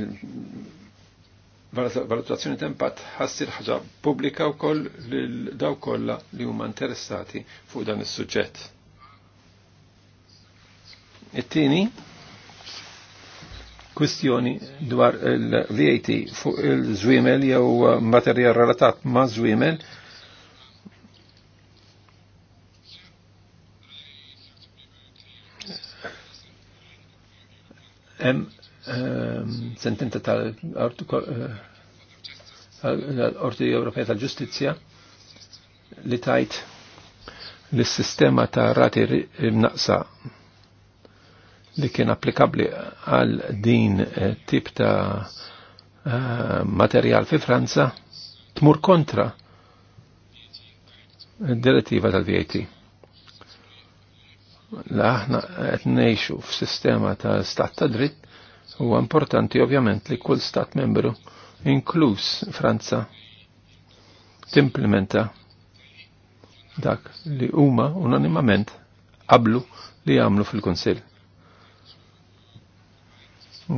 il-valutazzjoni tempat ħassir ħaġa pubblika wkoll lil daw kollha li huma interessati fuq dan is-suġġett. It-tieni kwistjoni dwar il-VAT fuq il-żwiemel jew materjal relatat ma' żwiemel Hemm sentenza tal-Orti eh, Ewropea tal-Ġustizzja li tajt li s-sistema ta' rati naqsa li kien applikabli għal din eh, tip ta' eh, materjal fi Franza tmur kontra direttiva tal-VAT la aħna qed ngħixu f'sistema ta' stat ta' dritt huwa importanti ovvjament li kull stat membru inkluż Franza timplementa dak li huma unanimament qablu li jagħmlu fil-Kunsill.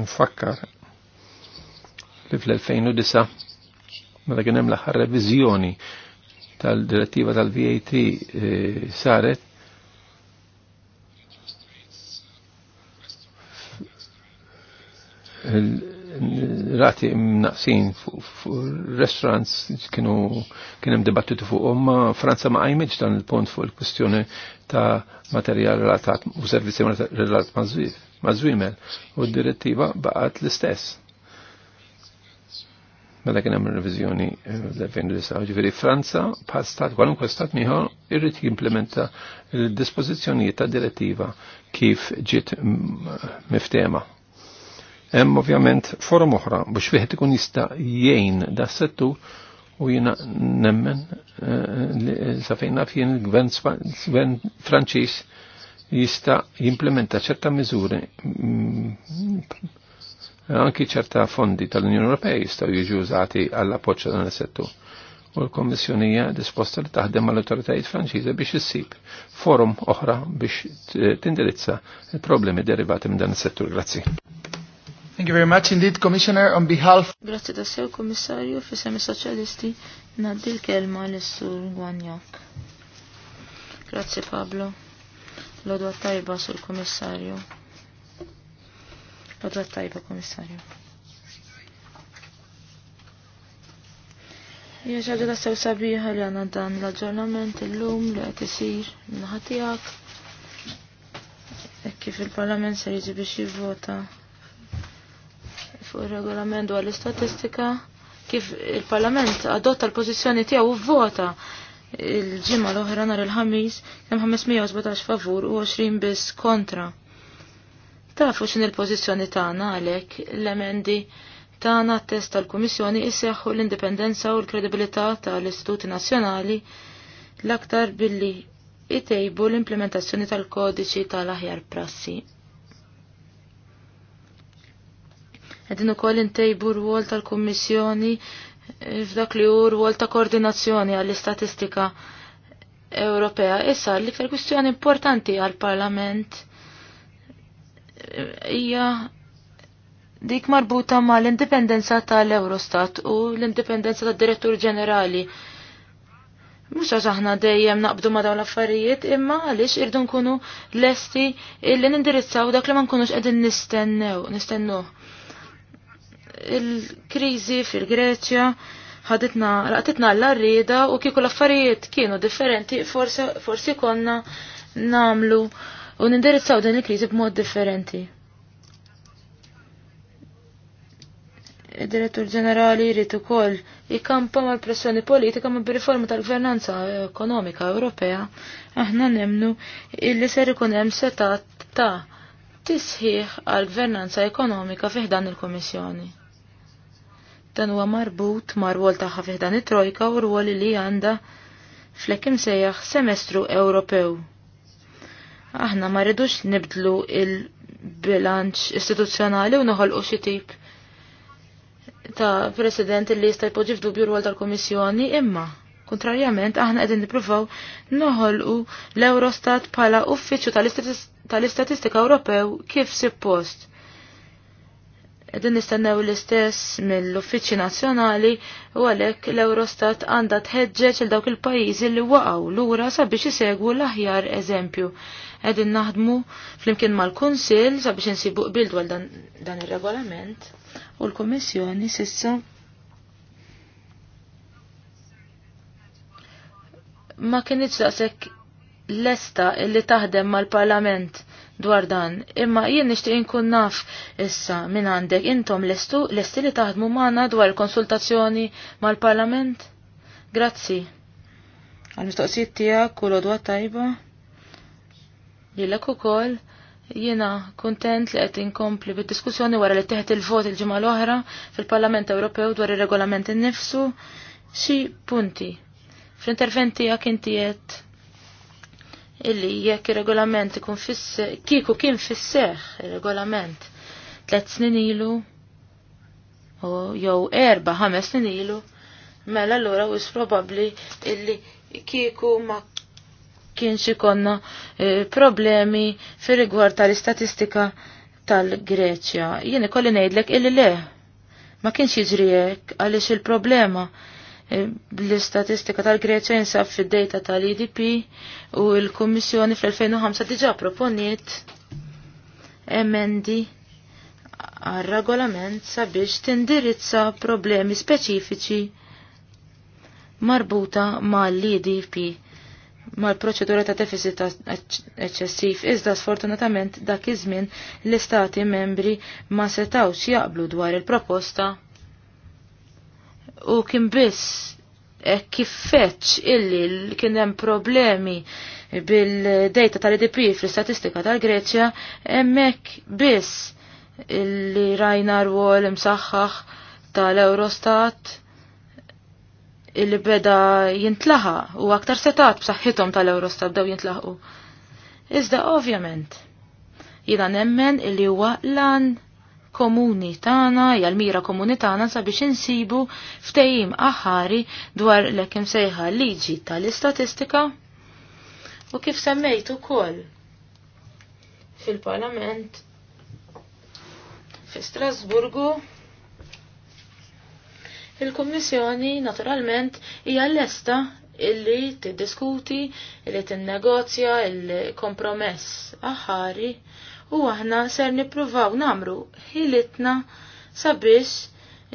Nfakkar li fl-2009 meta kien hemm l-aħħar reviżjoni tal-direttiva tal-VAT eh, saret rati naqsin restaurants kienu kien hemm dibattitu fuq ma Franza ma qajmitx dan il-punt fuq il-kwistjoni ta' materjal relatat u servizzi relatat ma' żwiemel u d-direttiva baqgħet l-istess. Mela kien hemm revizjoni eh, l-2009, ġifieri Franza bħal stat kwalunkwe stat ieħor irrid jimplementa l-dispożizzjonijiet ta' direttiva kif ġiet mm, miftema Hemm ovvjament forum oħra biex wieħed ikun jista' jgħin da' settur u jiena nemmen eh, li naf jien il-gvern Franċiż jista jimplementa ċerta miżuri mm, anki ċerta fondi tal-Unjoni Ewropea jistgħu jiġu użati għall appoġġ dan is-settur. U l-Kommissjoni hija disposta li taħdem mal autoritajiet Franċiża biex issib forum oħra biex tindirizza il-problemi derivati minn dan is-settur. Grazzi. Thank you very much indeed, Commissioner, on behalf... Grazie da sew, Kommissarju, fissemi soċjalisti, naddi l-kelma l-sur Gwanjak. Grazie, Pablo. Lodwa tajba sur Kommissarju. Lodwa tajba, Kommissarju. Ja ġaġa da sew sabiħa li għana dan l-aġġornament l-lum li għat isir minnaħatijak. E kif il-parlament se jiġi biex jivvota fuq il-regolament dwar l-istatistika kif il-Parlament adotta l-pożizzjoni tiegħu vvota il-ġimgħa l-oħra nhar il-ħamis hemm 517 favur u 20 biss kontra. Tafu x'in il-pożizzjoni tagħna għalhekk l-emendi tagħna attest tal-Kummissjoni isseħħu l-indipendenza u l-kredibilità tal-Istituti Nazzjonali l-aktar billi jitejbu l-implementazzjoni tal-kodiċi tal-aħjar prassi. Għedin ukoll intejbu rwol tal-Kummissjoni f'dak li hu rwol ta' koordinazzjoni għall-istatistika Ewropea. Issa l-iktar kwistjoni importanti għall-Parlament hija dik marbuta ma l-indipendenza tal-Eurostat u l-indipendenza tal-Direttur Ġenerali. Mux għax aħna dejjem naqbdu ma dawn l-affarijiet, imma għaliex irdu nkunu lesti illi nindirizzaw dak li ma nkunux qegħdin nistennew, nistennuh il-kriżi fil-Greċja ħaditna raqtetna l arrida u kieku l-affarijiet kienu differenti forsi forsi konna namlu u nindirizzaw din il-kriżi b'mod differenti. id-direttur ġenerali jrid ukoll jikkampa mal-pressjoni politika ma' b'riforma tal-gvernanza ekonomika Ewropea, aħna nemnu illi ser ikun hemm setat ta' tisħiħ għal gvernanza ekonomika fiħdan il-Kummissjoni. Dan huwa marbut ma' rwol tagħha fih dan it-trojka u rwol li għandha fl-ekim sejjaħ semestru Ewropew. Aħna ma rridux nibdlu il-bilanċ istituzzjonali u noħolqu xi tip ta' president li jista' jpoġġi f'dubju rwol tal-Kummissjoni imma Kontrarjament, aħna qegħdin nippruvaw noħolqu l-Eurostat bħala uffiċċju tal-Istatistika Ewropew kif suppost. Din nistennew l-istess mill-Uffiċċju Nazzjonali u għalhekk l-Eurostat għandha tħeġġeġ il dawk il-pajjiżi li waqgħu lura sabiex isegwu l-aħjar eżempju. qegħdin naħdmu flimkien mal-Kunsill sabiex insibu qbil dwar dan, ir-regolament u l-Kummissjoni sissa ma kienx daqshekk lesta illi taħdem mal-Parlament dwar dan, imma jien nixtieq inkun naf issa minn għandek intom lestu l-esti li taħdmu magħna dwar konsultazzjoni mal-Parlament? Grazzi. Għal-mistoqsijiet tiegħek u l tajba. Jilek ukoll jiena kontent li qed inkompli bid-diskussjoni wara li teħet il-vot il-ġimgħa l-oħra fil-Parlament Ewropew dwar ir-regolament innifsu xi punti. Fl-interventi jak inti qed illi jekk ir-regolament ikun fisse kieku kien fisseħ ir-regolament tliet snin ilu u jew erba' ħames snin ilu mela allura wis probabbli illi kieku ma kienx ikonna e, problemi fir rigward tal-istatistika tal-Greċja. Jien ikolli ngħidlek illi le ma kienx jiġri hekk għaliex il-problema l-istatistika tal-Greċja jinsab fid-data tal-IDP u l-Kummissjoni fl-2005 diġa proponiet emendi għal-regolament sabiex tindirizza problemi speċifiċi marbuta mal-IDP mal-proċedura ta' deficit eċċessiv iżda sfortunatament dak iż-żmien l-istati membri ma setawx jaqblu dwar il-proposta u kien biss e, kifetx illi kien hemm problemi bil-data tal-IDP fl-istatistika tal-Greċja, hemmhekk biss illi rajna rwol imsaħħaħ tal-Eurostat illi beda jintlaħa u aktar setat b'saħħithom tal-Eurostat bdew jintlaħu. Iżda ovvjament, jiena nemmen illi huwa lan komuni tagħna, jal mira komuni tagħna sabiex insibu ftehim aħari dwar l-ekim sejħa liġi tal-istatistika u kif semmejt ukoll fil-Parlament fi Strasburgu il-Kummissjoni naturalment hija lesta illi tiddiskuti, illi tinnegozja il-kompromess aħari u aħna ser nippruvaw namru ħilitna sabiex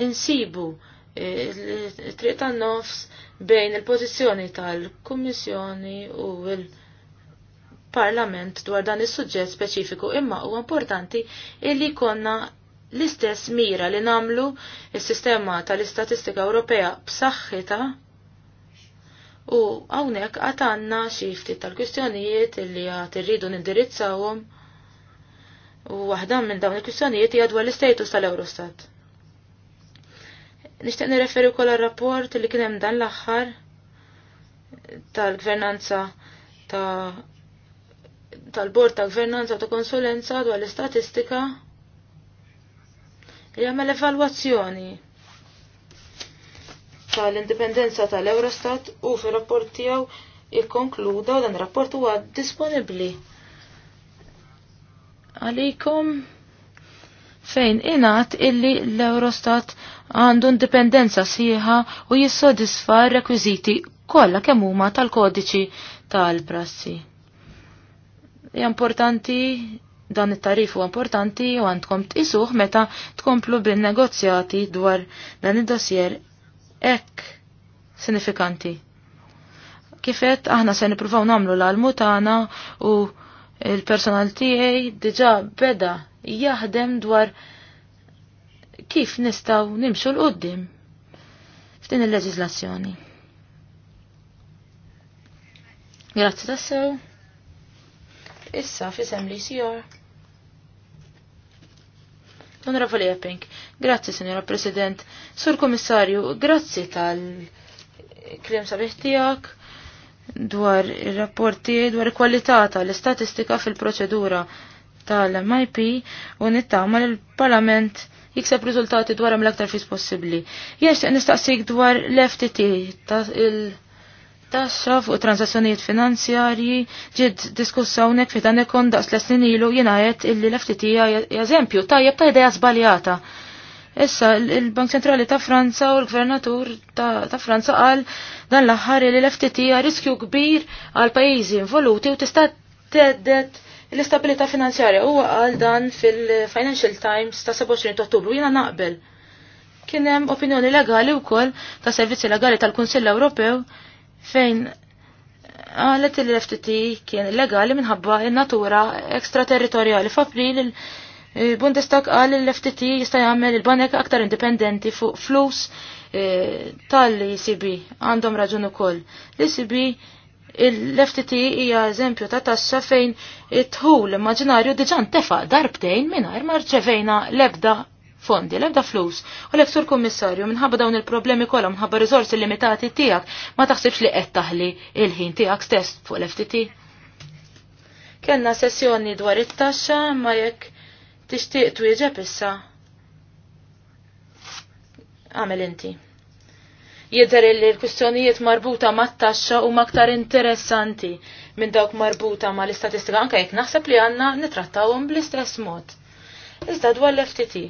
insibu eh, triq tan-nofs bejn il-pożizzjoni tal-Kummissjoni u l- parlament dwar dan is-suġġett speċifiku imma huwa importanti illi konna l-istess mira li namlu il-sistema tal-istatistika Ewropea b'saħħita u hawnhekk għatanna xi ftit tal-kwistjonijiet illi għad irridu nindirizzawhom U waħda minn dawn il-kwistjonijiet hija dwar l-istatus tal-Eurostat. Nixtieq nirreferi wkoll għar-rapport li kien hemm dan l-aħħar tal-gvernanza ta' tal-bord ta' gvernanza ta' konsulenza dwar l-istatistika li għamel evalwazzjoni tal-indipendenza tal-Eurostat u fir-rapport tiegħu ikkonkluda u dan rapport huwa disponibbli għalikom fejn inat illi l-Eurostat għandu indipendenza sħiħa u jissodisfa r-rekwiziti kollha kemm huma tal-kodiċi tal-prassi. importanti dan it-tarif huwa importanti u għandkom t-isuħ meta tkomplu bin-negozjati dwar dan id-dossier hekk sinifikanti. Kifet aħna se nippruvaw nagħmlu l-almu tagħna u il-personal tiegħi diġà beda jaħdem dwar kif nistgħu nimxu l qudiem f'din il leġislazzjoni Grazzi tassew. Issa fisem li sjor. Onorevoli Epping, grazzi Signora President, Sur Komissarju, grazzi tal-klim sabiħ dwar ir-rapporti dwar kwalità tal-istatistika fil-proċedura tal-MIP u nittama l-Parlament jikseb riżultati dwar l-aktar fis possibbli. Jiex nistaqsik dwar l-FTT il-taxxa fuq transazzjonijiet finanzjarji ġid diskussa hawnhekk fi dan daqs l esninilu ilu illi l-FTT hija eżempju tajjeb ta' idea żbaljata Issa il-Bank Centrali ta' Franza u l-Gvernatur ta' Franza qal dan l-aħħar li l-FTT riskju kbir għal pajjiżi involuti u tista' teddet l istabilita finanzjarja huwa qal dan fil-Financial Times ta' 27 ottobru jiena naqbel. Kien hemm opinjoni legali wkoll ta' servizzi legali tal-Kunsill Ewropew fejn qalet l ftt kien legali minħabba il natura ekstraterritorjali f'April Bundestag qal l-FTT jista' jagħmel il-banek aktar indipendenti fuq flus eh, tal-ECB għandhom raġun ukoll. L-ECB l-FTT hija eżempju ta' tassa fejn it-tħul immaġinarju diġà ntefaq darbtejn mingħajr ma rċevejna l-ebda fondi, l-ebda flus. U l-ektur kummissarju minħabba dawn il-problemi kollha minħabba riżorsi limitati tiegħek ma taħsibx li qed taħli il-ħin tiegħek stess fuq l-FTT. Kenna sessjoni dwar it-taxxa ma jekk Tixtieq twieġeb issa? Għamel inti. Jidher li l-kwistjonijiet marbuta mat-taxxa huma aktar interessanti minn dawk marbuta mal-istatistika anke jekk naħseb li għandna nitrattawhom bl-istess mod. Iżda dwar l-FTT.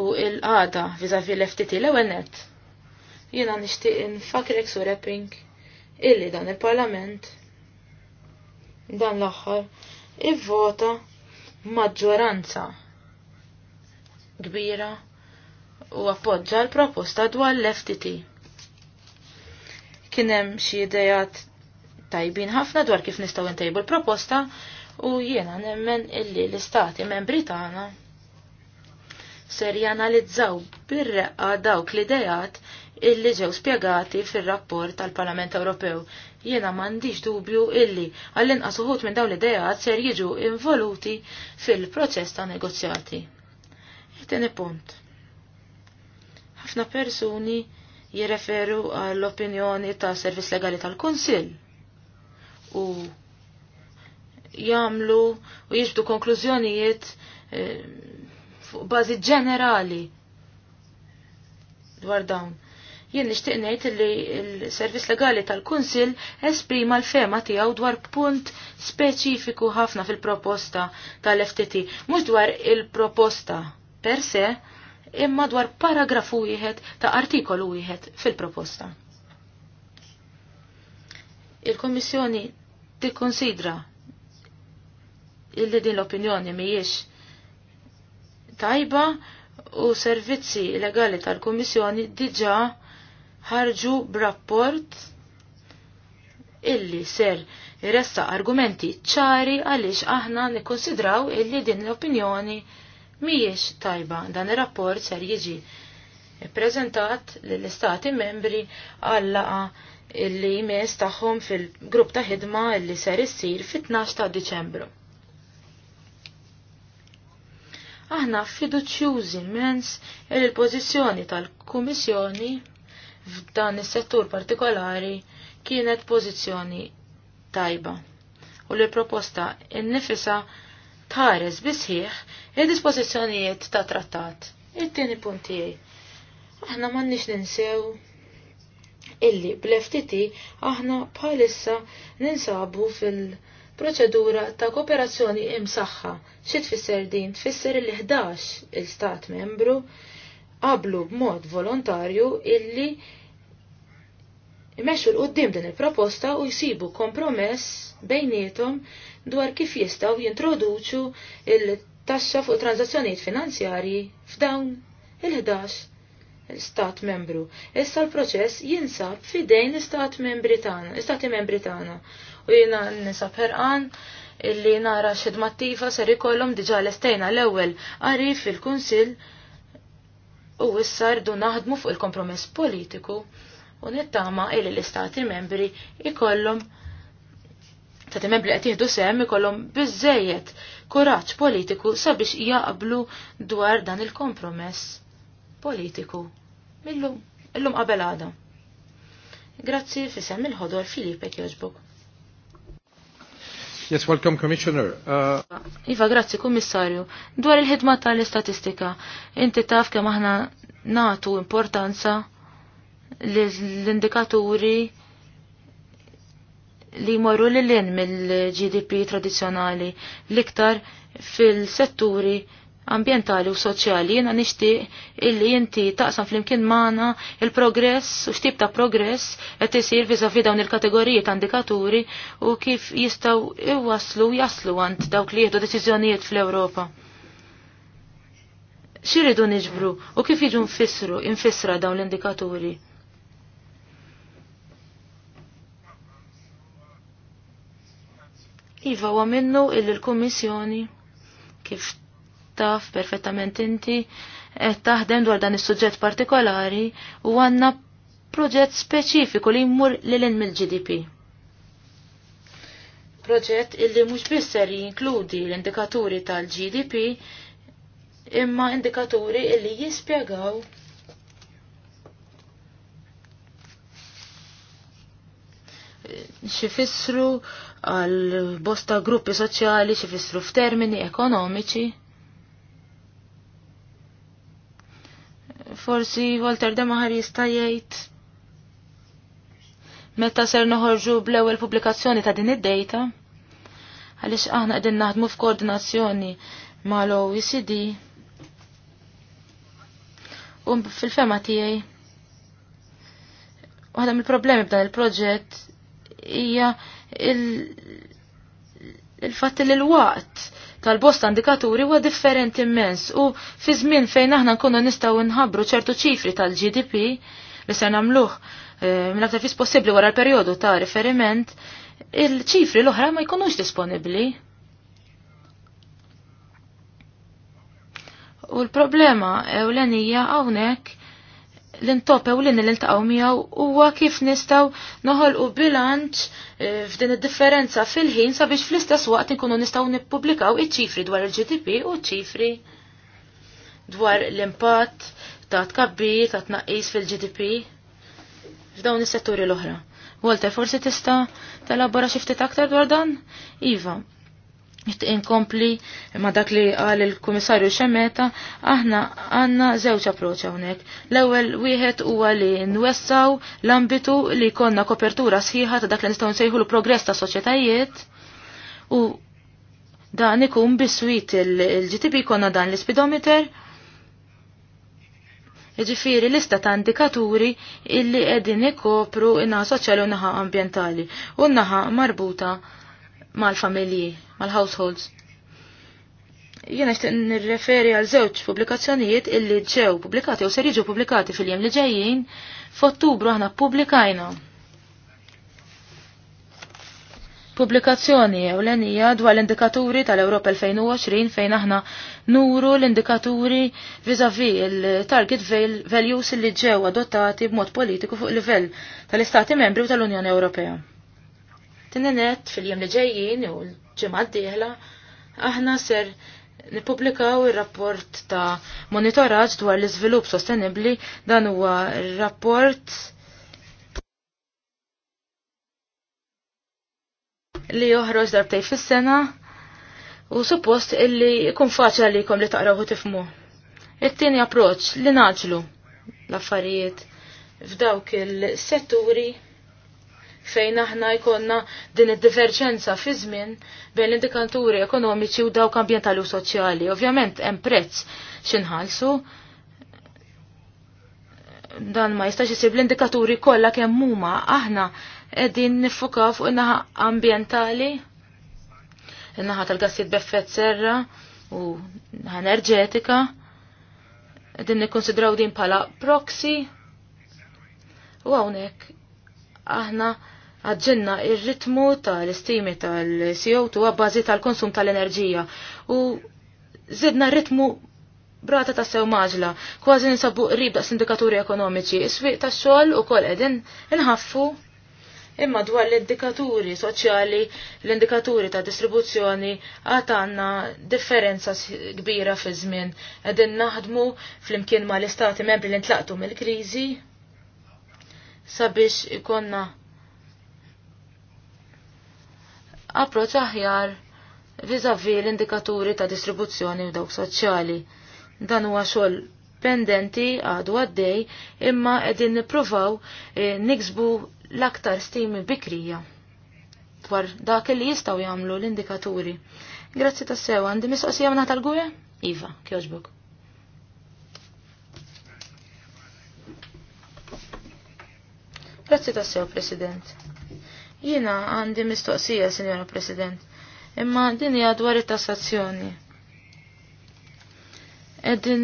U l-għada viżavi l-FTT l-ewwel nett. Jiena nixtieq infakrek su rapping illi dan il-Parlament dan l-aħħar ivvota maġġoranza kbira u appoġġa l-proposta dwar l-FTT. Kien hemm xi idejat tajbin ħafna dwar kif nistgħu ntejbu l-proposta u jiena nemmen illi l-istati membri tagħna ser janalizzaw bir dawk l-idejat illi ġew spiegati fil-rapport tal-Parlament Ewropew. Jiena m'għandix dubju illi għall-inqas uħut minn dawn l-idejat ser jiġu involuti fil-proċess ta' negozjati. Tieni punt. Ħafna persuni jirreferu għall-opinjoni ta' Servizz Legali tal-Kunsill u jagħmlu u jiġbdu konklużjonijiet eh, fuq bażi ġenerali dwar dawn. Jien nixtieq ngħid li l-servizz legali tal-Kunsill esprima l-fema tiegħu dwar punt speċifiku ħafna fil-proposta tal-FTT, mhux dwar il-proposta per se, imma dwar paragrafu wieħed ta' artikolu wieħed fil-proposta. Il-Kommissjoni tikkonsidra illi din l-opinjoni mhijiex tajba u servizzi legali tal-Kummissjoni diġa ħarġu b'rapport illi ser resta argumenti ċari għaliex aħna nikkonsidraw illi din l-opinjoni mhijiex tajba. Dan ir-rapport ser jiġi ppreżentat lill-Istati membri għallaqa illi jmess tagħhom fil-grupp ta' ħidma illi ser issir fit-12 ta' Diċembru. Aħna fiduċjużi immens il pożizzjoni tal-Kummissjoni f'dan is-settur partikolari kienet pożizzjoni tajba u li proposta innifisa tħares bisħieħ il-dispożizzjonijiet ta' trattat. It-tieni punt tiegħi. Aħna m'għandniex ninsew illi bl-FTT aħna bħalissa ninsabu fil- proċedura ta' kooperazzjoni imsaħħa. Xi tfisser din? Tfisser li 11 il-Stat membru qablu b'mod volontarju illi imexxu l qoddim din il-proposta u jsibu kompromess bejnietom dwar kif jistgħu jintroduċu il-taxxa fuq transazzjonijiet finanzjarji f'dawn il-11 il-Stat membru. Issa l-proċess jinsab fidejn l-Stati membri tagħna u jina nisa perqan illi nara xidmattiva ser ikollhom diġa l-estejna l-ewwel qari fil-kunsill u issa rdu naħdmu fuq il-kompromess politiku u nittama illi l-istati membri ikollhom Tati membri qed jieħdu sehem ikollhom biżejjed kuraġġ politiku sabiex jaqblu dwar dan il-kompromess politiku. millum illum qabel għada. Grazzi fisem il-ħodor Filipe Kjoġbok. Yes, welcome, Commissioner. Uh... Iva, grazzi, Kummissarju. Dwar il-ħidma tal-istatistika, inti taf kemm aħna natu importanza l-indikaturi li jmorru li l-in mill-GDP tradizjonali, l-iktar fil-setturi ambientali u soċjali jiena nixtieq illi inti taqsam flimkien magħna il-progress u x'tip ta' progress qed isir viżavi dawn il-kategoriji ta' indikaturi u kif jistgħu iwaslu jaslu għand dawk li jieħdu deċiżjonijiet fl-Ewropa. X'iridu niġbru u kif jiġu nfissru infissra dawn l-indikaturi? Iva, wa minnu illi l-Kummissjoni kif taf perfettament inti qed taħdem dwar dan is-suġġett partikolari u għandna proġett speċifiku li jmur lil mill-GDP. Proġett illi mhux biss ser jinkludi l-indikaturi tal-GDP imma indikaturi illi jispjegaw xifissru għal bosta gruppi soċjali xifissru f'termini ekonomiċi. Forsi Walter Demahar jista' jgħid meta ser noħorġu bl-ewwel pubblikazzjoni ta' din id-data għaliex aħna qegħdin naħdmu f'koordinazzjoni mal-OECD u fil-fema tiegħi waħda mill-problemi b'dan il-proġett hija il-fatt li l-waqt tal-bosta indikaturi huwa differenti immens u fi żmien fejn aħna nkunu nistgħu nħabbru ċertu ċifri tal-GDP li se nagħmluh eh, mill-aktar fis possibbli wara l-perjodu ta' riferiment, il-ċifri l-oħra ma jkunux disponibbli. U l-problema ewlenija hawnhekk l-intopew li nil-iltaqaw miegħu huwa kif nistgħu noħolqu bilanċ eh, f'din id-differenza fil-ħin sabiex fl-istess waqt inkunu nistgħu nippubblikaw iċ-ċifri dwar il-GDP u ċifri dwar l-impatt ta' tkabbi ta' tnaqqis fil-GDP f'dawn is-setturi l-oħra. Walter, forsi tista' telabora xi ftit aktar dwar dan? Iva, inkompli ma dak li għal il-komissarju xemeta, aħna għanna zewċ approċ hawnhekk. L-ewwel wieħed huwa li nwessaw l-ambitu li konna kopertura sħiħa ta' dak li nistgħu nsejħu l-progress ta' soċjetajiet u dan ikun biswit il-GTP konna dan l spidometer Ġifiri lista ta' indikaturi illi edin ikopru in-naħa soċjali u naħa ambientali u naħa marbuta mal-familji, mal-households. Jena xtiq nirreferi għal żewġ pubblikazzjonijiet illi ġew pubblikati u seriġu jiġu pubblikati fil-jem li ġejjin f'Ottubru aħna publikajna. Publikazzjoni ewlenija dwar l-indikaturi tal-Europa 2020 fejn aħna nuru l-indikaturi vizavi il-target values li ġew adottati b'mod politiku fuq livell tal-Istati membri u tal-Unjoni Ewropea. Tinnenet fil-jem li ġejjin u l-ġimgħa d-dieħla aħna ser nipublikaw ir-rapport ta' monitoraġ dwar l-iżvilupp sostenibbli dan huwa rapport li joħroġ darbtej fis-sena u suppost illi jkun faċli għalikom li taqraw tifmu. It-tieni approċ li naġlu l-affarijiet f'dawk il-setturi fejn aħna jkollna din id-diverġenza fi żmien bejn l-indikaturi ekonomiċi u dawk ambjentali u soċjali. Ovvjament hemm prezz x'inħallsu dan ma jistax isib l-indikaturi kollha kemm huma aħna qegħdin nifukaw fuq in-naħa ambjentali, in-naħa tal-gassijiet b'effett serra u enerġetika din nikkonsidraw din bħala proxy u hawnhekk aħna għadġenna il ritmu tal tal-istimi tal-CO2 għabbażi tal-konsum tal-enerġija u zidna ritmu brata ta' sew maġla, kważi nisabu qrib da' sindikaturi ekonomiċi, isfiq ta' xogħol u kol edin inħaffu imma dwar l-indikaturi soċjali, l-indikaturi ta' distribuzzjoni għad għandna differenza kbira fi żmien. Qegħdin naħdmu flimkien mal istati membri li ntlaqtu mill-kriżi sabiex ikonna approċ aħjar vizavi l-indikaturi ta' distribuzzjoni u dawk soċjali. Dan huwa xogħol pendenti għadu għaddej imma qegħdin nippruvaw e, niksbu l-aktar stimi bikrija dwar dak li jistgħu jagħmlu l-indikaturi. Grazzi tas-sew, għandi mistoqsija minn tal-gwe? Iva, Grazie Grazzi te, President. Jina għandi mistoqsija, Sinjora President, imma din hija dwar it-tassazzjoni. Eddin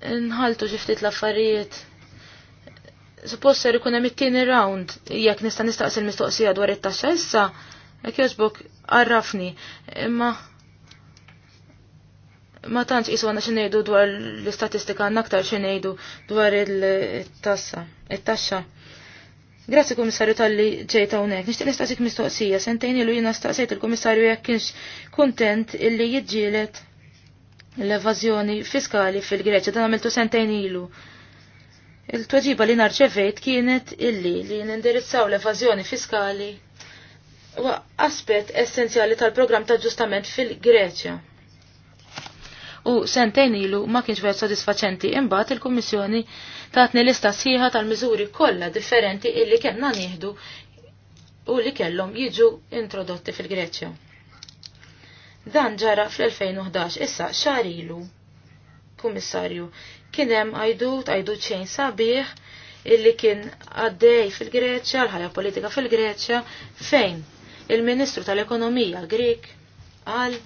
nħaltu ġiftit l-affarijiet. Suppost ser ikun hemm it-tieni round, jekk nista' nistaqsi l-mistoqsija dwar it-taxxa issa, jekk jogħġbok arrafni, imma ma tantx qisu għandna xi ngħidu dwar l-istatistika għandna aktar xi ngħidu dwar il-tassa, it-taxxa. Grazzi komissarju tal-li ġejta unek. Nishtiq nistaqsik mistoqsija, sentejn ilu jina staqsejt il-komissarju jekk kienx kontent illi jidġilet l-evazjoni fiskali fil-Greċja, dan għamiltu sentejn ilu. Il-tweġiba li narċevejt kienet illi li nindirizzaw l-evazjoni fiskali u aspet essenzjali tal-programm ta' ġustament fil-Greċja. U sentejn ilu ma kienx vera sodisfaċenti, imbagħad il-Kummissjoni tatni lista sħiħa tal-miżuri kollha differenti illi kellna nieħdu u li kellhom jiġu introdotti fil-Greċja. Dan ġara fl-2011, issa xarilu, kummissarju, kien hemm għajdut, għajdut xejn sabiħ, illi kien għaddej fil-Greċja, l-ħajja politika fil-Greċja, fejn il-Ministru tal-Ekonomija Grek għal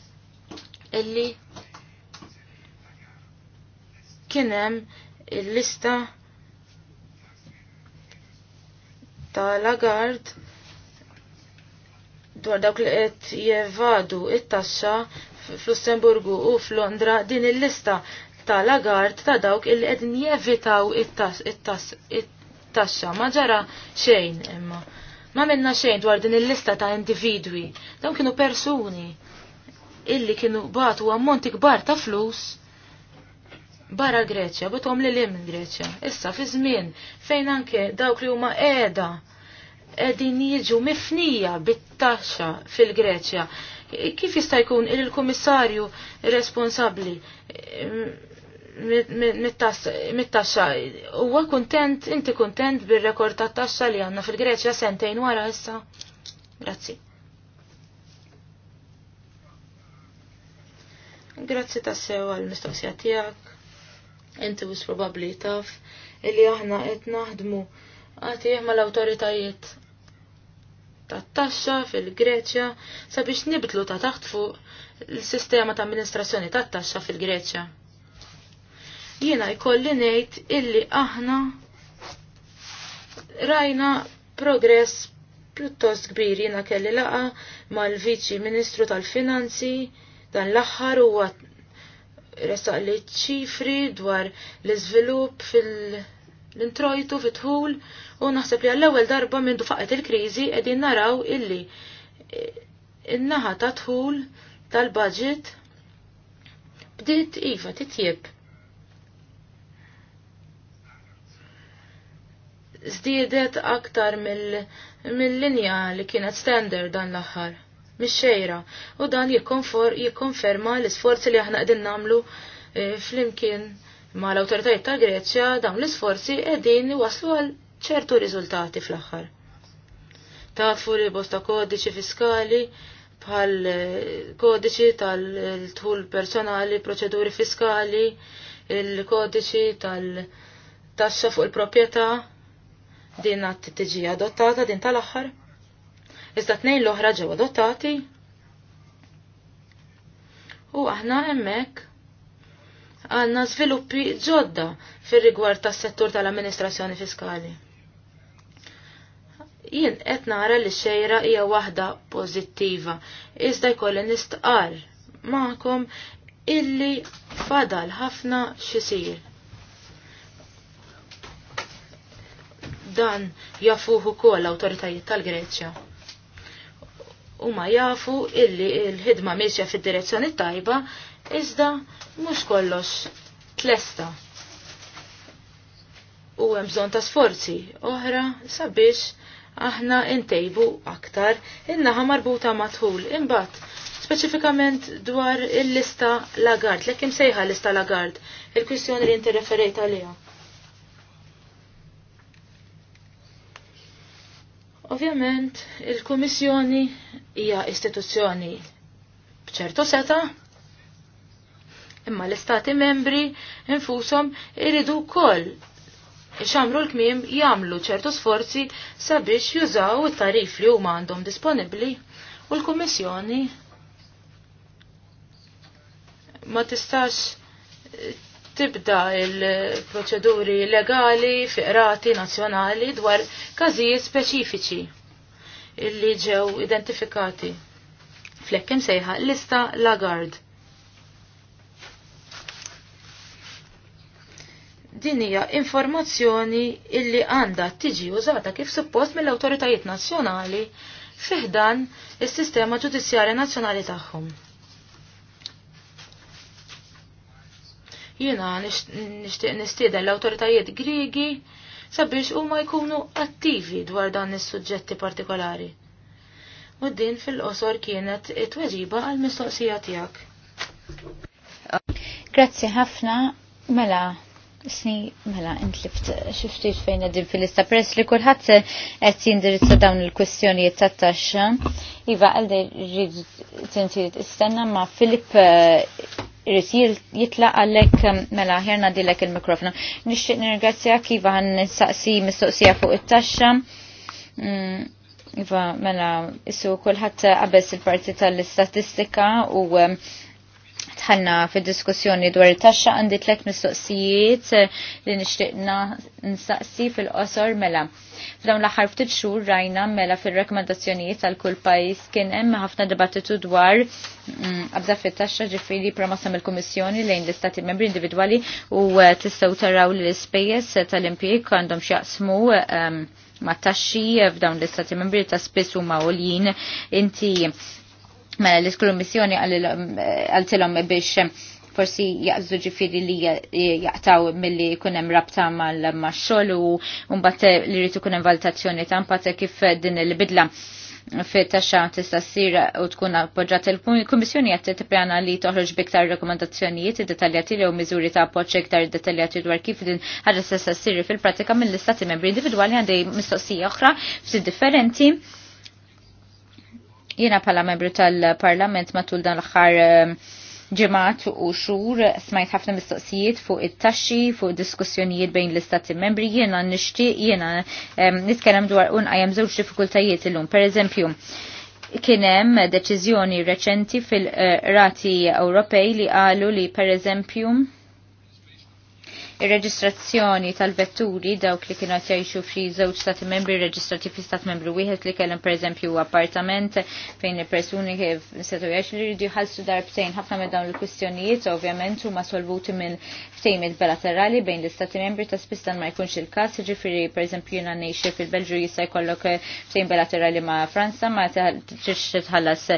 illi kienem il-lista ta' Lagard dwar dawk li qed jevadu it-taxxa fl-Lussemburgu u f'Londra din il-lista ta' Lagard ta' dawk li qed jevitaw it-taxxa ma ġara xejn imma. Ma minna xejn dwar din il-lista ta' individwi, dawn kienu persuni illi kienu batu ammonti kbar ta' flus barra Greċja, bitom li lim Greċja. Issa fi żmien fejn anke dawk li huma qiegħda qegħdin jiġu mifnija bit-taxxa fil-Greċja. Kif jista' jkun il-kummissarju responsabbli eh, mit-taxxa huwa kuntent, inti kuntent bir-rekord tat-taxxa li għandna fil-Greċja sentejn wara issa? Grazzi. Grazzi tassew għal-mistoqsija tiegħek Inti was probabbli taf illi aħna qed naħdmu għatih mal-awtoritajiet tat-taxxa fil-Greċja sabiex nibtlu ta' taħt fuq il-sistema ta' amministrazzjoni tat-taxxa fil-Greċja. Jiena jkolli ngħid illi aħna rajna progress pjuttost kbir jiena kelli laqa mal-Viċi Ministru tal-Finanzi dan l-aħħar huwa ressaq li ċifri dwar l-izvilup fil-introjtu fitħul u naħseb li għall-ewwel darba minn dufaqet il-kriżi qegħdin naraw illi in-naħa ta' tħul tal-budget bdiet iva titjib Zdiedet aktar mill-linja li kienet standard dan l-aħħar mix-xejra u dan jikkonferma l-isforzi li aħna qegħdin nagħmlu eh, flimkien ma l-awtoritajiet ta' Greċja dawn l-isforzi qegħdin waslu għal ċertu riżultati fl-aħħar. Tafu li bosta kodiċi fiskali bħal eh, kodiċi tal-tħul personali, proċeduri fiskali, il-kodiċi tal-taxxa fuq il-proprjetà din għad tġi adottata din tal-aħħar. Iżda tnejn l-oħra ġew adottati. U aħna hemmhekk għandna żviluppi ġodda fir-rigward tas-settur tal-amministrazzjoni fiskali. Jien qed nara li xejra hija waħda pożittiva, iżda jkolli nistqar magħkom illi fadal ħafna xisir. Dan jafuħu kol l-autoritajiet tal-Greċja ma jafu illi l-ħidma mixja fid-direzzjoni tajba iżda mhux kollox tlesta. U hemm bżonn ta' sforzi oħra sabiex aħna ntejbu aktar in-naħa marbuta matħul imbagħad speċifikament dwar il-lista Lagard, l-ekim sejħa lista Lagard, il-kwistjoni li inti referejt għaliha. Ovvjament, il-Kummissjoni hija istituzzjoni b'ċertu seta, imma l-Istati membri infushom iridu wkoll xamru l-kmim jagħmlu ċertu sforzi sabiex jużaw it-tarif li huma għandhom disponibbli u l-Kummissjoni ma tistax tibda il-proċeduri legali fi nazjonali nazzjonali dwar każijiet speċifiċi illi ġew identifikati flekk sejħa lista Lagard. Din hija informazzjoni illi għandha tiġi użata kif suppost mill-awtoritajiet nazzjonali fiħdan is-sistema ġudizzjarja nazzjonali tagħhom. Jiena nixtieq nistieden l-awtoritajiet Griegi sabiex huma jkunu attivi dwar dan is-suġġetti partikolari. U din fil-qosor kienet it-tweġiba għal mistoqsija tiegħek. Grazzi ħafna mela Sni, mela, int li ftit fejn din fil-lista press li kullħat qed jindirizza dawn il-kwestjonijiet ta' taxxa. Iva għalde rrid tinti istenna ma' Filip eh, irrid jitla għalhekk eh, mela ħjerna dilek il-mikrofonu. Nixtieq nirgazzja iva għan nistaqsi mistoqsija fuq it-taxxa. Mm, iva, mela, issu kullħat qabeż il-parti tal-istatistika u eh, tħanna fil-diskussjoni dwar it-taxxa għandi tlet mistoqsijiet li nixtieqna nsaqsi fil-qosor mela. F'dawn l-aħħar ftit xhur rajna mela fir-rekomendazzjonijiet għal kull pajjiż kien hemm ħafna dibattitu dwar mm, qabża fit-taxxa ġifieri promossa mill-Kummissjoni lejn l-Istati membri individwali u eh, tistgħu taraw l-ispejjeż tal-impjieg għandhom x'jaqsmu eh, ma' taxxi f'dawn l-istati membri ta' spiss huma għoljin inti mela l missjoni għal-tilom biex forsi jaqżu ġifiri li jaqtaw mill-li kunem rabta mal-maxxol u mbatte li rritu kunem valutazzjoni ta' mbatte kif din il-bidla fi taxxa tista' ssir u tkun appoġġjat il-Kummissjoni qed tippjana li toħroġ biktar rekomandazzjonijiet iddettaljati jew miżuri ta' appoġġ iktar dettaljati dwar kif din ħaġa tista' ssir fil-pratika mill-istati membri individwali għandej mistoqsija oħra ftit differenti Jiena pala membru tal-Parlament matul dan l-aħħar ehm, ġemat u xur smajt ħafna mistoqsijiet fuq it-taxxi, fuq diskussjonijiet bejn l-istati membri, jiena nixtieq jiena ehm, nitkellem dwar għajem żewġ diffikultajiet illum. Per eżempju, kien hemm deċiżjoni reċenti fil-rati eh, Ewropej li qalu li per eżempju Ir-reġistrazzjoni tal-vetturi dawk li kienu jgħixu f'i żewġ stati membri reġistrati fi stat membru wieħed li kellhom pereżempju appartament fejn il-persuni kif setgħu jgħixu li jridu jħallsu darbtejn ħafna minn dawn il-kwistjonijiet ovvjament huma solvuti minn ftejmiet bilaterali bejn l-istati membri ta' spiss dan ma jkunx il-każ, jiġifieri pereżempju jiena ngħixi fil-Belġju jista' jkollok ftejn bilaterali ma' Franza ma tħallas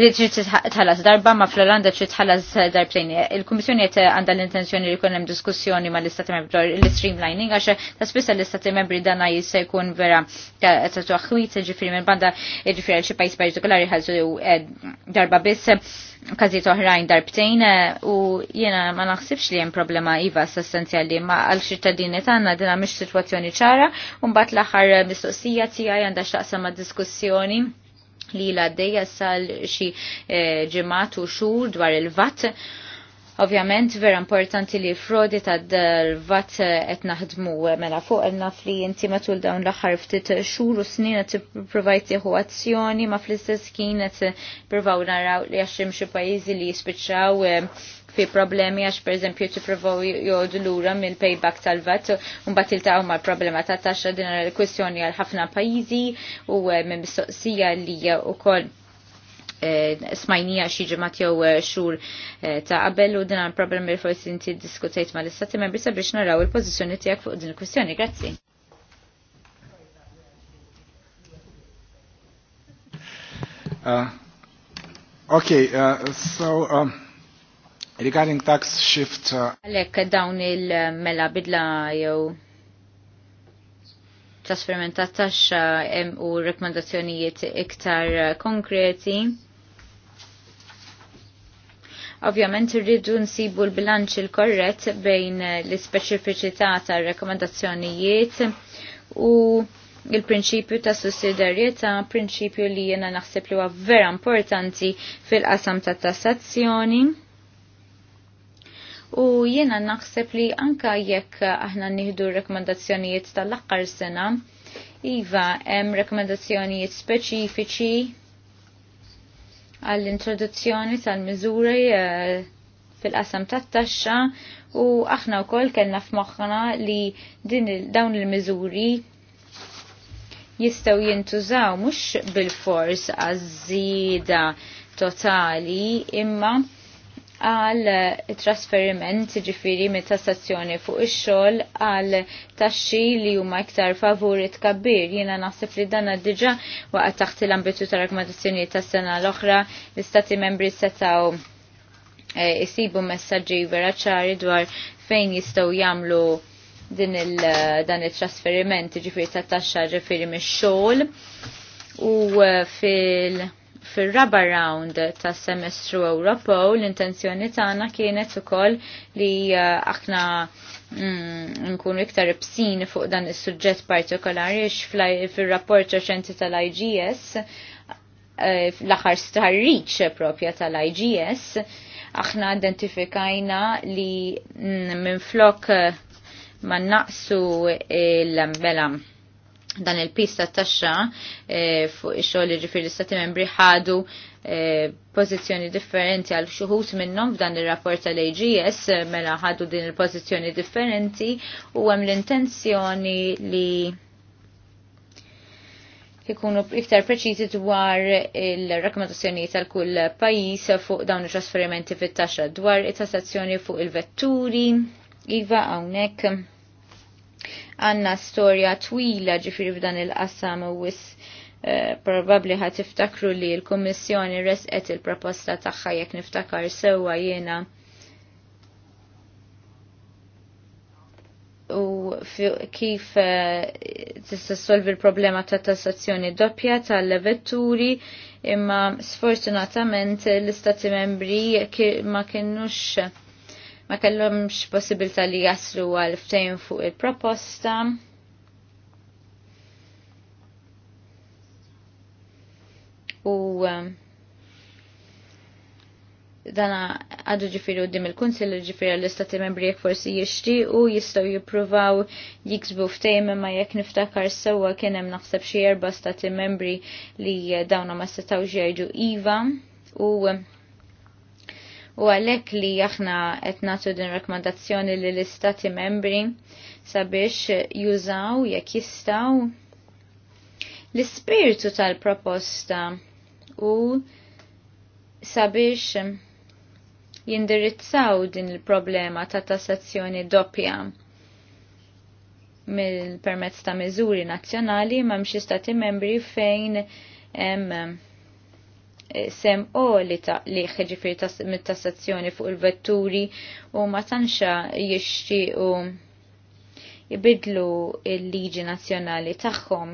li tħallas darba ma' fl-Olanda tħallas darbtejn. Il-Kummissjoni qed għandha l-intenzjoni li jkun hemm diskussjoni ma' l-istati membri l-streamlining għax ta' spissa l-istati membri dan jissa jkun vera ta' tuħwit ġifiri minn banda ġifiri xi pajjiż partikolari ħalsu eh, darba biss każijiet oħrajn darbtejn eh, u jiena ma naħsibx li hemm problema iva sostanzjali ma għal ċittadini tagħna dina mhix sitwazzjoni ċara u mbagħad l-aħħar mistoqsija tiegħi għandha x'taqsam ma' diskussjoni li la dejja sal xi eh, ġematu xur xhur dwar il-vatt Ovvjament vera importanti li frodi ta' dal-vat qed eh, naħdmu eh, mela fuq eh, naf li inti matul dawn l-aħħar ftit xhur u snin qed provajti tieħu azzjoni ma fl-istess kien qed provaw naraw li għax xi pajjiżi li jispiċċaw fi problemi għax per eżempju jod l lura mill-payback tal-vat un bat il-taw ma' problema ta' taxxa din l-kwestjoni għal ħafna pajjiżi u minn mistoqsija li u koll Eh, smajnija xi ġimgħat jew eh, xhur eh, ta' qabel u din problem li forsi inti diskutejt l istati membri sabiex naraw il-pożizzjoni tiegħek fuq din il-kwistjoni. Grazzi. Uh, okay, uh, so um, regarding tax shift. Għalek uh... dawn il-mela bidla jew trasferiment ta' taxxa u rekomendazzjonijiet iktar konkreti Ovvjament irridu nsibu l-bilanċ il-korret bejn l-ispeċifiċità ta' rekomendazzjonijiet u il-prinċipju ta' sussidjarjetà, prinċipju li jena naħseb li huwa vera importanti fil-qasam ta' tassazzjoni. U jena naħseb li anka jekk aħna nieħdu rekomendazzjonijiet tal-aħħar sena, Iva, hemm rekomendazzjonijiet speċifiċi għall-introduzzjoni tal-miżuri eh, fil-qasam tat-taxxa u aħna wkoll kellna f'moħħna li din dawn il-miżuri jistgħu jintużaw mhux bil-fors għaż-żieda totali imma għal trasferiment ġifiri me tassazzjoni fuq ix-xogħol għal taxxi li huma iktar favuri tkabbir. Jiena naħseb li dan diġà waqgħet taħt l-ambitu ta' rakkomandazzjonijiet tas-sena l-oħra l-istati membri setgħu jisibu e, messaġġi vera ċari dwar fejn jistgħu jagħmlu din il dan it-trasferiment ġifiri ta' taxxa ġifiri mix-xogħol u e, fil- fir-raba round tas semestru Ewropew l-intenzjoni tagħna kienet ukoll li eh, aħna mm, nkunu iktar ibsin fuq dan is-suġġett partikolari fil fir-rapport reċenti tal-IGS eh, l-aħħar starriċ propja tal-IGS aħna identifikajna li mm, minn flok eh, ma naqsu l-ambelam dan il-pista taxxa eh, fuq ix-xogħol li ġifieri l-istati membri ħadu eh, pożizzjoni differenti għal xuħut minnhom f'dan ir-rapport tal-AGS eh, mela ħadu din il-pożizzjoni differenti u hemm l-intenzjoni li ikunu iktar preċiżi dwar il rakkomandazzjonijiet tal-kull pajis fuq dawn it trasferimenti fit-taxxa dwar it-tassazzjoni fuq il-vetturi, iva hawnhekk għanna storja twila ġifiri f'dan il-qassam u wis eh, probabli ħat tiftakru li l-Kommissjoni resqet il-proposta tagħha jekk niftakar sewwa jiena u kif eh, tista' solvi l-problema ta' tassazzjoni doppja tal-vetturi imma sfortunatament l-istati membri ma kienux ma kellhomx possibilità li jaslu għal ftejn fuq il-proposta. U ehm, dana għadu ġifiri u dim il-kunsil ġifiri għall-istati membri jek forsi jishti u jistaw jipruvaw jiksbu ftejm ma jek niftakar sewa kienem naħseb xie erba stati membri li dawna ma setaw ġerġu IVA u ehm, u għalek li aħna qed nagħtu din rakkomandazzjoni li l-istati membri sabiex jużaw jekk jistaw l spiritu tal-proposta u sabiex jindirizzaw din il-problema ta' tassazzjoni doppja mill-permezz ta' miżuri nazzjonali ma' mxistati membri fejn hemm sem o li ta' li ħġifir mit-tassazzjoni fuq il-vetturi u ma tanxa jixti u jibidlu il-liġi nazjonali tagħhom.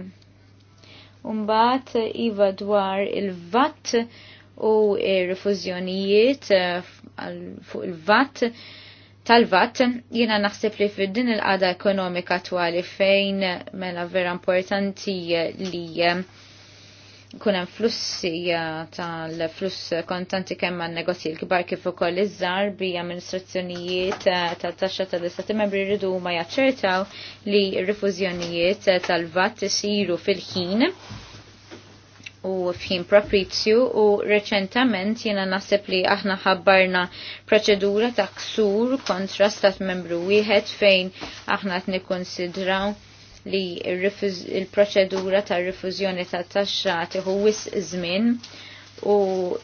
Umbat iva dwar il-vat u il refuzjonijiet eh, fuq il-vat vatt jina naħseb li fid din il-qada ekonomika twali fejn mela vera importanti li eh, kun hemm flussi tal-fluss kontanti kemm għan negozji l-kbar kif ukoll iż-żar bi amministrazzjonijiet eh, tal-taxxa tal-istati membri jridu ma jaċċertaw li r-rifużjonijiet eh, tal-vat isiru fil-ħin u fħin propizju u reċentament jena nasib li aħna ħabbarna proċedura ta' ksur kontra stat membru wieħed fejn aħna t-nikonsidraw li il-proċedura ta' rifużjoni ta' taxxa tieħu wis żmien u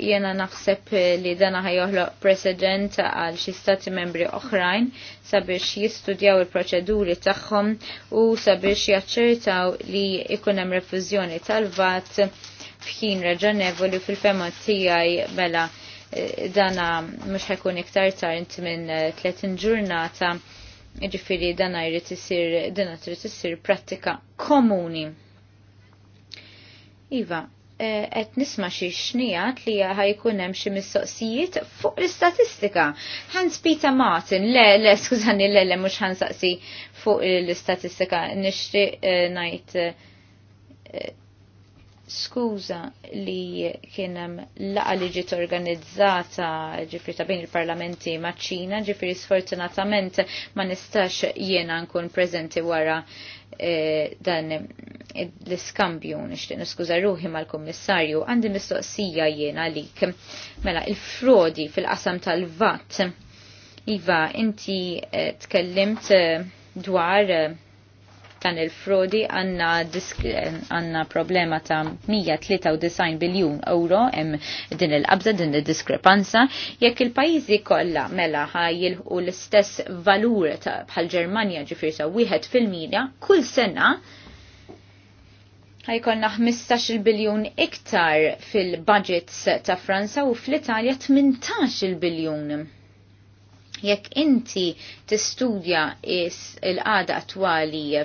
jena naħseb li dana joħloq precedent għal xi stati membri oħrajn sabiex jistudjaw il-proċeduri tagħhom u sabiex jaċċertaw li ikun hemm refużjoni tal-vat f'ħin raġonevoli fil-fema tiegħi mela eh, dana mhux ħekun iktar tard minn 30 ġurnata Ġifiri dan jrid isir din trid prattika komuni. Iva, qed eh, nisma' xi xnijat li ħajkunem hemm xi mistoqsijiet fuq l-istatistika. Hans Peter Martin, le le skużani le le mhux ħansaqsi fuq l-istatistika. Nixtieq eh, ngħid eh, skuża li kienem laqa li ġiet organizzata ġifri ta' bejn il-parlamenti maċ-Ċina, ġifri sfortunatament ma nistax jiena nkun prezenti wara eh, dan eh, l-iskambju nixtieq niskuża ruħi mal-Kummissarju għandi mistoqsija jiena għalik. Mela il-frodi fil-qasam tal-vat. Iva, inti eh, tkellimt dwar dan il-frodi għanna problema ta' 193 biljun euro hemm din il qabza din il-diskrepanza jekk il-pajjiżi kollha mela u l-istess valur ta' bħal Ġermanja ġifier sa' wieħed fil-mija kull sena ħajkolna 15 biljun iktar fil-budgets ta' Franza u fl-Italja 18 biljun jekk inti tistudja il-qada attwali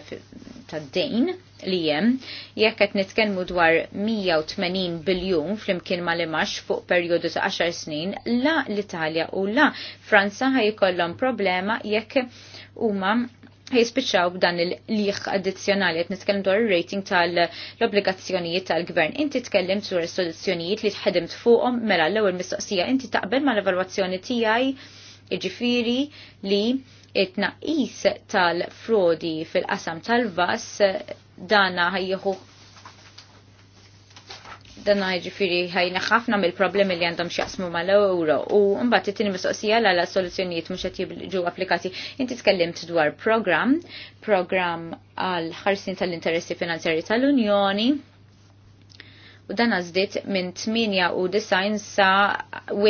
tad-dejn li jem, jekk qed nitkellmu dwar 180 biljun flimkien ma limax fuq perjodu ta' 10 snin, la l-Italja u la Franza ħajkollhom problema jekk huma jispiċċaw b'dan il-liħ addizzjonali qed nitkellem dwar ir-rating tal-obbligazzjonijiet tal-gvern. Inti tkellem dwar is-soluzzjonijiet li tħedimt fuqhom mela l-ewwel mistoqsija inti taqbel mal-evalwazzjoni tiegħi Iġifiri li it-naqis tal-frodi fil-qasam tal-vas dana ħajjuħu dana ġifiri ħajna ħafna mill-problemi li għandhom xjaqsmu mal euro u mbagħad it-tieni mistoqsija għal soluzzjonijiet mhux qed jiġu applikati. Inti tkellimt dwar program, program għal ħarsin tal-interessi finanzjari tal-Unjoni, u dan għazdit minn 98 sa u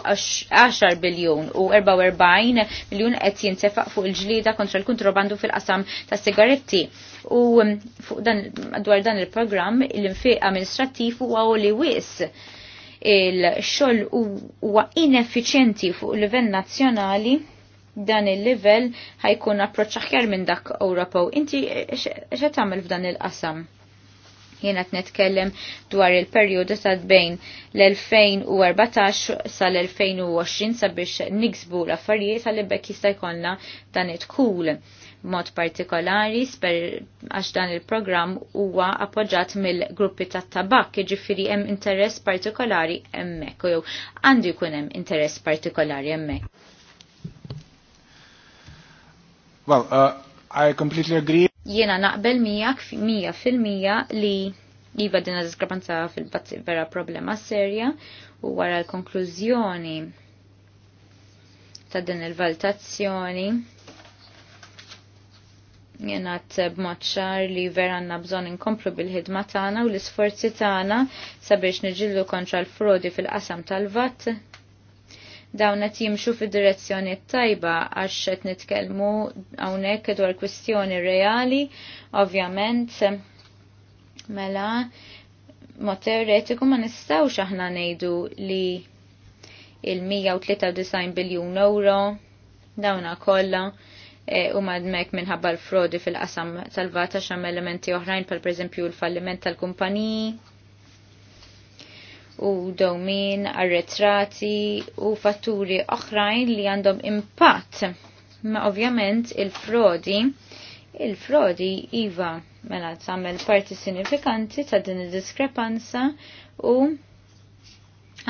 10 biljon u 44 miljon qed jintefaq fuq il-ġlida kontra l kontrobandu fil-qasam ta' sigaretti. U um, fuq dan, dwar dan il-programm l-infiq amministrattiv huwa li wis il-xogħol huwa ineffiċjenti fuq livell nazzjonali dan il-livell ħajkun approċċ aħjar minn dak Ewropew. Inti x'għed tagħmel f'dan il-qasam? Jiena qed netkellem dwar il-perjodu ta' bejn l-2014 sal-2020 sabiex niksbu l-affarijiet sal bekk jista' jkollna dan it kul mod partikolari sper għax dan il-programm huwa appoġġat mill-gruppi ta' tabak jiġifieri hemm interess partikolari hemmhekk jew għandu jkun hemm interess partikolari hemmhekk. Well, uh, I completely agree. Jiena naqbel miegħek mija fil-mija li iva din diskrepanza fil-bazzi vera problema serja u wara l-konklużjoni ta' din il-valutazzjoni valtazzjoni jenat b'moċċar li vera għanna bżon inkomplu bil-ħidma tagħna u l-isforzi tagħna sabiex niġillu kontra l-frodi fil-qasam tal-vatt dawn qed jimxu fid-direzzjoni tajba għax qed nitkellmu hawnhekk dwar kwistjoni reali, ovvjament mela mod teoretiku ma nistgħux aħna ngħidu li il-193 biljun euro dawna kollha e, u madmek minħabba l-frodi fil-qasam salvata xam elementi oħrajn pal preżempju l-falliment tal-kumpaniji u domin, arretrati u fatturi oħrajn li għandhom impatt. Ma ovvjament il-frodi, il-frodi iva mela tagħmel parti sinifikanti ta' din id-diskrepanza u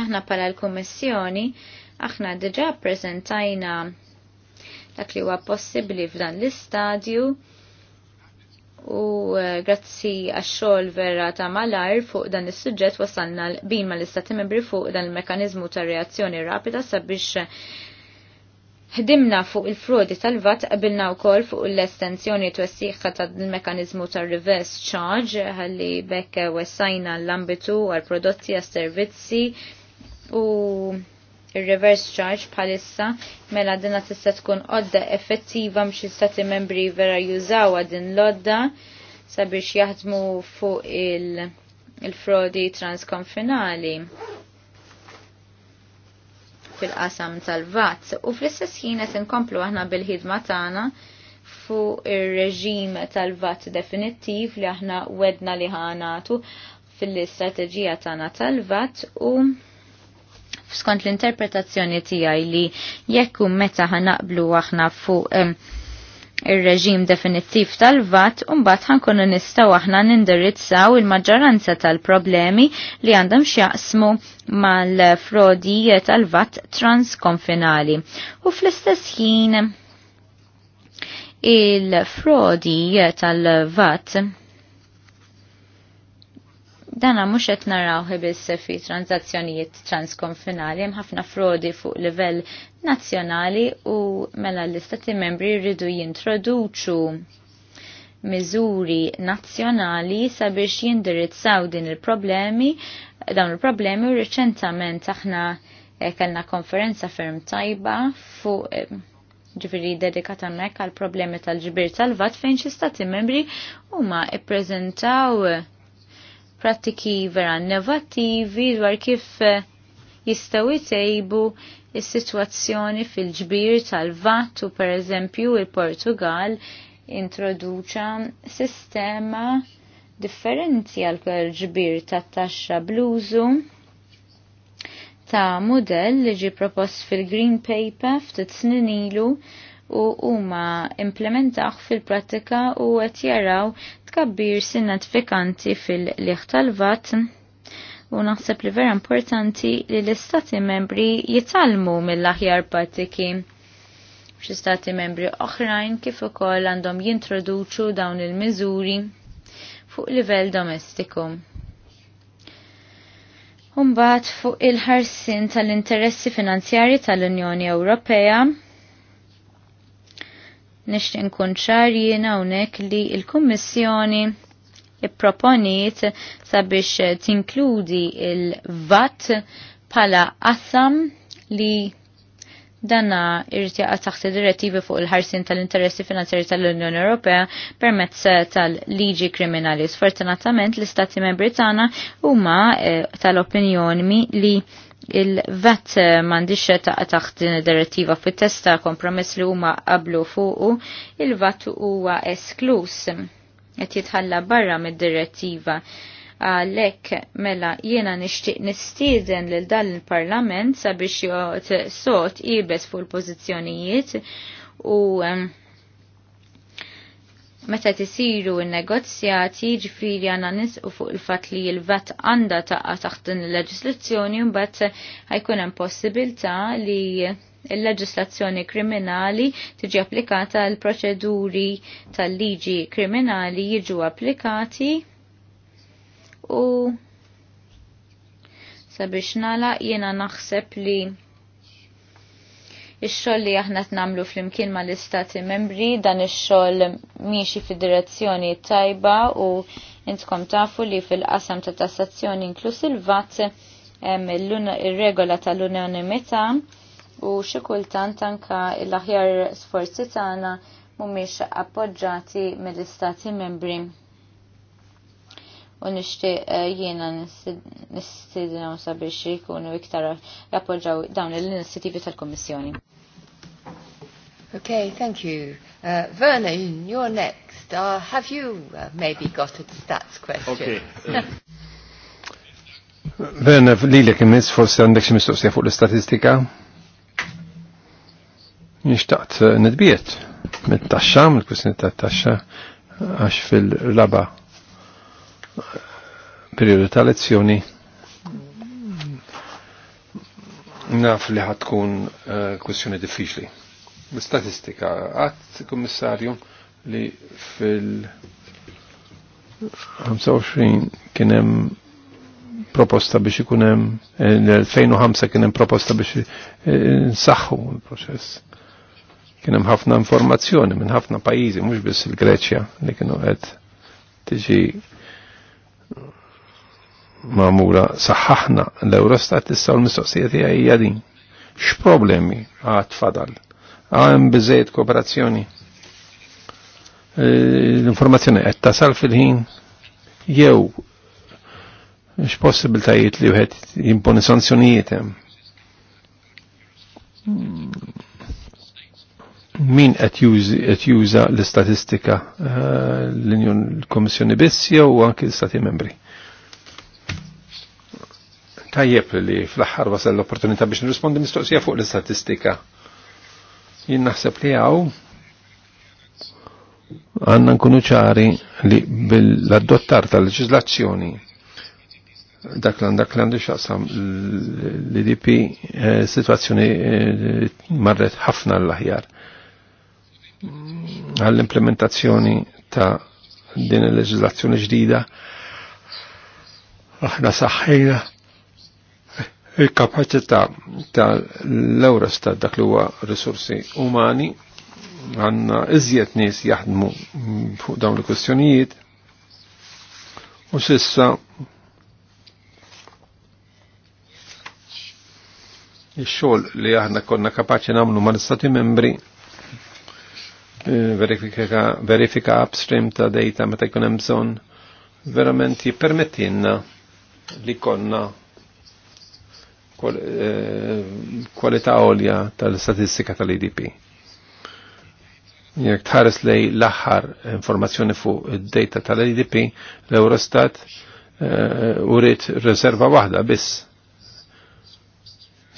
aħna pala l-Kommissjoni aħna diġa prezentajna dak li huwa possibbli f'dan l-istadju u eh, grazzi għax-xogħol vera ta' malar fuq dan is-suġġett wasalna bin mal-istati membri fuq dan il-mekanizmu ta' reazzjoni rapida sabiex ħdimna fuq il-frodi tal-vat qabilna wkoll fuq l-estensjoni twessiħħa l mekanizmu tar-reverse charge ħalli bekk wessajna l-ambitu għal prodotti għas servizzi u il-reverse charge bħalissa mela dinna tista' tkun odda effettiva mxi stati membri vera jużawa din l-odda sabiex jaħdmu fuq il-frodi il transkonfinali fil-qasam tal-vat u fl-istess ħin qed inkomplu aħna bil-ħidma tagħna fuq ir-reġim tal-vat definittiv li aħna wedna li ħanatu fil-istrateġija tagħna tal-vat u skont l-interpretazzjoni tiegħi li jekk meta ħanaqblu aħna fuq ir-reġim definittiv tal-vat mbagħad ħankunu nistgħu aħna nindirizzaw il-maġġoranza tal-problemi li għandhom x'jaqsmu mal-frodi tal-vat transkonfinali. U fl-istess ħin il-frodi tal-vat dana mux qed naraw biss fi tranzazzjonijiet transkonfinali hemm ħafna frodi fuq livell nazzjonali u mela l-istati membri jridu jintroduċu miżuri nazzjonali sabiex jindirizzaw din il-problemi dawn il-problemi u riċentament aħna eh, kellna konferenza ferm tajba fuq eh, ġifiri dedikata mek għal problemi tal-ġbir tal-vat fejn xi stati membri huma prezentaw prattiki vera innovativi dwar kif eh, jistaw jtejbu il sitwazzjoni fil-ġbir tal-vat u pereżempju il-Portugal introduċa sistema differenti għal ġbir tat-taxxa bluzu ta' model li ġi propost fil-Green Paper ftit snin ilu u huma implementaħ fil-prattika u qed jaraw Kabbir sinifikanti fil-liħ tal-vat u naħseb li vera importanti li l-istati membri jitalmu mill-aħjar patiki. f'istati membri oħrajn kif ukoll għandhom jintroduċu dawn il-miżuri fuq livell domestiku. Umbat fuq il-ħarsin tal-interessi finanzjari tal-Unjoni Ewropea Nixtieq nkun ċar jiena hawnhekk li l-Kummissjoni ipproponiet sabiex tinkludi il-VAT pala qassam li danna irtiqa taħt direttivi fuq il-ħarsin tal-interessi finanzjari tal-Unjoni Ewropea permezz tal-liġi kriminali. Sfortunatament l-Istati Membri tagħna huma eh, tal-opinjoni li il-vet eh, mandiċ ta' taħt din direttiva fit testa kompromess li huma qablu fuqu, il vet huwa esklus qed jitħalla barra mid-direttiva. Għalek mela jiena nixtieq nistieden lil dan il-Parlament sabiex jgħot sot jibes fuq il-pożizzjonijiet u um, Meta tisiru n-negozjati ġifiri għanna nisqu fuq il-fat li l-vat għanda taqqa taħt din il-leġislazzjoni mbagħad ħajkun hemm possibilità li il-leġislazzjoni kriminali tiġi applikata l proċeduri tal-liġi kriminali jiġu applikati u sabiex nala jiena naħseb li Ix-xogħol li aħna tnamlu flimkien mal-istati membri dan ix-xogħol miexi fid-direzzjoni tajba u intkom tafu li fil-qasam ta' tassazzjoni inklus il-VAT il-regola tal-unanimità u xi kultant anka l-aħjar sforzi tagħna mhumiex appoġġjati mill-istati membri u nishtiq eh, jiena nistidnaw sabiex jikunu iktar jappoġġaw dawn l-inizjattivi tal kummissjoni Okay, thank you. Uh, Verna, you're next. Uh, have you uh, maybe got a stats question? Okay. Uh, Verna, li l imis forse għandek xie mistoqsija fuq l-istatistika? Nishtaqt uh, nidbiet mit-taxxa, mit-kwissni ta' taxxa, għax fil-raba periodu ta' lezzjoni naf li ħatkun uh, kwissjoni diffiċli statistika għat kommissarju, li fil 25 kienem proposta biex ikunem eh, l-2005 kienem proposta biex eh, nsaxħu l-proċess kienem ħafna informazzjoni minn ħafna pajizi mux biss il-Greċja li kienu għed tiġi mamura saħħaħna l-Eurostat issa l-mistoqsija tiegħi hija din. X'problemi għad fadal? għam bizzejt kooperazzjoni. E, l-informazzjoni qed tasal fil-ħin jew x'possibiltajiet li wieħed jimponi sanzjonijiet hemm. Min qed juża l-istatistika e, l-Unjon l-Kommissjoni biss jew anke l-Stati membri tajjeb li fl aħħar wasal l-opportunità biex nirrispondi mistoqsija fuq l-istatistika. Jien naħseb li għaw għanna nkunu ċari li bil-addottar tal-leġizlazzjoni dak l dak l-għandu xaqsam l-IDP eh, situazzjoni eh, marret ħafna l-aħjar għall-implementazzjoni ta' din il-leġizlazzjoni ġdida aħna saħħina Il-kapacità tal-Eurostat dak li huwa risorsi umani għanna iżjed nies jaħdmu fuq dawn il-kwestjonijiet u sissa il-xogħol li aħna konna kapaċi nagħmlu mal stati membri eh, verifika, verifika upstream ta' data meta jkun hemm bżonn verament jippermettilna li konna Eh, kwalità għolja tal-statistika tal-IDP. Jek tħares lej l-aħħar informazzjoni fuq id-data tal-IDP, l-Eurostat eh, urit reserva waħda biss.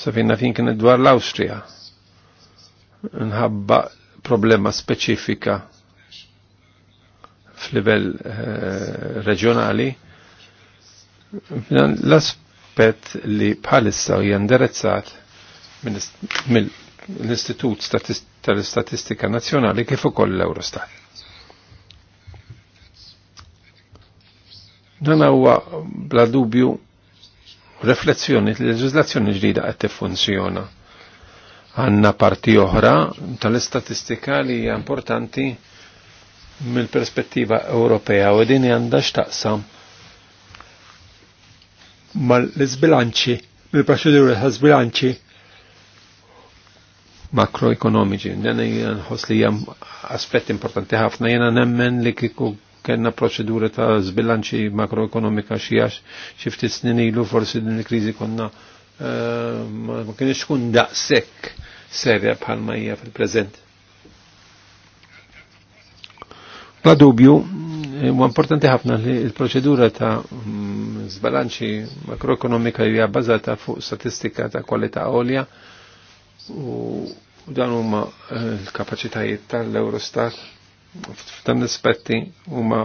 Safinna fin kien dwar l-Awstrija. Nħabba problema speċifika f'livell eh, reġjonali. L-aspet aspet li bħalissa u jenderezzat mill-Istitut tal-Istatistika Nazzjonali kif ukoll l-Eurostat. Dan huwa bla dubju riflessjoni li l-leġiżlazzjoni ġdida qed tiffunzjona. Għandna parti oħra tal-istatistika li hija importanti mill-perspettiva Ewropea u din għandha x'taqsam mal-izbilanċi, mil proċeduri ta' zbilanċi makroekonomiċi. Dan nħoss li jgħam aspet importanti ħafna jiena nemmen li kiku kena proċeduri ta' zbilanċi makroekonomika xiax xi ftit snin ilu forsi din il krizi konna eh, ma kienx kun daqsek serja bħalma hija fil-preżent. Bla dubju, eh, huwa importanti ħafna li l-proċedura ta' mm, zbalanċi makroekonomika hija bazata fuq statistika ta' kwalità olja u dan huma eh, l-kapaċitajiet tal-Eurostat f'dan l-aspetti huma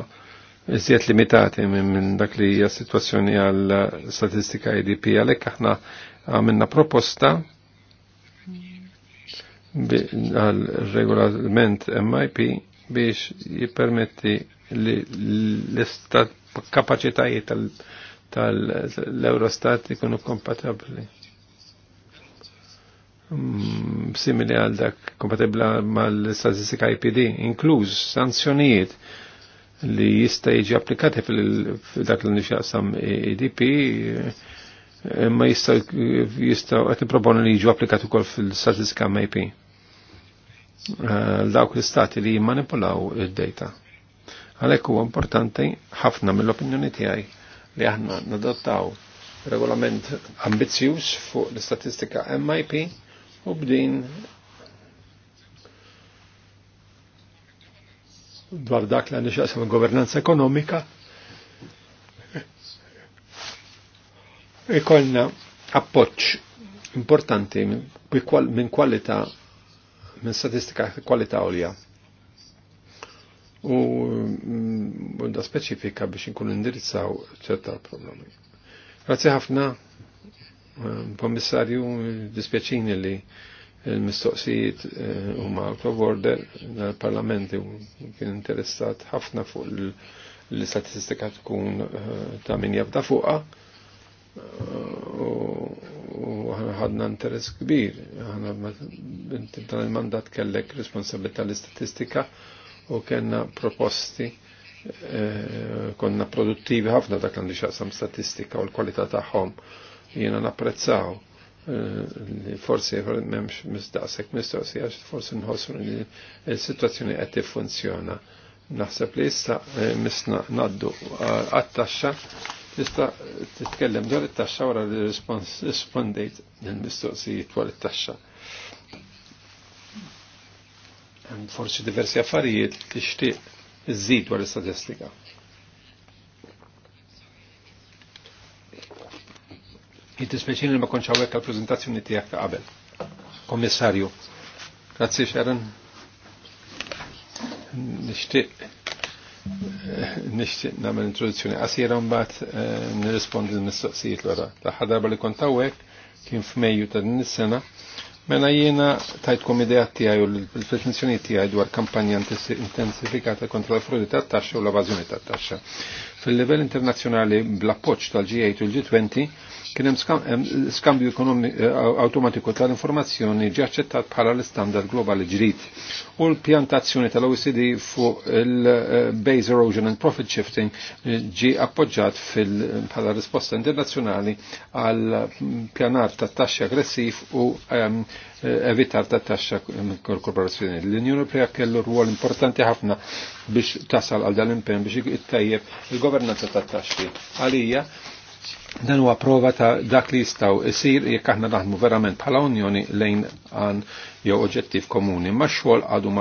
iżjed limitati minn dak li hija situazzjoni għal statistika IDP e għalhekk aħna għamilna proposta għal regolament MIP biex jippermetti li l-istat kapacitajiet tal-Eurostat ikunu kompatibli. Mm, simili għal dak kompatibla mal-statistika IPD, inkluż sanzjonijiet li jista' jiġi applikati fil-dak li nixjaqsam EDP eh, ma jista' jista' qed li jiġu applikati kol fil-statistika MIP. Eh, dawk l-istati li jimmanipulaw il data Għalek u importanti ħafna mill-opinjoni tijaj li aħna nadottaw regolament ambizzjuż fuq l statistika MIP u bdin dwar dak li għandu xaqsam governanza ekonomika ikolna appoċ importanti minn kwalità minn statistika kwalità għolja. U mm, da specifika biex nkun indirizzaw ċerta problemi. Grazie ħafna, eh, komissarju, dispjaċini li il-mistoqsijiet eh, huma out of order l-parlamenti kien interessat ħafna fuq l-istatistika tkun eh, ta' minn jabda fuqa u u ħana ħadna interess kbir. ħana dan il-mandat kellek responsabilità l-istatistika u kena proposti eh, konna produttivi ħafna dak għandi xaqsam statistika u l-kwalità taħħom jiena napprezzaw eh, forsi memx mistaqsek għax forsi nħossu il situazzjoni qed funzjona Naħseb li issa eh, misna naddu għat tista' titkellem dwar it-taxxa wara li rispondejt il-mistoqsijiet dwar it-taxxa. Hemm forsi diversi affarijiet li xtieq iżid dwar l-istatistika. Jittispeċini li ma konċ hawnhekk għall-preżentazzjoni tiegħek ta' qabel. Kommissarju. Grazzi Sharon. Nixtieq nixtieq nagħmel introduzzjoni qasira mbagħad eh, nirrispondi l-mistoqsijiet l-ora. l darba li kont hawnhekk kien f'Mejju ta' din is-sena, mela jiena tajtkom idea tiegħi u l-pretenzjoni tiegħi dwar kampanja intensifikata kontra l-frodi tat-taxxa u l-evażjoni tat-taxxa. Fil-livell internazzjonali bl-appoġġ tal-G8 u l-G20 Kien hemm skambju eh, awtomatiku tal-informazzjoni ġi aċċettat bħala l-istandard globali ġrid u l-pjantazzjoni tal-OECD fuq il-Base Erosion and Profit Shifting eh, ġi appoġġat bħala risposta internazzjonali għal pjanar ta' taxxi aggressiv u ehm, evitar ta' taxxa korporazzjoni. L-Unjoni Ewropea kellu rwol importanti ħafna biex tasal għal dan impenn biex ittajjeb il-governanza ta' taxxi. Għalija Dan huwa prova ta' dak li jistgħu isir jekk aħna naħdmu verament bħala Unjoni lejn għan jew oġġettiv komuni. Ma xogħol għadu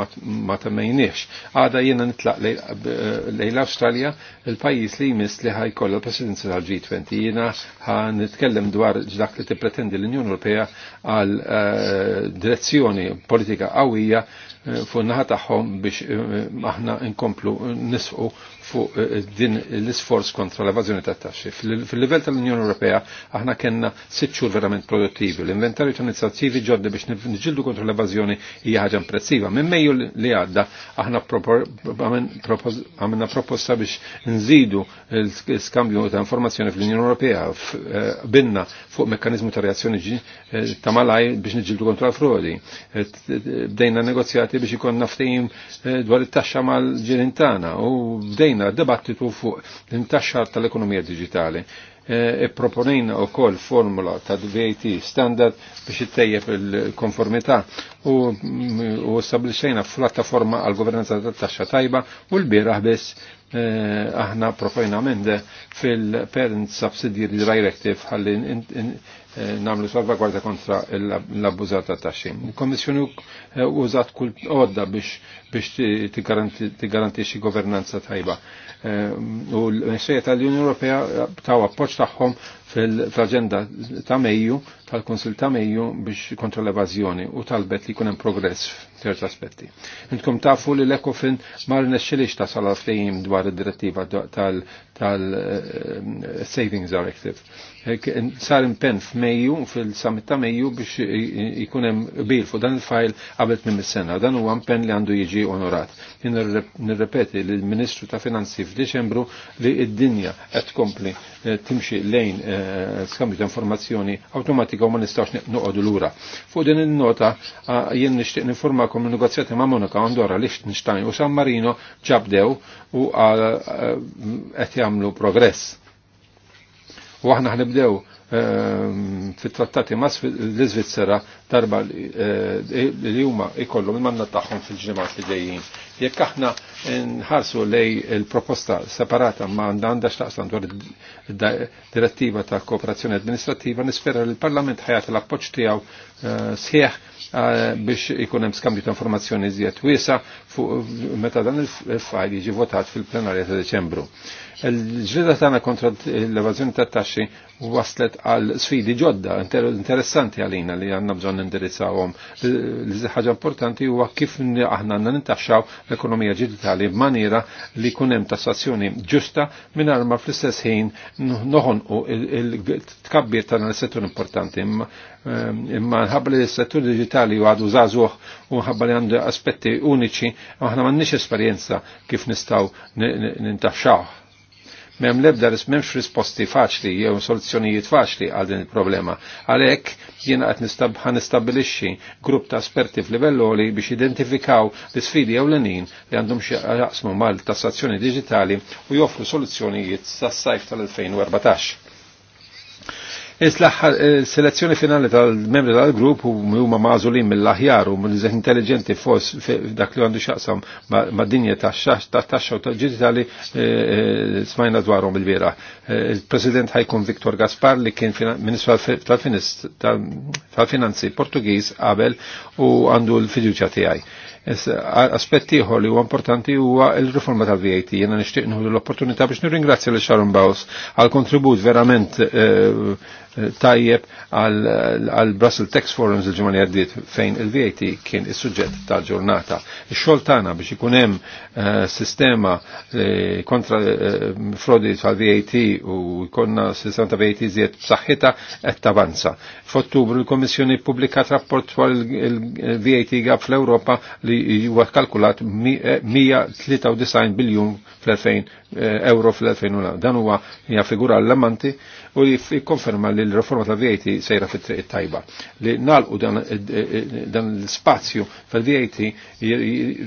ma temmejniex. Għada jiena nitlaq lejn l-Awstralja il-pajjiż li jmiss li ħajkollha l-Presidenza tal-G20. Jiena ħan nitkellem dwar dak li tippretendi l-Unjoni Ewropea għal eh, direzzjoni politika qawwija eh, fuq naħa tagħhom biex eh, aħna nkomplu nisqu fuq eh, eh, din l-isforz kontra l-evazjoni ta' taxxi. Fil-livell tal-Unjoni Ewropea aħna kellna sitt xhur verament produttivi. L-inventarju ta' inizjattivi ġodda biex niġildu kontra l evazjoni hija ħaġa impressiva. Minn Mejju li għadda aħna għamilna proposta biex nżidu l-skambju ta' informazzjoni fl-Unjoni Ewropea eh, binna fuq mekkanizmu ta' reazzjoni ta' malaj biex niġildu kontra l-frodi. Bdejna negozjati biex ikonna ftehim dwar it-taxxa mal-ġirin u bdejna proponejna dibattitu fuq l-intaxxar tal-ekonomija digitali. E, e proponejna u koll formula ta' VAT standard biex ittejjeb il-konformità u stabilixejna f'plattaforma għal governanza ta' taxxa tajba u l bira biss e, aħna proponejna mende fil-Parent Subsidiary Directive ħalli Eh, namlu salvagwarda kontra l-abbużata ta' xin. Il-Komissjoni eh, użat kull odda biex t-garantixi governanza tajba. Eh, u l-Mesċeja tal-Unjoni Ewropea taw appoċ tagħhom fil-agenda ta' Mejju, tal-Konsil ta' Mejju biex kontra l-evazjoni u talbet li kunem progress f'ċerti aspetti. Intkom fu li l-Ekofin mar nesċilix ta' sala fejjim dwar id-direttiva tal-Savings Directive sar impenn f'Mejju fil-summit ta' Mejju biex ikun hemm bil fuq dan il-fajl qabel minn is-sena. Dan huwa impenn li għandu jiġi onorat. Nirrepeti lill ministru ta' Finanzi f'Diċembru li id dinja qed tkompli eh, timxi lejn eh, skambju ta' informazzjoni awtomatika u ma nistax noqogħdu lura. Fuq din in-nota jien nixtieq ninformakom il-negozjati ma' Monika Andorra Liechtenstein u San Marino ġabdew u qed jagħmlu progress U aħna ħnibdew ehm, fit-trattati mas l-Iżvizzera darba li eh, huma ikollhom il manna tagħhom fil-ġimgħat li ġejjin. Jekk aħna nħarsu lej il-proposta separata ma għandax taqsam dwar direttiva ta' kooperazzjoni amministrativa nispera li l-Parlament ħajat l appoċ tiegħu eh, sħiħ eh, biex ikun hemm skambju ta' informazzjoni żjed wiesa' meta dan il-fajl jiġi votat fil-plenarja ta' Deċembru. Il-ġlida tagħna kontra l-evażjoni tat-taxxi waslet għal sfidi ġodda interessanti għalina li għandna bżonn indirizzawom. l ħagġa importanti huwa kif aħna għandna nintaxxaw l-ekonomija ġiditali b'maniera li jkun hemm tassazzjoni ġusta mingħajr ma fl-istess ħin noħonqu il-tkabbir tagħna l-settur importanti. Eh, imma nħabba li s-settur digitali għadu zazuħ u nħabba li għandu aspetti uniċi aħna m'għandniex esperjenza kif nistgħu nintaxxaw. Mem lebda memx risposti faċli jew soluzzjonijiet faċli għal din il-problema. Għalhekk jiena qed ħanistabbilixxi grupp ta' esperti f'livelloli biex identifikaw l-isfidi jew l-nin li għandhom jaqsmu mal-tassazzjoni digitali u joffru soluzzjonijiet sas-sajf tal-2014. Is-laħħar eh, selezzjoni finali tal-membri tal-grupp u huma mażulin mill-aħjar u mill intelligenti fos dak li għandu xaqsam ma' dinja ta' taxxa u digitali eh, eh, smajna dwarhom il-vera. Il-President ħajkun Viktor Gaspar li kien Ministru tal-Finanzi Portugiż qabel u għandu l-fiduċja tiegħi Aspetti ieħor li huwa importanti huwa il riforma tal-VAT. Jiena nixtieq nħu l-opportunità biex nirringrazzja l Sharon Bowles għal kontribut verament eh, eh, tajjeb għal Brussel Tax Forums il ġimani għaddit fejn il-VAT kien is-suġġett tal-ġurnata. Ix-xogħol tagħna biex ikun hemm eh, sistema kontra frodi tal-VAT u jkollna sistema ta' VAT zjed b'saħħitha qed tavanza. F'Ottubru l-Kommissjoni ppubblikat rapport dwar il-VAT gab fl-Ewropa li huwa kalkulat 193 biljun fl-2000 eh, euro fl 2000 Dan huwa hija figura allamanti u li jikkonferma li l-reforma ta' VAT sejra fit-triq tajba. Li nalqu dan eh, eh, l-spazju fil-VAT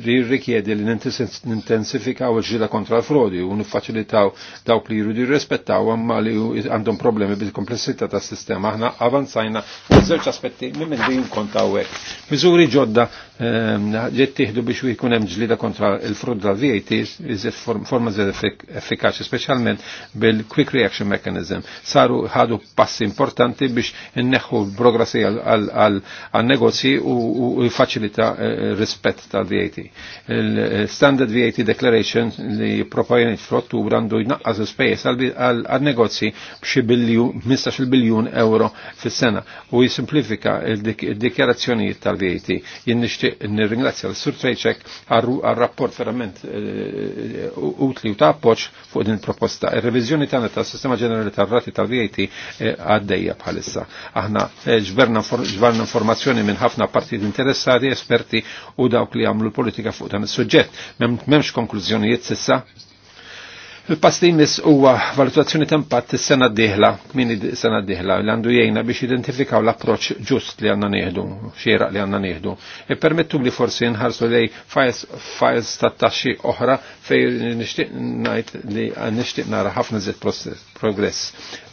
jirrikjedi li nintensifikaw il-ġida kontra l-frodi u niffaċilitaw dawk li jridu jirrespettaw għamma li għandhom problemi bil-komplessità tas sistema. Aħna avanzajna fuq żewġ aspetti minn minn din konta Miżuri ġodda Ehm, ġiet tieħdu biex u hemm ġlida kontra il-frud tal vat iżjed forma zed effikaċi, specialment bil-quick reaction mechanism. Saru ħadu passi importanti biex inneħħu progressi għal-negozji u jfaċilita eh, eh, rispet tal-VAT. Il-Standard eh, VAT Declaration li propajni fl u għandu jnaqqas l-spejjeż għal-negozji b'xi biljun, 15 biljun euro fil sena u jisimplifika il dikjarazzjoni tal-VAT nixtieq nirringrazzja l-Sur Trejċek għal-rapport verament eh, eh, utli u ta' appoġġ fuq din il-proposta. Ir-reviżjoni tagħna tas-sistema ġenerali tar-rati tal-VAT eh, għaddejja bħalissa. Aħna ġberna informazzjoni minn ħafna partit interessati, esperti u dawk li għamlu politika fuq dan is-suġġett. M'hemmx konklużjonijiet sissa Il-pass li huwa valutazzjoni tempat is-sena d-dieħla, min sena d-dieħla li għandu jgħinna biex identifikaw l-approċċ ġust li għandna nieħdu, xieraq li għandna nieħdu. Ippermettu e li forsi nħarsu lej files ta' taxxi oħra fejn nixtieq ngħid li nixtieq nara ħafna żied process progress.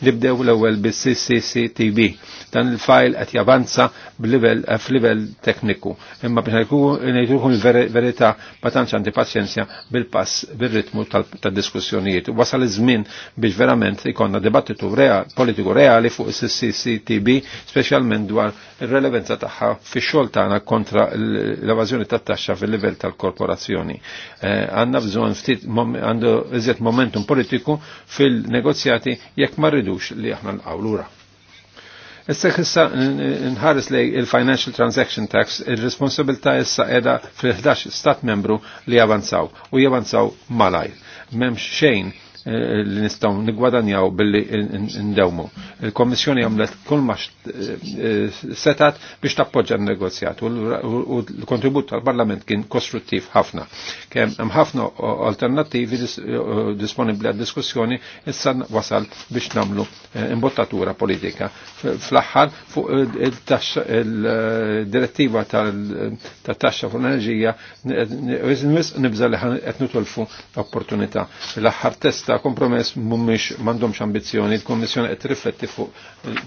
Nibdew l-ewwel bis-CCTV. Dan il-fajl qed javanza eh, f'livell tekniku. Imma biex ngħidulkom il-verità ma tantx għandi paċenzja bil-pass bir-ritmu tad-diskussjonijiet. Wasal iż-żmien biex verament ikonna dibattitu politiku reali fuq is-CCTV, speċjalment dwar ir-relevanza tagħha fix-xogħol tagħna kontra l-evażjoni tat-taxxa fil-livell tal-korporazzjoni. Eh, għandna bżonn ftit għandu iżjed momentum politiku fil-negozjati negozjati jekk ma rridux li aħna nqawlura. Issa issa nħares lej il-Financial Transaction Tax il-responsabilta issa edha fil-11 stat membru li javanzaw u javanzaw malaj. Memx xejn li nistaw nigwadanjaw billi ndewmu. Il-Komissjoni għamlet kull ma setat biex tappoġġa n-negozjat u l-kontribut tal-Parlament kien kostruttiv ħafna. Kemm hemm ħafna alternattivi disponibbli għad-diskussjoni issa wasal biex namlu imbottatura politika. Fl-aħħar fuq il-direttiva tal-taxxa fuq l-enerġija nibżal li qed l opportunità. L-aħħar test ta' kompromess mumiex mandomx ambizjoni, il-Kommissjoni qed rifletti fuq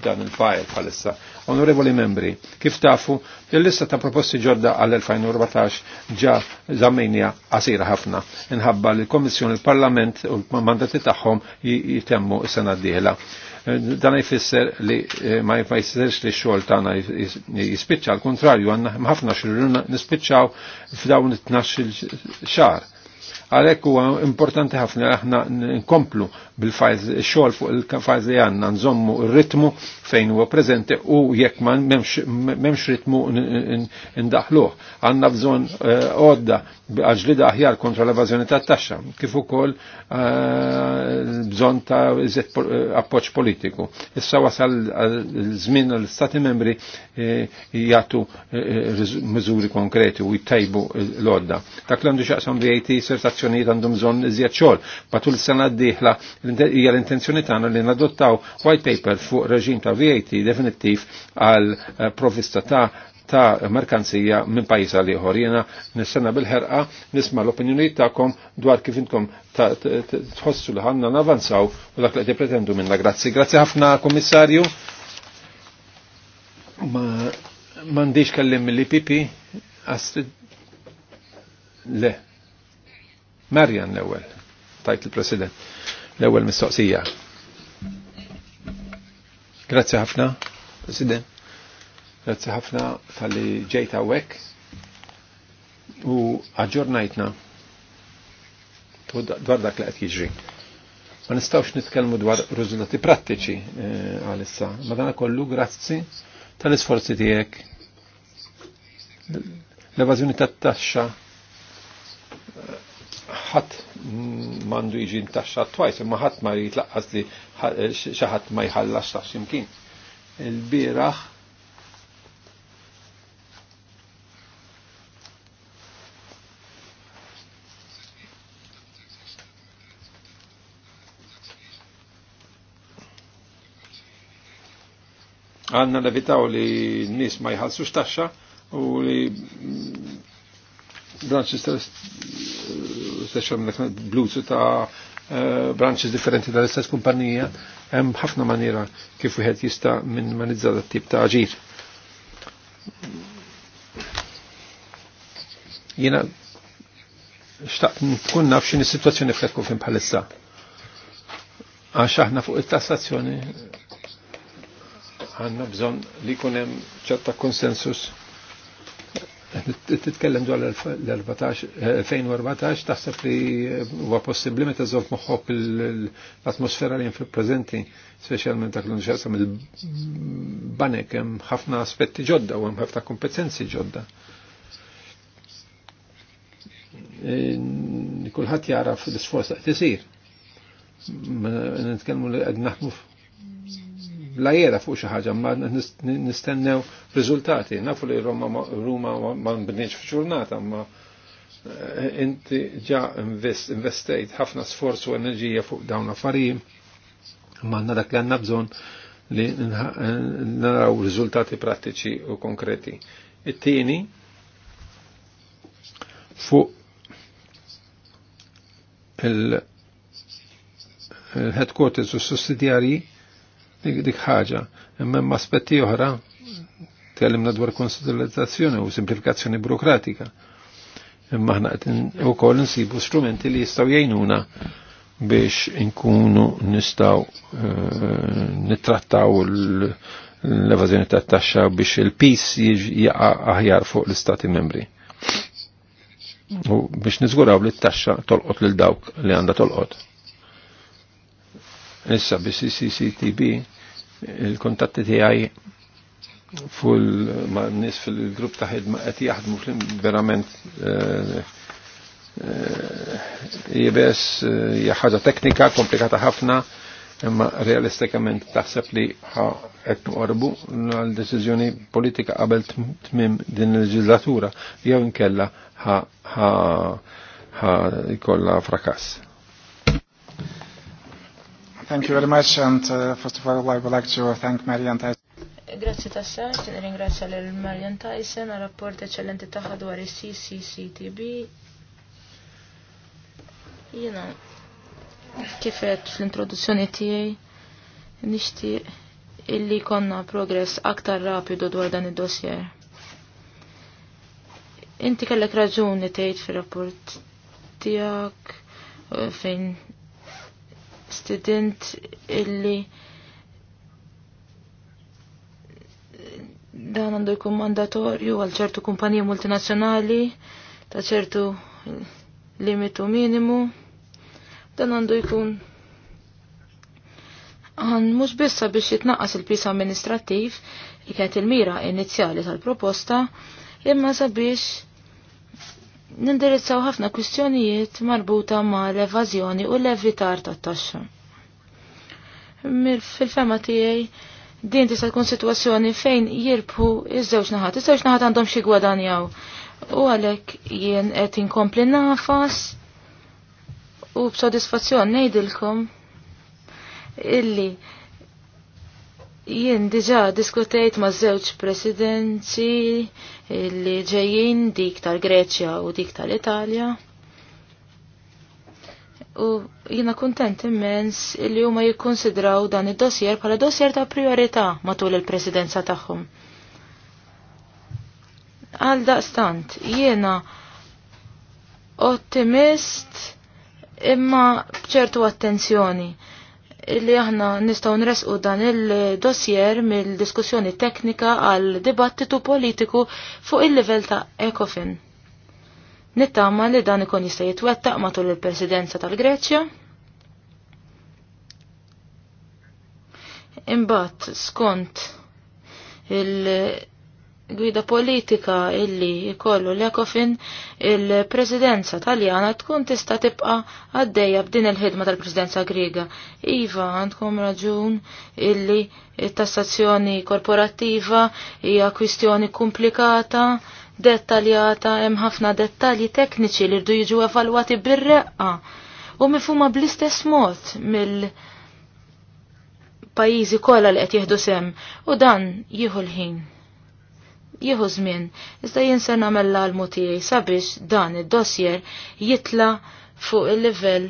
dan il-fajl bħalissa. Onorevoli membri, kif tafu, il-lista ta' proposti ġodda għal-2014 ġa zammenja għasira ħafna. Inħabba li l-Kommissjoni il-Parlament u l-mandati tagħhom jitemmu s-sena d-dieħla dan jfisser li eh, ma jfissirx li xogħol tagħna jispiċċa, al kontrarju għandna ħafna xirruna nispiċċaw f'dawn it-12 xahar. Għalhekk huwa importanti ħafna aħna nkomplu bil-fajz xogħol fuq il-fajz li għandna nżommu r-ritmu fejn huwa preżenti u jekk ma' m'hemmx ritmu ndaħluh. Għandna bżonn eh, għodda għaġlida aħjar kontra l-evażjoni tat-taxxa, kif ukoll eh, bżonn ta' eh, appoġġ politiku. Issa wasal żmien l-Stati membri jagħtu miżuri konkreti u jtajbu l-għodda. Dak li għandu xaqsam VAT sertazzjonijiet għandhom bżonn iżjed xogħol. Matul sena d-dieħla hija l-intenzjoni tagħna li nadottaw white paper fuq reġim ta' VAT definittiv għal eh, provvista ta' ta' merkanzija minn pajis li ieħor. Jiena bil-ħerqa nisma' l opinjoni tagħkom dwar kif intkom tħossu li ħanna navanzaw u dak li pretendu minna. Grazzi. Grazzi ħafna, komissarju. Ma m'għandix kellim mill pipi Astrid le. Marjan l-ewwel, tajt il-President. L-ewwel mistoqsija. Grazzi ħafna, President. Grazzi ħafna tal-li ġejta għek u aġġornajtna dwar dak li qed jiġri. Ma nistgħux nitkellmu dwar riżultati prattiċi eh, għalissa, ma dan kollu grazzi tal-isforzi tiegħek l-evażjoni tat-taxxa ħadd mandu jiġi ntaxxa twajs, imma ħadd ma jitlaqqas li eh, xi ħadd ma jħallax tax x'imkien. il biraħ għanna levitaw li n-nis ma jħalsux taxxa u li branches ta' bluzu ta' eh, branches differenti tal-istess kumpanija, hemm ħafna maniera kif wieħed jista' minimalizza dat tip ta' aġir. Jiena xtaqt nkun naf x'inhi situazzjoni fl fin bħalissa. Għax aħna fuq it-tassazzjoni għandna bżonn li jkun hemm ċerta konsensus titkellem dwar l-2014 eh, taħseb li huwa possibbli meta żomm moħħok l-atmosfera li fil preżenti speċjalment dak l-unġasa mill-banek hemm ħafna aspetti ġodda u hemm ħafna kompetenzi ġodda. E, kulħadd jara fl-isforza qed isir. Nitkellmu li qed naħmu lajera fuq xi ħaġa ma nistennew riżultati. Nafu li Ruma ma nbniex f'ġurnata ma eh, inti ġa investejt ħafna sforz u enerġija fuq dawn affarijiet ma għandna dak li għandna bżonn li naraw riżultati prattiċi u konkreti. It-tieni fuq il-headquarters u sussidjarji dik ħaġa. Imma aspetti oħra tkellimna dwar konsultazzjoni u simplifikazzjoni burokratika. Imma ħna qed ukoll insibu strumenti li jistgħu jgħinuna biex inkunu nistgħu eh, nittrattaw l-evażjoni tat-taxxa biex il-pis jaqa' aħjar fuq l-istati membri. U biex nizguraw li t-taxxa tolqot lil dawk li għanda tolqot. Issa bi CCCTB il-kontatti tiegħi full ma' nis fil-grupp ta' ħidma qed jaħdmu verament eh, eh, jibes eh, jaħħaġa teknika komplikata ħafna imma realistikament taħseb li qed noqorbu għal deċiżjoni politika qabel tmim din il-leġislatura jew inkella ħa ħa ħa jkollha frakass. Thank you very much and uh, first of all I would like to thank Marian Tyson. Grazzi tassa, ringrazio ringrazzja Marian Tyson għal rapport eccellente taħħa dwar il-CCCTB. Kif qed fl-introduzzjoni tiegħi nixtieq illi konna progress aktar rapidu dwar dan id-dossier. Inti kellek raġuni tgħid fir-rapport tiegħek uh, fejn student illi dan għandu jkun mandatorju għal ċertu kumpaniji multinazzjonali ta' ċertu limitu minimu. Dan għandu jkun għan mux bissa biex jitnaqqas il-pis amministrativ li kienet il-mira inizjali tal-proposta imma sabiex nindirizzaw ħafna kwistjonijiet marbuta ma' l-evażjoni u l-evitar tat-taxxa. Fil-fema tiegħi din tista' tkun sitwazzjoni fejn jirbħu iż-żewġ naħat. Iż-żewġ naħat għandhom xi gwadanjaw. U għalhekk jien qed inkompli nafas u b'sodisfazzjon ngħidilkom illi Jien diġa diskutejt ma' żewġ presidenzi li ġejjin dik tal-Greċja u dik tal-Italja. U jiena kuntent immens li huma jikkonsidraw dan id-dossier bħala dossier ta' priorità matul il-presidenza tagħhom. Għal daqstant, jiena ottimist imma bċertu attenzjoni li aħna nistgħu nresqu dan il-dossier mill-diskussjoni teknika għal dibattitu politiku fuq il-livell ta' ECOFIN. Nittama li dan ikun jista' jitwettaq matul il-Presidenza tal-Greċja. Imbagħad skont il- gwida politika illi jikollu l-ekofin il-presidenza taljana tkun tista tibqa għaddejja b'din il-ħidma tal-presidenza griega. Iva, għandkom raġun illi tassazzjoni korporattiva hija kwistjoni komplikata, dettaljata, hemm ħafna dettalji tekniċi li rdu jiġu evalwati bir-reqqa u mifhuma bl-istess mod mill- pajizi kolla li qed jieħdu sem u dan jieħu l-ħin jieħu żmien, iżda jien ser nagħmel l-almu tiegħi sabiex dan id-dossier jitla fuq il-livell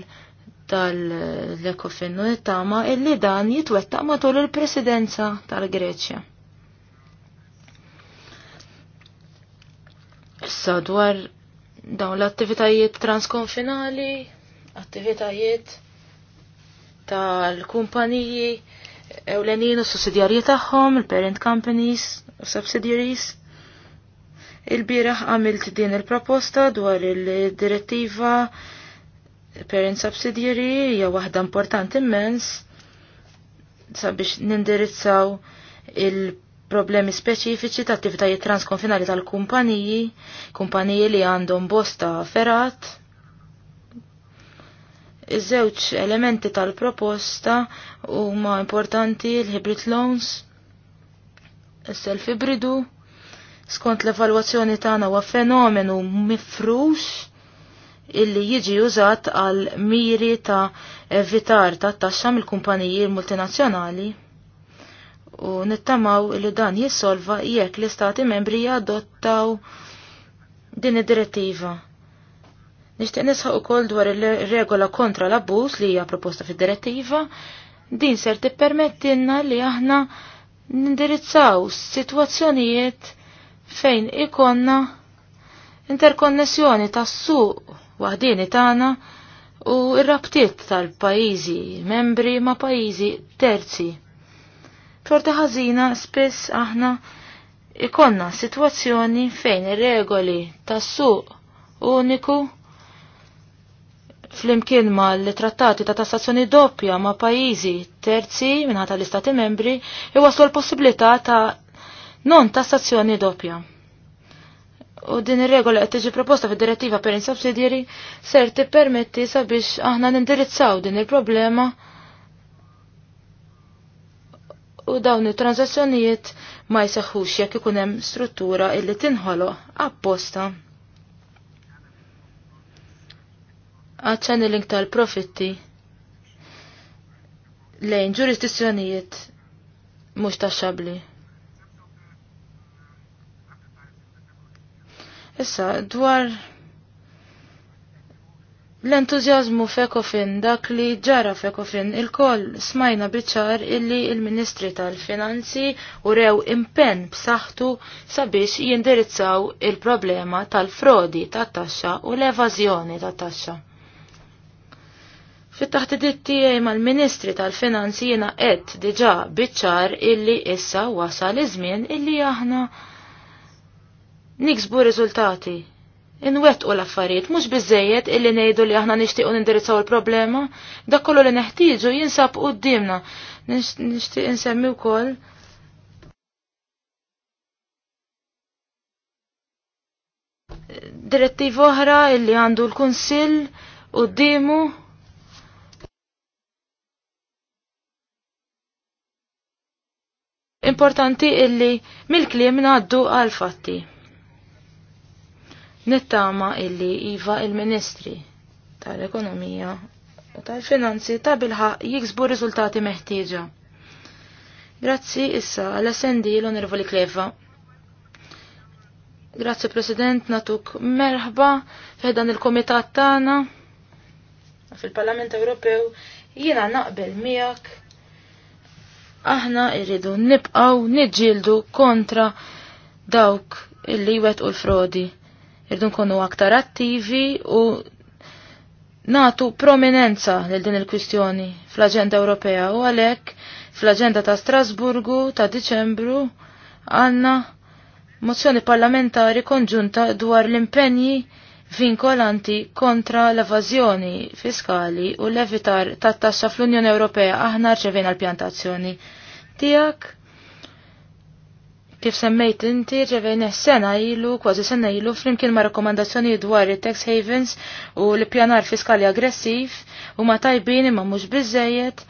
tal-Ekofin u nittama illi dan jitwettaq matul il-presidenza tal-Greċja. Issa dwar dawn l-attivitajiet transkonfinali, attivitajiet tal-kumpaniji ewlenin u sussidjarji tagħhom, il-parent companies u subsidiaries. Il-biraħ għamilt din il-proposta dwar il-direttiva Parent Subsidiary hija waħda importanti immens sabiex nindirizzaw il-problemi speċifiċi ta' attivitajiet transkonfinali tal-kumpaniji, kumpaniji li għandhom bosta ferat. Iż-żewġ elementi tal-proposta huma importanti l-hybrid loans, is-self-ibridu, skont l-evalwazzjoni tagħna huwa fenomenu mifrux illi jiġi użat għal miri ta' evitar ta' taxxa mill-kumpaniji multinazzjonali u nittamaw li dan jissolva jekk l-istati membri jadottaw din id-direttiva. Nixtieq nisħaq ukoll dwar ir-regola kontra l-abbuż li hija proposta fid-direttiva, din ser tippermettilna li aħna nindirizzaw situazzjonijiet fejn ikonna interkonnessjoni tas-suq waħdini tagħna u r-rabtiet tal-pajjiżi membri ma' pajjiżi terzi. Forta ħażina spiss aħna ikonna sitwazzjoni fejn ir-regoli tas-suq uniku flimkien ma l-trattati ta' tassazzjoni doppja ma' pajizi terzi minnata l-istati membri iwaslu l-possibilità ta' non tassazzjoni doppja. U din ir-regola qed tiġi proposta fid-direttiva per insubsidjeri ser tippermetti sabiex aħna nindirizzaw din il-problema u dawn it-transazzjonijiet ma jseħħux jekk ikun hemm struttura illi tinħoloq apposta. Għad-channeling tal-profitti lejn ġurisdizzjonijiet mhux taxxabli. Issa, dwar l-entuzjazmu fekofin dak li ġara fekofin il-koll smajna biċar illi il-Ministri tal-Finanzi u rew impen b'saħħtu sabiex jindirizzaw il-problema tal-frodi tat-taxxa u l-evażjoni tat-taxxa. Fit-taħt id mal-Ministri tal-Finanzi jena qed diġa biċar illi issa wasal iż-żmien illi aħna niksbu riżultati. Inwet u l-affarijiet, mux bizzejiet illi nejdu li aħna nishtiqu nindirizzaw il-problema, da kollu li neħtiġu jinsab u d-dimna. Nishtiq insemmi u koll. Direttiv oħra illi għandu l-Kunsill u d-dimu. Importanti illi mill-klim naddu għal-fatti. Nittama illi iva il-Ministri tal-Ekonomija u tal-Finanzi ta' bilħa jiksbu riżultati meħtieġa. Grazzi issa għal-SND l-Onorevoli Kleva. Grazzi President, natuk merħba f'dan il-Komitat tagħna fil-Parlament Ewropew jiena naqbel miegħek. Aħna irridu nibqgħu niġġieldu kontra dawk illi wet u l-frodi. Irdu nkunu aktar attivi u natu prominenza lil din il-kwistjoni fl-Aġenda Ewropea u għalhekk fl-Aġenda ta' Strasburgu ta' Diċembru għandna mozzjoni parlamentari konġunta dwar l-impenji vinkolanti kontra l-evażjoni fiskali u l-evitar tat-taxxa fl-Unjoni Ewropea aħna rċevejna l-pjantazzjoni tiegħek Kif semmejt inti ġevejn sena ilu, kważi sena ilu, flimkien ma' rekomandazzjoni dwar it tax havens u l-pjanar fiskali aggressiv u ma' tajbin imma mux bizzejiet.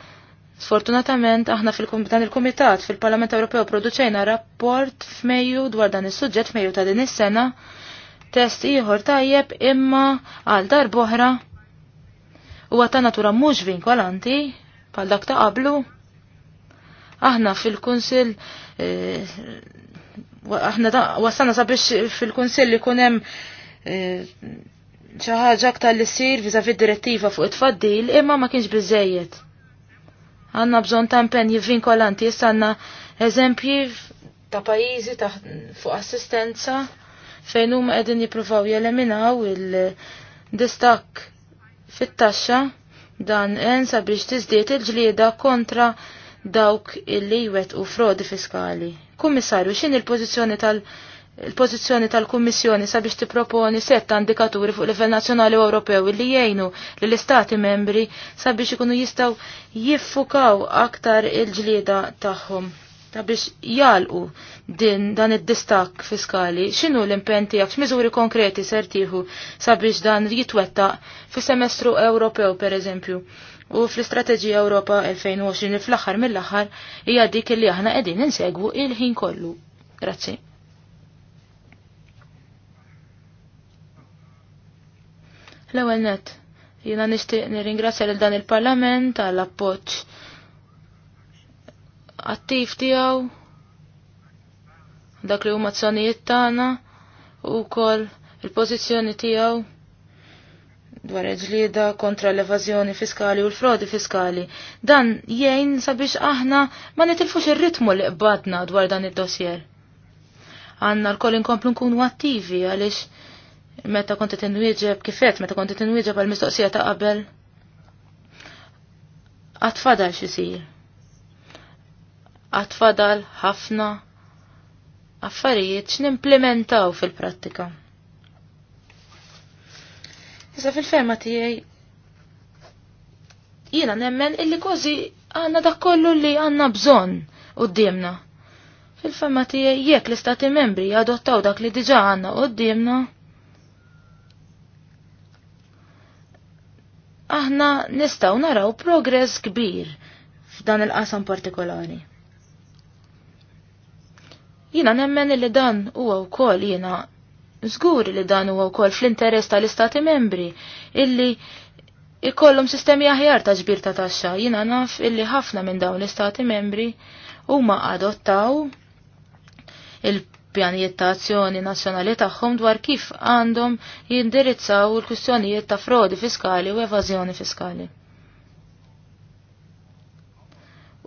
Sfortunatament, aħna fil-dan il-Komitat fil-Parlament Ewropew produċejna rapport f'Mejju dwar dan is-suġġett f'Mejju ta' din is-sena. Test ieħor tajjeb imma għal dar boħra u għata natura mhux vinkolanti bħal dak ta' qablu. Aħna fil-Kunsil eh, aħna wassana sabiex fil konsil li hemm eh, xi ħaġa aktar li ssir viża fid-direttiva fuq it-tfaddil imma ma kienx biżejjed. Għanna bżonn ta' impenji vinkolanti issa għandna eżempji ta' pajjiżi ta' fuq assistenza fejn huma qegħdin jippruvaw jeleminaw il-distakk fit-taxxa dan ensa biex tiżdiet il-ġlieda kontra dawk il jwet u frodi fiskali. Kummissarju, xin il-pozizjoni tal- il-pozizjoni tal-Kummissjoni sabiex tipproponi setta indikaturi fuq livell nazzjonali u Ewropew li jgħinu li l-Istati membri sabiex ikunu jistgħu jiffukaw aktar il-ġlieda tagħhom sabiex jalqu din dan id-distak fiskali, x'inhu l impenn tiegħek, x'miżuri konkreti ser tieħu sabiex dan jitwettaq fis-semestru Ewropew pereżempju u fl-Istrateġija Ewropa 2020 fl-aħħar mill-aħħar hija dik li aħna qegħdin insegwu il-ħin kollu. Grazzi. L-ewwel net, jiena nixtieq nirringrazzja lil dan il-Parlament għall appoġġ attiv tiegħu dak li huma t-sonijiet tagħna u kol il-pożizzjoni tiegħu dwar ġlieda kontra l-evażjoni fiskali u l-frodi fiskali. Dan jgħin sabiex aħna ma nitilfux ir-ritmu li qbadna dwar dan id-dossier. Għanna l-koll inkomplu nkunu attivi għaliex meta konti tinwieġeb kifet, meta konti tinwieġeb għal-mistoqsija ta' qabel. Għatfadal xisir. Għatfadal ħafna affarijiet x'nimplementaw fil-prattika. Iżda fil-ferma tiegħi jiena nemmen illi kważi għandna dak kollu li għandna bżonn qudiemna. Fil-ferma tiegħi jekk l-istati membri jadottaw dak li diġà għandna qudiemna. Aħna nistgħu naraw progress kbir f'dan il-qasam partikolari jina nemmen li dan huwa wkoll jina Żgur li dan huwa wkoll fl-interess tal-Istati membri illi ikollhom sistemi aħjar ta' ġbir ta' taxxa. Jiena naf illi ħafna minn dawn l-Istati membri huma adottaw il-pjanijiet ta' azzjoni nazzjonali tagħhom dwar kif għandhom jindirizzaw il-kwistjonijiet ta' frodi fiskali u evażjoni fiskali.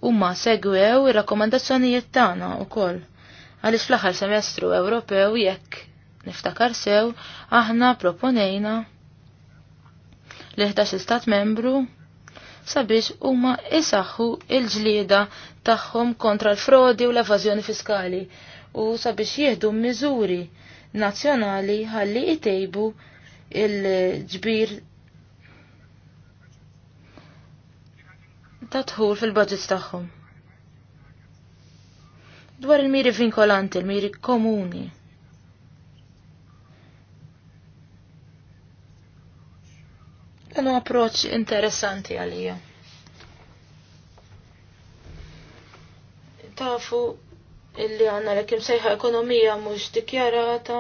Huma segwew ir-rakkomandazzjonijiet tagħna wkoll għaliex fl-aħħar semestru Ewropew jekk niftakar sew, aħna proponejna l-11 stat membru sabiex huma isaħħu il-ġlieda tagħhom kontra l-frodi u l-evażjoni fiskali u sabiex jieħdu miżuri nazzjonali ħalli jtejbu il-ġbir ta' tħul fil-budgets tagħhom. Dwar il-miri vinkolanti, il-miri komuni. Dan huwa approċċ interessanti għalija. Tafu illi għanna l sejħa ekonomija mhux dikjarata.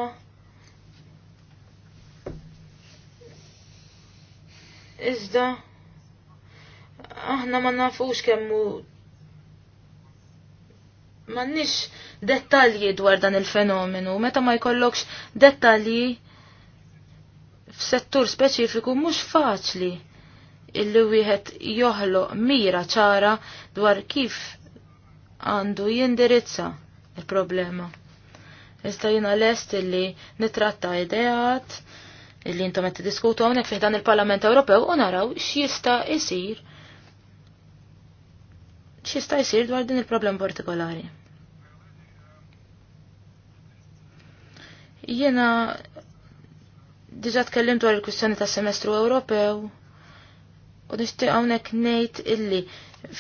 Iżda aħna ma nafux kemmu M'għandniex dettalji dwar dan il-fenomenu, meta ma jkollokx dettalji f'settur speċifiku mhux faċli illi wieħed joħloq mira ċara dwar kif għandu jindirizza il-problema. jina jiena lest illi nitratta ideat illi intom qed diskutu hawnhekk fih dan il-Parlament Ewropew u naraw x'jista' jisir x'jista' jisir dwar din il problem partikolari. Jiena Diġa tkellimt dwar il-kwistjoni ta' semestru Ewropew u nixtieq hawnhekk ngħid illi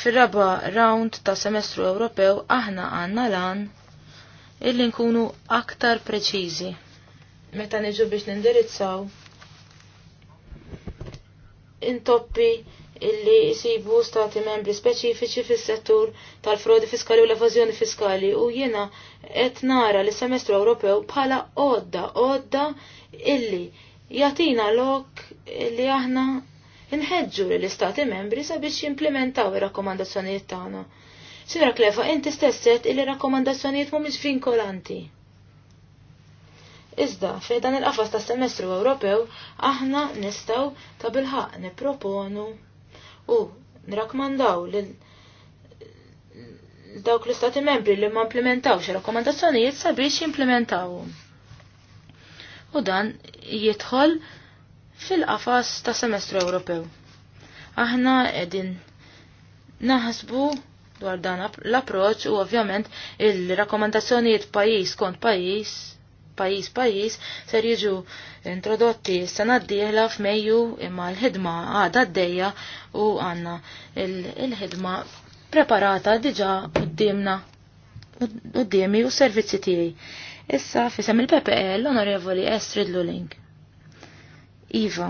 fir-raba round ta' semestru Ewropew aħna għandna lan illi nkunu aktar preċiżi. Meta niġu biex nindirizzaw intoppi illi jisibu stati membri speċifiċi fis-settur tal-frodi fiskali u l-evażjoni fiskali u jiena qed nara li semestru Ewropew bħala odda, odda illi jatina lok illi aħna inħedġu li l-istati membri sabiex jimplementaw ir-rakkomandazzjonijiet tagħna. Sinra Klefa, inti stesset illi rakkomandazzjonijiet mhumiex vinkolanti. Iżda, fejdan dan il-qafas ta' semestru Ewropew, aħna nistaw ta' bilħaq niproponu u nirakmandaw lil dawk l-istati membri li ma implementawx rakkomandazzjonijiet sabiex jimplementawhom. U dan jidħol fil-qafas ta' semestru Ewropew. Aħna qegħdin naħsbu dwar dan l-approċċ u ovvjament il-rakkomandazzjonijiet pajjiż kont pajjiż pajis pajis ser jiġu introdotti s-sena d-dieħla f'Mejju imma l-ħidma għada d u għanna l-ħidma preparata diġa għoddimna għoddimi u servizzi tiegħi. Issa fisem il-PPL l-Onorevoli Estrid Luling. Iva,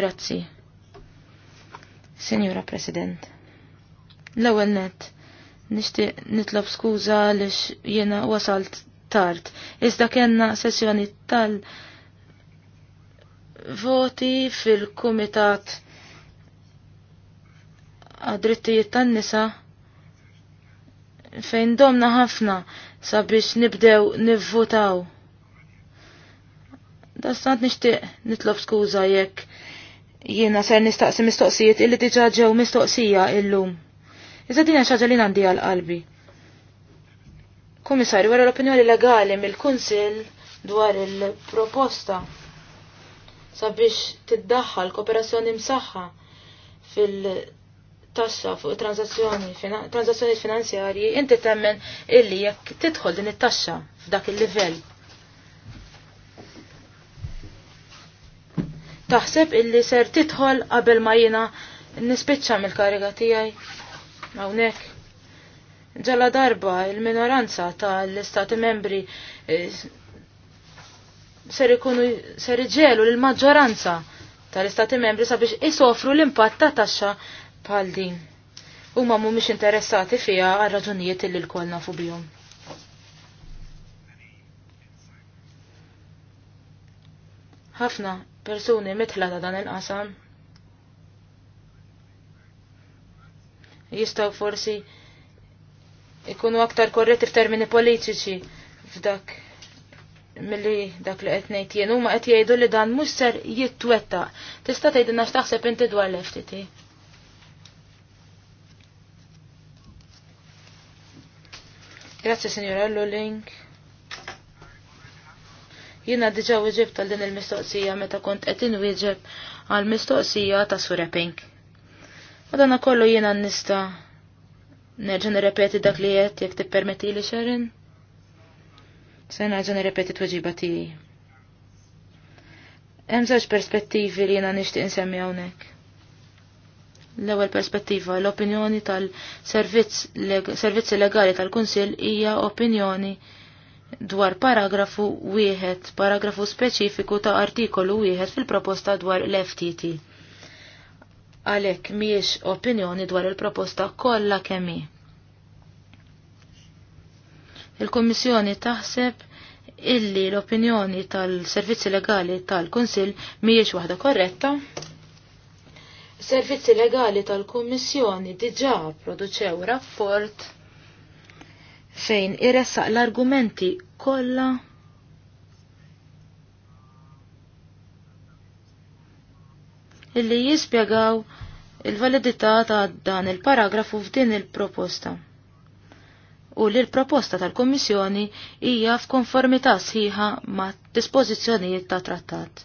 grazzi. Signora President. L-ewwel net nixtieq nitlob skuża lix jiena wasalt tard. Iżda kena sessjoni tal-voti fil-Kumitat għadrittijiet tan-nisa fejn domna ħafna sabiex nibdew nivvotaw. stant nixtieq nitlob skuża jekk jiena ser nistaqsi mistoqsijiet illi diġa ġew mistoqsija illum. Iżda din xaġa li għandi għal qalbi. Komissari, wara l-opinjoni legali mill-Kunsill dwar il-proposta sabiex tiddaħħal kooperazzjoni msaħħa fil-tassa fuq transazzjoni finanzjarji, inti temmen illi jekk tidħol din it-taxxa f'dak il-livell. Taħseb illi ser tidħol qabel ma jina nispiċċa mill-kariga tiegħi hawnhekk. Ġala darba il-minoranza tal-istati membri eh, ser ikunu ser iġelu l-maġġoranza tal-istati membri sabiex isofru l-impatt ta' taxxa bħal din. Huma mhumiex interessati fiha għal raġunijiet li l kolna nafu bihom. Ħafna persuni mitħla ta' dan il-qasam jistgħu forsi ikunu aktar korretti f'termini politiċi f'dak milli dak li qed ngħid jien huma qed jgħidu li dan mhux ser jittwetta. Tista' tgħidilna x'taħseb inti dwar l-FTT. Grazzi Sinjora Lulling. Jiena diġà wieġeb tal din il-mistoqsija meta kont qed inwieġeb għal mistoqsija ta' Sura Pink. Madonna kollu jina nista' Nerġa' nirrepeti dak li qed jekk tippermetti li xerin. Se nerġa' nirrepeti tweġiba TI. Hemm żewġ perspettivi li jiena nixtieq insemmi hawnhekk. L-ewwel perspettiva l-opinjoni tal-servizzi legali tal-Kunsill hija opinjoni dwar paragrafu wieħed, paragrafu speċifiku ta' artikolu wieħed fil-proposta dwar l-FTT għalhekk mhijiex opinjoni dwar il-proposta kollha kemm hi. Il-Kummissjoni taħseb illi l-opinjoni tal-servizzi legali tal-Kunsill mhijiex waħda korretta. Servizzi legali tal-Kummissjoni diġà produċew rapport fejn iressaq l-argumenti kollha illi jispjegaw il-validità ta' dan il-paragrafu f'din il-proposta. U li l-proposta tal-Kommissjoni hija f'konformità sħiħa ma' dispożizzjonijiet ta' trattat.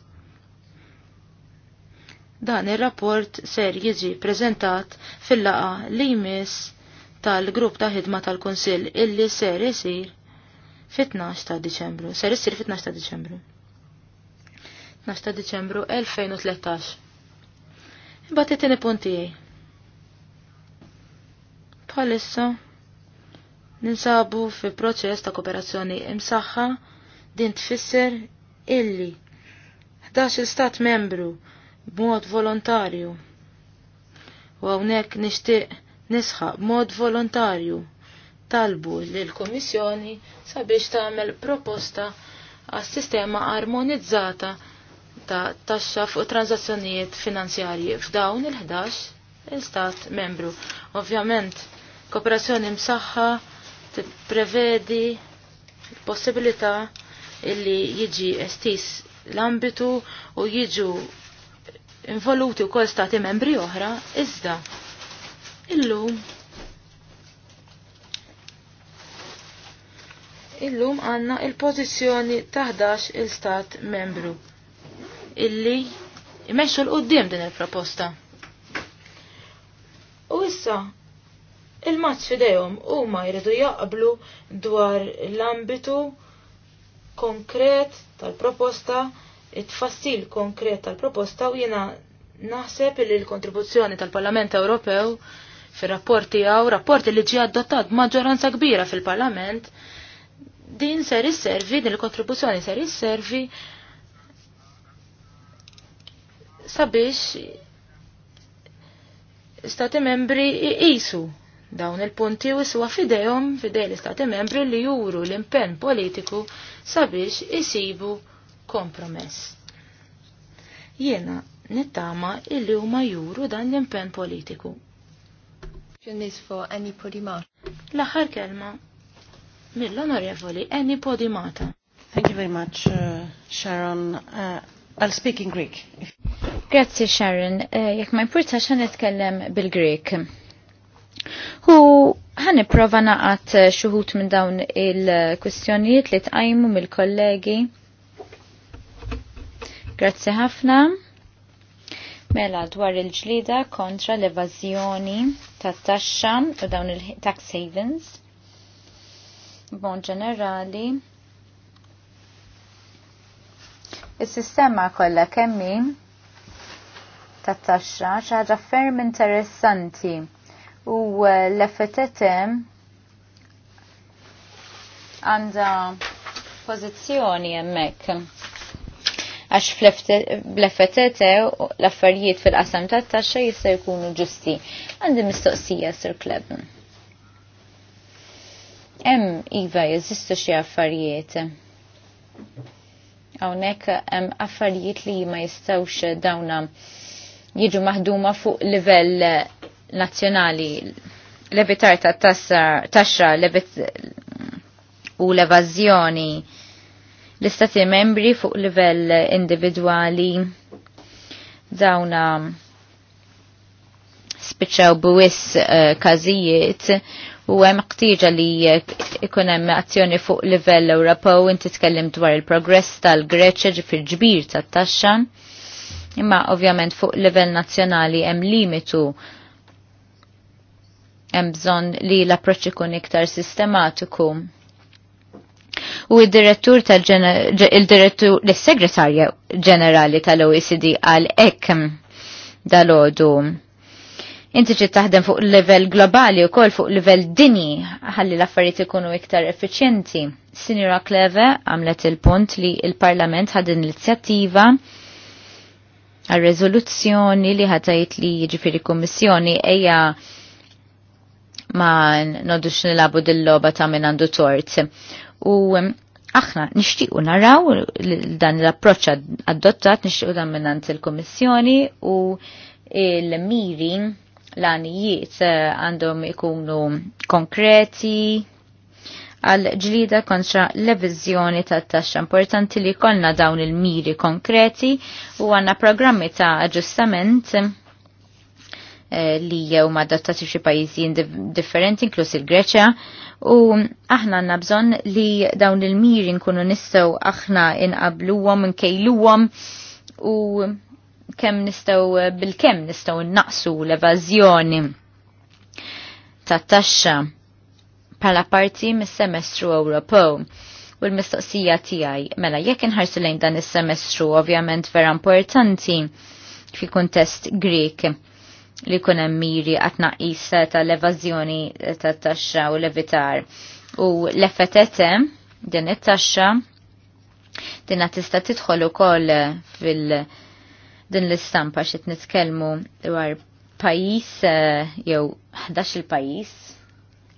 Dan ir-rapport ser jiġi preżentat fil-laqa li jmiss tal-grupp ta' ħidma tal konsil illi ser isir fit-12 ta' Diċembru. Ser isir fit-12 ta' Diċembru. 12 ta' Diċembru 2013. Imbagħad it-tieni punt tiegħi. Bħalissa ninsabu fi proċess ta' kooperazzjoni imsaħħa din tfisser illi 11 stat membru b'mod volontarju u hawnhekk nixtieq nisħaq b'mod volontarju talbu lill-Kummissjoni sabiex tagħmel proposta għas sistema armonizzata ta' taxxa fuq tranzazzjonijiet finanzjarji f'dawn il-11 il-stat membru. Ovvjament, kooperazzjoni msaħħa tipprevedi possibilità illi jiġi estis l-ambitu u jiġu involuti u kol stati membri oħra, iżda illum illum għanna il-pozizjoni taħdax il-stat membru illi jmexxu l-qoddim din il-proposta. U issa, il-mazz fidejhom huma jridu jaqblu dwar l-ambitu konkret tal-proposta, it-tfassil konkret tal-proposta u jiena naħseb li l-kontribuzzjoni tal-Parlament Ewropew fir-rapporti għaw, rapporti li ġie adottat maġġoranza kbira fil-Parlament, din ser isservi, din il-kontribuzzjoni ser isservi sabiex stati membri jisu dawn il-punti u iswa fidejhom fidej l-istati membri li juru l-impenn politiku sabiex isibu kompromess. Jiena nittama illi huma juru dan l-impenn politiku. L-aħħar kelma mill-onorevoli Annie Podimata. Thank you very much, uh, Sharon. Uh, I'll speak in Greek. Grazzi Sharon, eh, jekk ma jimportax ħan nitkellem bil-Grek. Hu ħan prova naqat eh, xuhut minn dawn il-kwistjonijiet li tqajmu mill-kollegi. Grazzi ħafna. Mela dwar il-ġlida kontra l-evażjoni tat-taxxa u dawn il-tax havens. Bon ġenerali, Is-sistema kollha kemmin tat-taxxa ħaġa ferm interessanti u eh, l-FTT għandha pożizzjoni hemmhekk għax bl-FTT l-affarijiet fil-qasam tat-taxxa jista' jkunu ġusti. Għandi mistoqsija Sir Kleb. Hemm iva jeżistu xi affarijiet. Hawnhekk hemm affarijiet li ma jistgħux dawna jiġu maħduma fuq livell eh, nazzjonali levitar ta' taxxa u l-evazzjoni l-istati membri fuq livell individwali dawna spiċċaw bwis eh, każijiet u hemm ħtieġa li ikun hemm azzjoni fuq livell Ewropew inti tkellim dwar il-progress tal-Greċja ġifir ġbir tat-taxxa. Imma ovvjament fuq livell nazzjonali hemm limitu hemm bżonn li l-approċċ ikun iktar sistematiku. U id-direttur tal-direttur l-segretarja ġenerali tal-OECD għal ek dal Inti ġi taħdem fuq level globali u kol fuq level dini ħalli l-affarijiet ikunu iktar effiċjenti. Sinjura Kleve għamlet il-punt li il-Parlament ħad inizjattiva inizjattiva għal-rezoluzzjoni li ħatajt li ġifiri kommissjoni eja ma nodux nilabu dill-loba ta' minn għandu tort. U aħna nishtiqu naraw dan l-approċ adottat nishtiqu dan minn il-kommissjoni u il-miri l-għanijiet eh, għandhom ikunu konkreti, għal ġlida kontra l eviżjoni tat-taxxa. Importanti li kollna dawn il-miri konkreti u għanna programmi ta' aġustament eh, li jew ma adattati xi pajjiżi differenti inkluż il-Greċja u aħna għandna bżonn li dawn il-miri nkunu nistgħu aħna inqabluhom inkejluhom u kemm nistgħu bil-kemm nistgħu innaqsu l-evażjoni tat taxxa pala parti mis-semestru Ewropew. U l-mistoqsija tiegħi mela jekk inħarsu lejn dan is-semestru ovvjament vera importanti fi kuntest Grek li kun hemm miri qatt naqis tal-evażjoni tat-taxxa u levitar. U l-effetete din it-taxxa din qed tista' tidħol ukoll fil- din l-istampa xi nitkellmu dwar pajjiż eh, jew ħdax il-pajjiż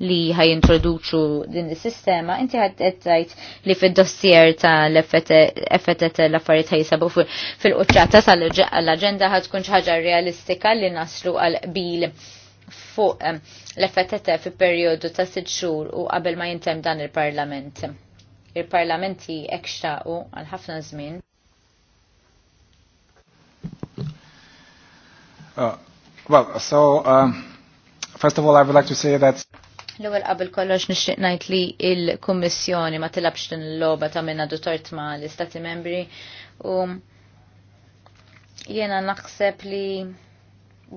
li ħaj introduċu din is-sistema, inti ħad tajt li fid-dossier ta' l ftt l-affarijiet ħajsabu fil-quċċata tal-aġenda ħad tkun ħaġa realistika li naslu għal bil fuq ehm, l ftt fi perjodu ta' sitt xhur u qabel ma jintem dan il-Parlament. Il-Parlamenti ekxtaqu għal ħafna żmien. Uh, well, so um, first of all, I would like to say that L-ewwel qabel kollox nixtieq ngħid li l-Kummissjoni ma tilabx din il-logħba ta' minna dutort ma' l-Istati Membri u jiena naħseb li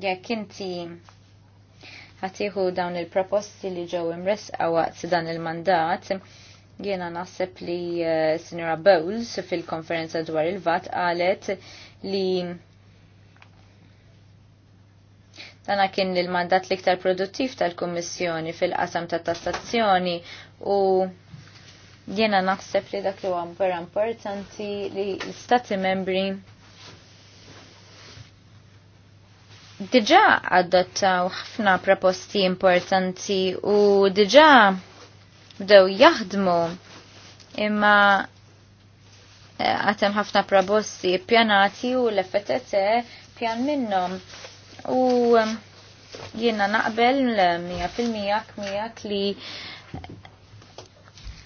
jekk inti ħatieħu dawn il-proposti li ġew imresqa waqt dan il-mandat, jiena naħseb li uh, Sinjora Bowles fil-konferenza dwar il-VAT qalet li Dana kien il-mandat liktar produttiv tal-Kummissjoni fil-qasam ta' tassazzjoni u jena naħseb li dak li huwa vera importanti li l-Stati membri diġa adottaw ħafna proposti importanti u diġa bdew jaħdmu imma eh, għatem ħafna proposti pjanati u l-FTT pjan minnom U um, jiena naqbel 100% miegħek li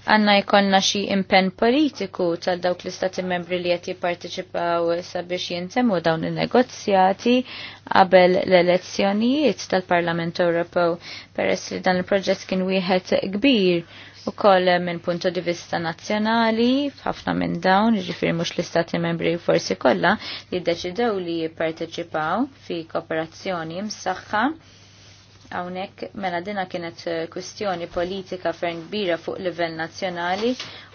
għanna jkonna xi impen politiku tal dawk l-istati membri li qed jipparteċipaw sabiex jintemmu dawn in-negozjati qabel l-elezzjonijiet tal-Parlament Ewropew peress li dan il-proġett kien wieħed kbir u koll eh, minn punto di vista nazjonali, ħafna minn dawn, ġifir mux l-istati membri forsi kolla, li deċidew li jipparteċipaw fi kooperazzjoni msaxħa. Għawnek, mela dina kienet eh, kwestjoni politika fern kbira fuq livell nazjonali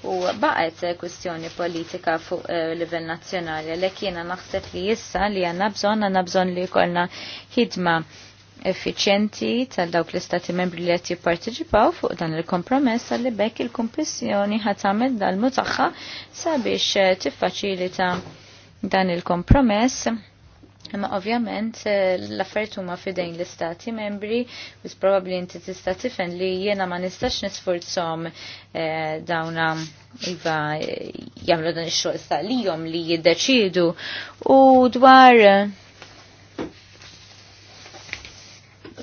u baqet eh, kustjoni politika fuq livell nazjonali. Lek jena naħseb li jissa li għanna bżon, għanna bżon li kolna ħidma effiċjenti tal dawk l-istati membri li qed jipparteċipaw fuq dan il-kompromess għalli bekk il-Kummissjoni ħad dal dalmu tagħha sabiex eh, tiffaċilita dan il-kompromess. Imma ovvjament eh, l-affarijiet huma fidejn l-istati membri, biss probabbli inti tista' tifen li jiena ma nistax nisforzhom eh, dawna iva jagħmlu dan ix-xogħol li jom li jiddeċidu u dwar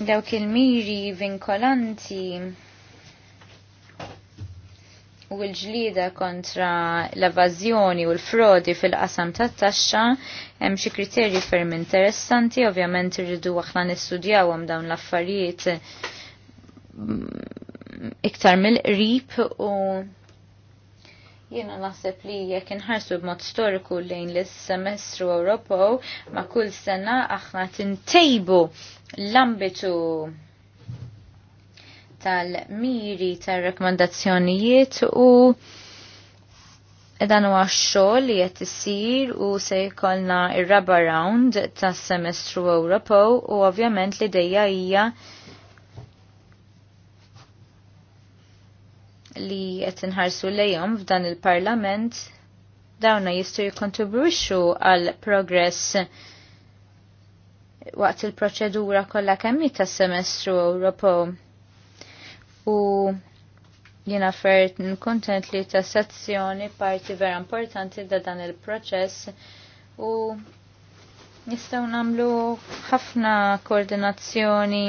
dawk il-miri vinkolanti u l-ġlida kontra l avazjoni u l-frodi fil-qasam ta' taxxa hemm xi kriterji ferm interessanti, ovvjament irridu aħna nistudjawhom dawn l-affarijiet mm, iktar mill-qrib u jiena naħseb li jekk inħarsu b'mod storiku lejn l-semestru Ewropew ma' kull sena aħna tintejbu l-ambitu tal-miri tal-rekomendazzjonijiet u dan huwa xogħol li qed isir u se jkollna ir-raba round tas-semestru Ewropew u ovvjament li dejja hija li qed inħarsu lejhom f'dan il-Parlament dawna jistgħu jikkontribwixxu għal progress waqt il-proċedura kollha kemm tas semestru Ewropew. U jiena fert kontent li ta' sezzjoni parti vera importanti da dan il-proċess u nistgħu nagħmlu ħafna koordinazzjoni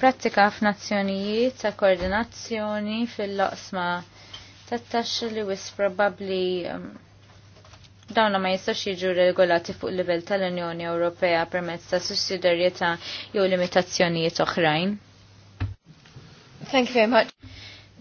pratika azzjonijiet ta' koordinazzjoni fil-loqsma tat-taxxi li wis probabbli um, Dawna ma jistax jiġu regolati fuq livell tal-Unjoni Ewropea permezz ta' sussidjarjetà jew limitazzjonijiet oħrajn. Thank you very much.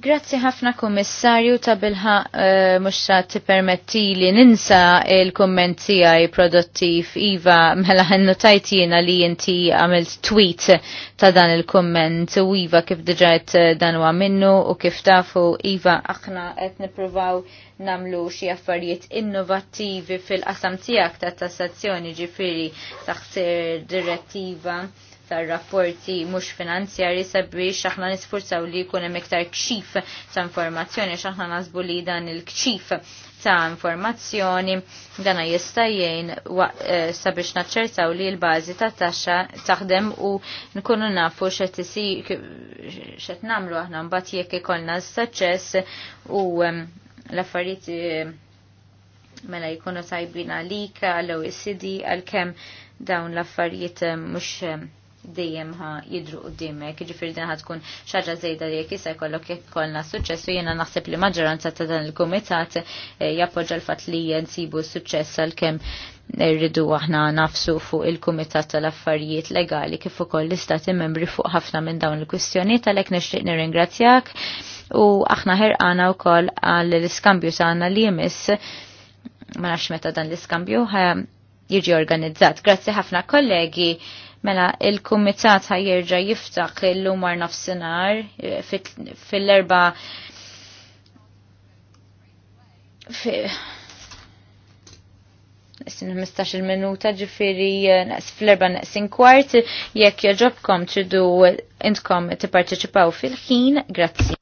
Grazzi ħafna kummissarju ta' bilħa uh, eh, muxa ta' permetti li ninsa il kommenti għaj produttiv Iva mela ħennu tajtjina li jinti għamilt tweet ta' dan il-komment u Iva kif diġajt eh, dan u għaminnu u kif tafu Iva aħna qed provaw namlu xi affarijiet innovattivi fil-qasam tiegħek ta' tassazzjoni ġifieri taħsir direttiva tar-rapporti mhux finanzjari sabiex aħna nisfurzaw li jkun hemm iktar kxif ta' informazzjoni x'aħna aħna nasbu li dan il-kxif ta' informazzjoni dana jistajjen eh, sabiex naċċertaw li l-bażi ta' taxxa taħdem u nkunu nafu xed xed nagħmlu aħna mbagħad jekk ikollna s-saċċess u l-affarijiet eh, mela jkunu tajbin għalik għall sidi e għal-kem dawn l-affarijiet eh, mux eh, dejjem ha jidru qudiemek, ġifir din ħatkun xaġa zejda li jekk jista' jkollok jekk kollna suċċess u jiena naħseb li maġġoranza ta' dan il-kumitat jappoġġa l-fatt li nsibu suċċess għalkemm irridu aħna nafsu fuq il-Kumitat tal-Affarijiet Legali kif ukoll l-Istati Membri fuq ħafna minn dawn il-kwistjonijiet għalhekk nixtieq nirringrazzjak u aħna ħerqana wkoll għal l-iskambju tagħna li jmiss ma nafx meta dan l-iskambju jirġi organizzat. Grazzi ħafna kollegi. Mela, il-kumitat ħajjerġa jiftaħ l-lumar nafsinar fil-erba Nisin il minuta ġifiri fl-erba naqsin kwart, jekk joġobkom tridu intkom tipparteċipaw fil-ħin, grazzi.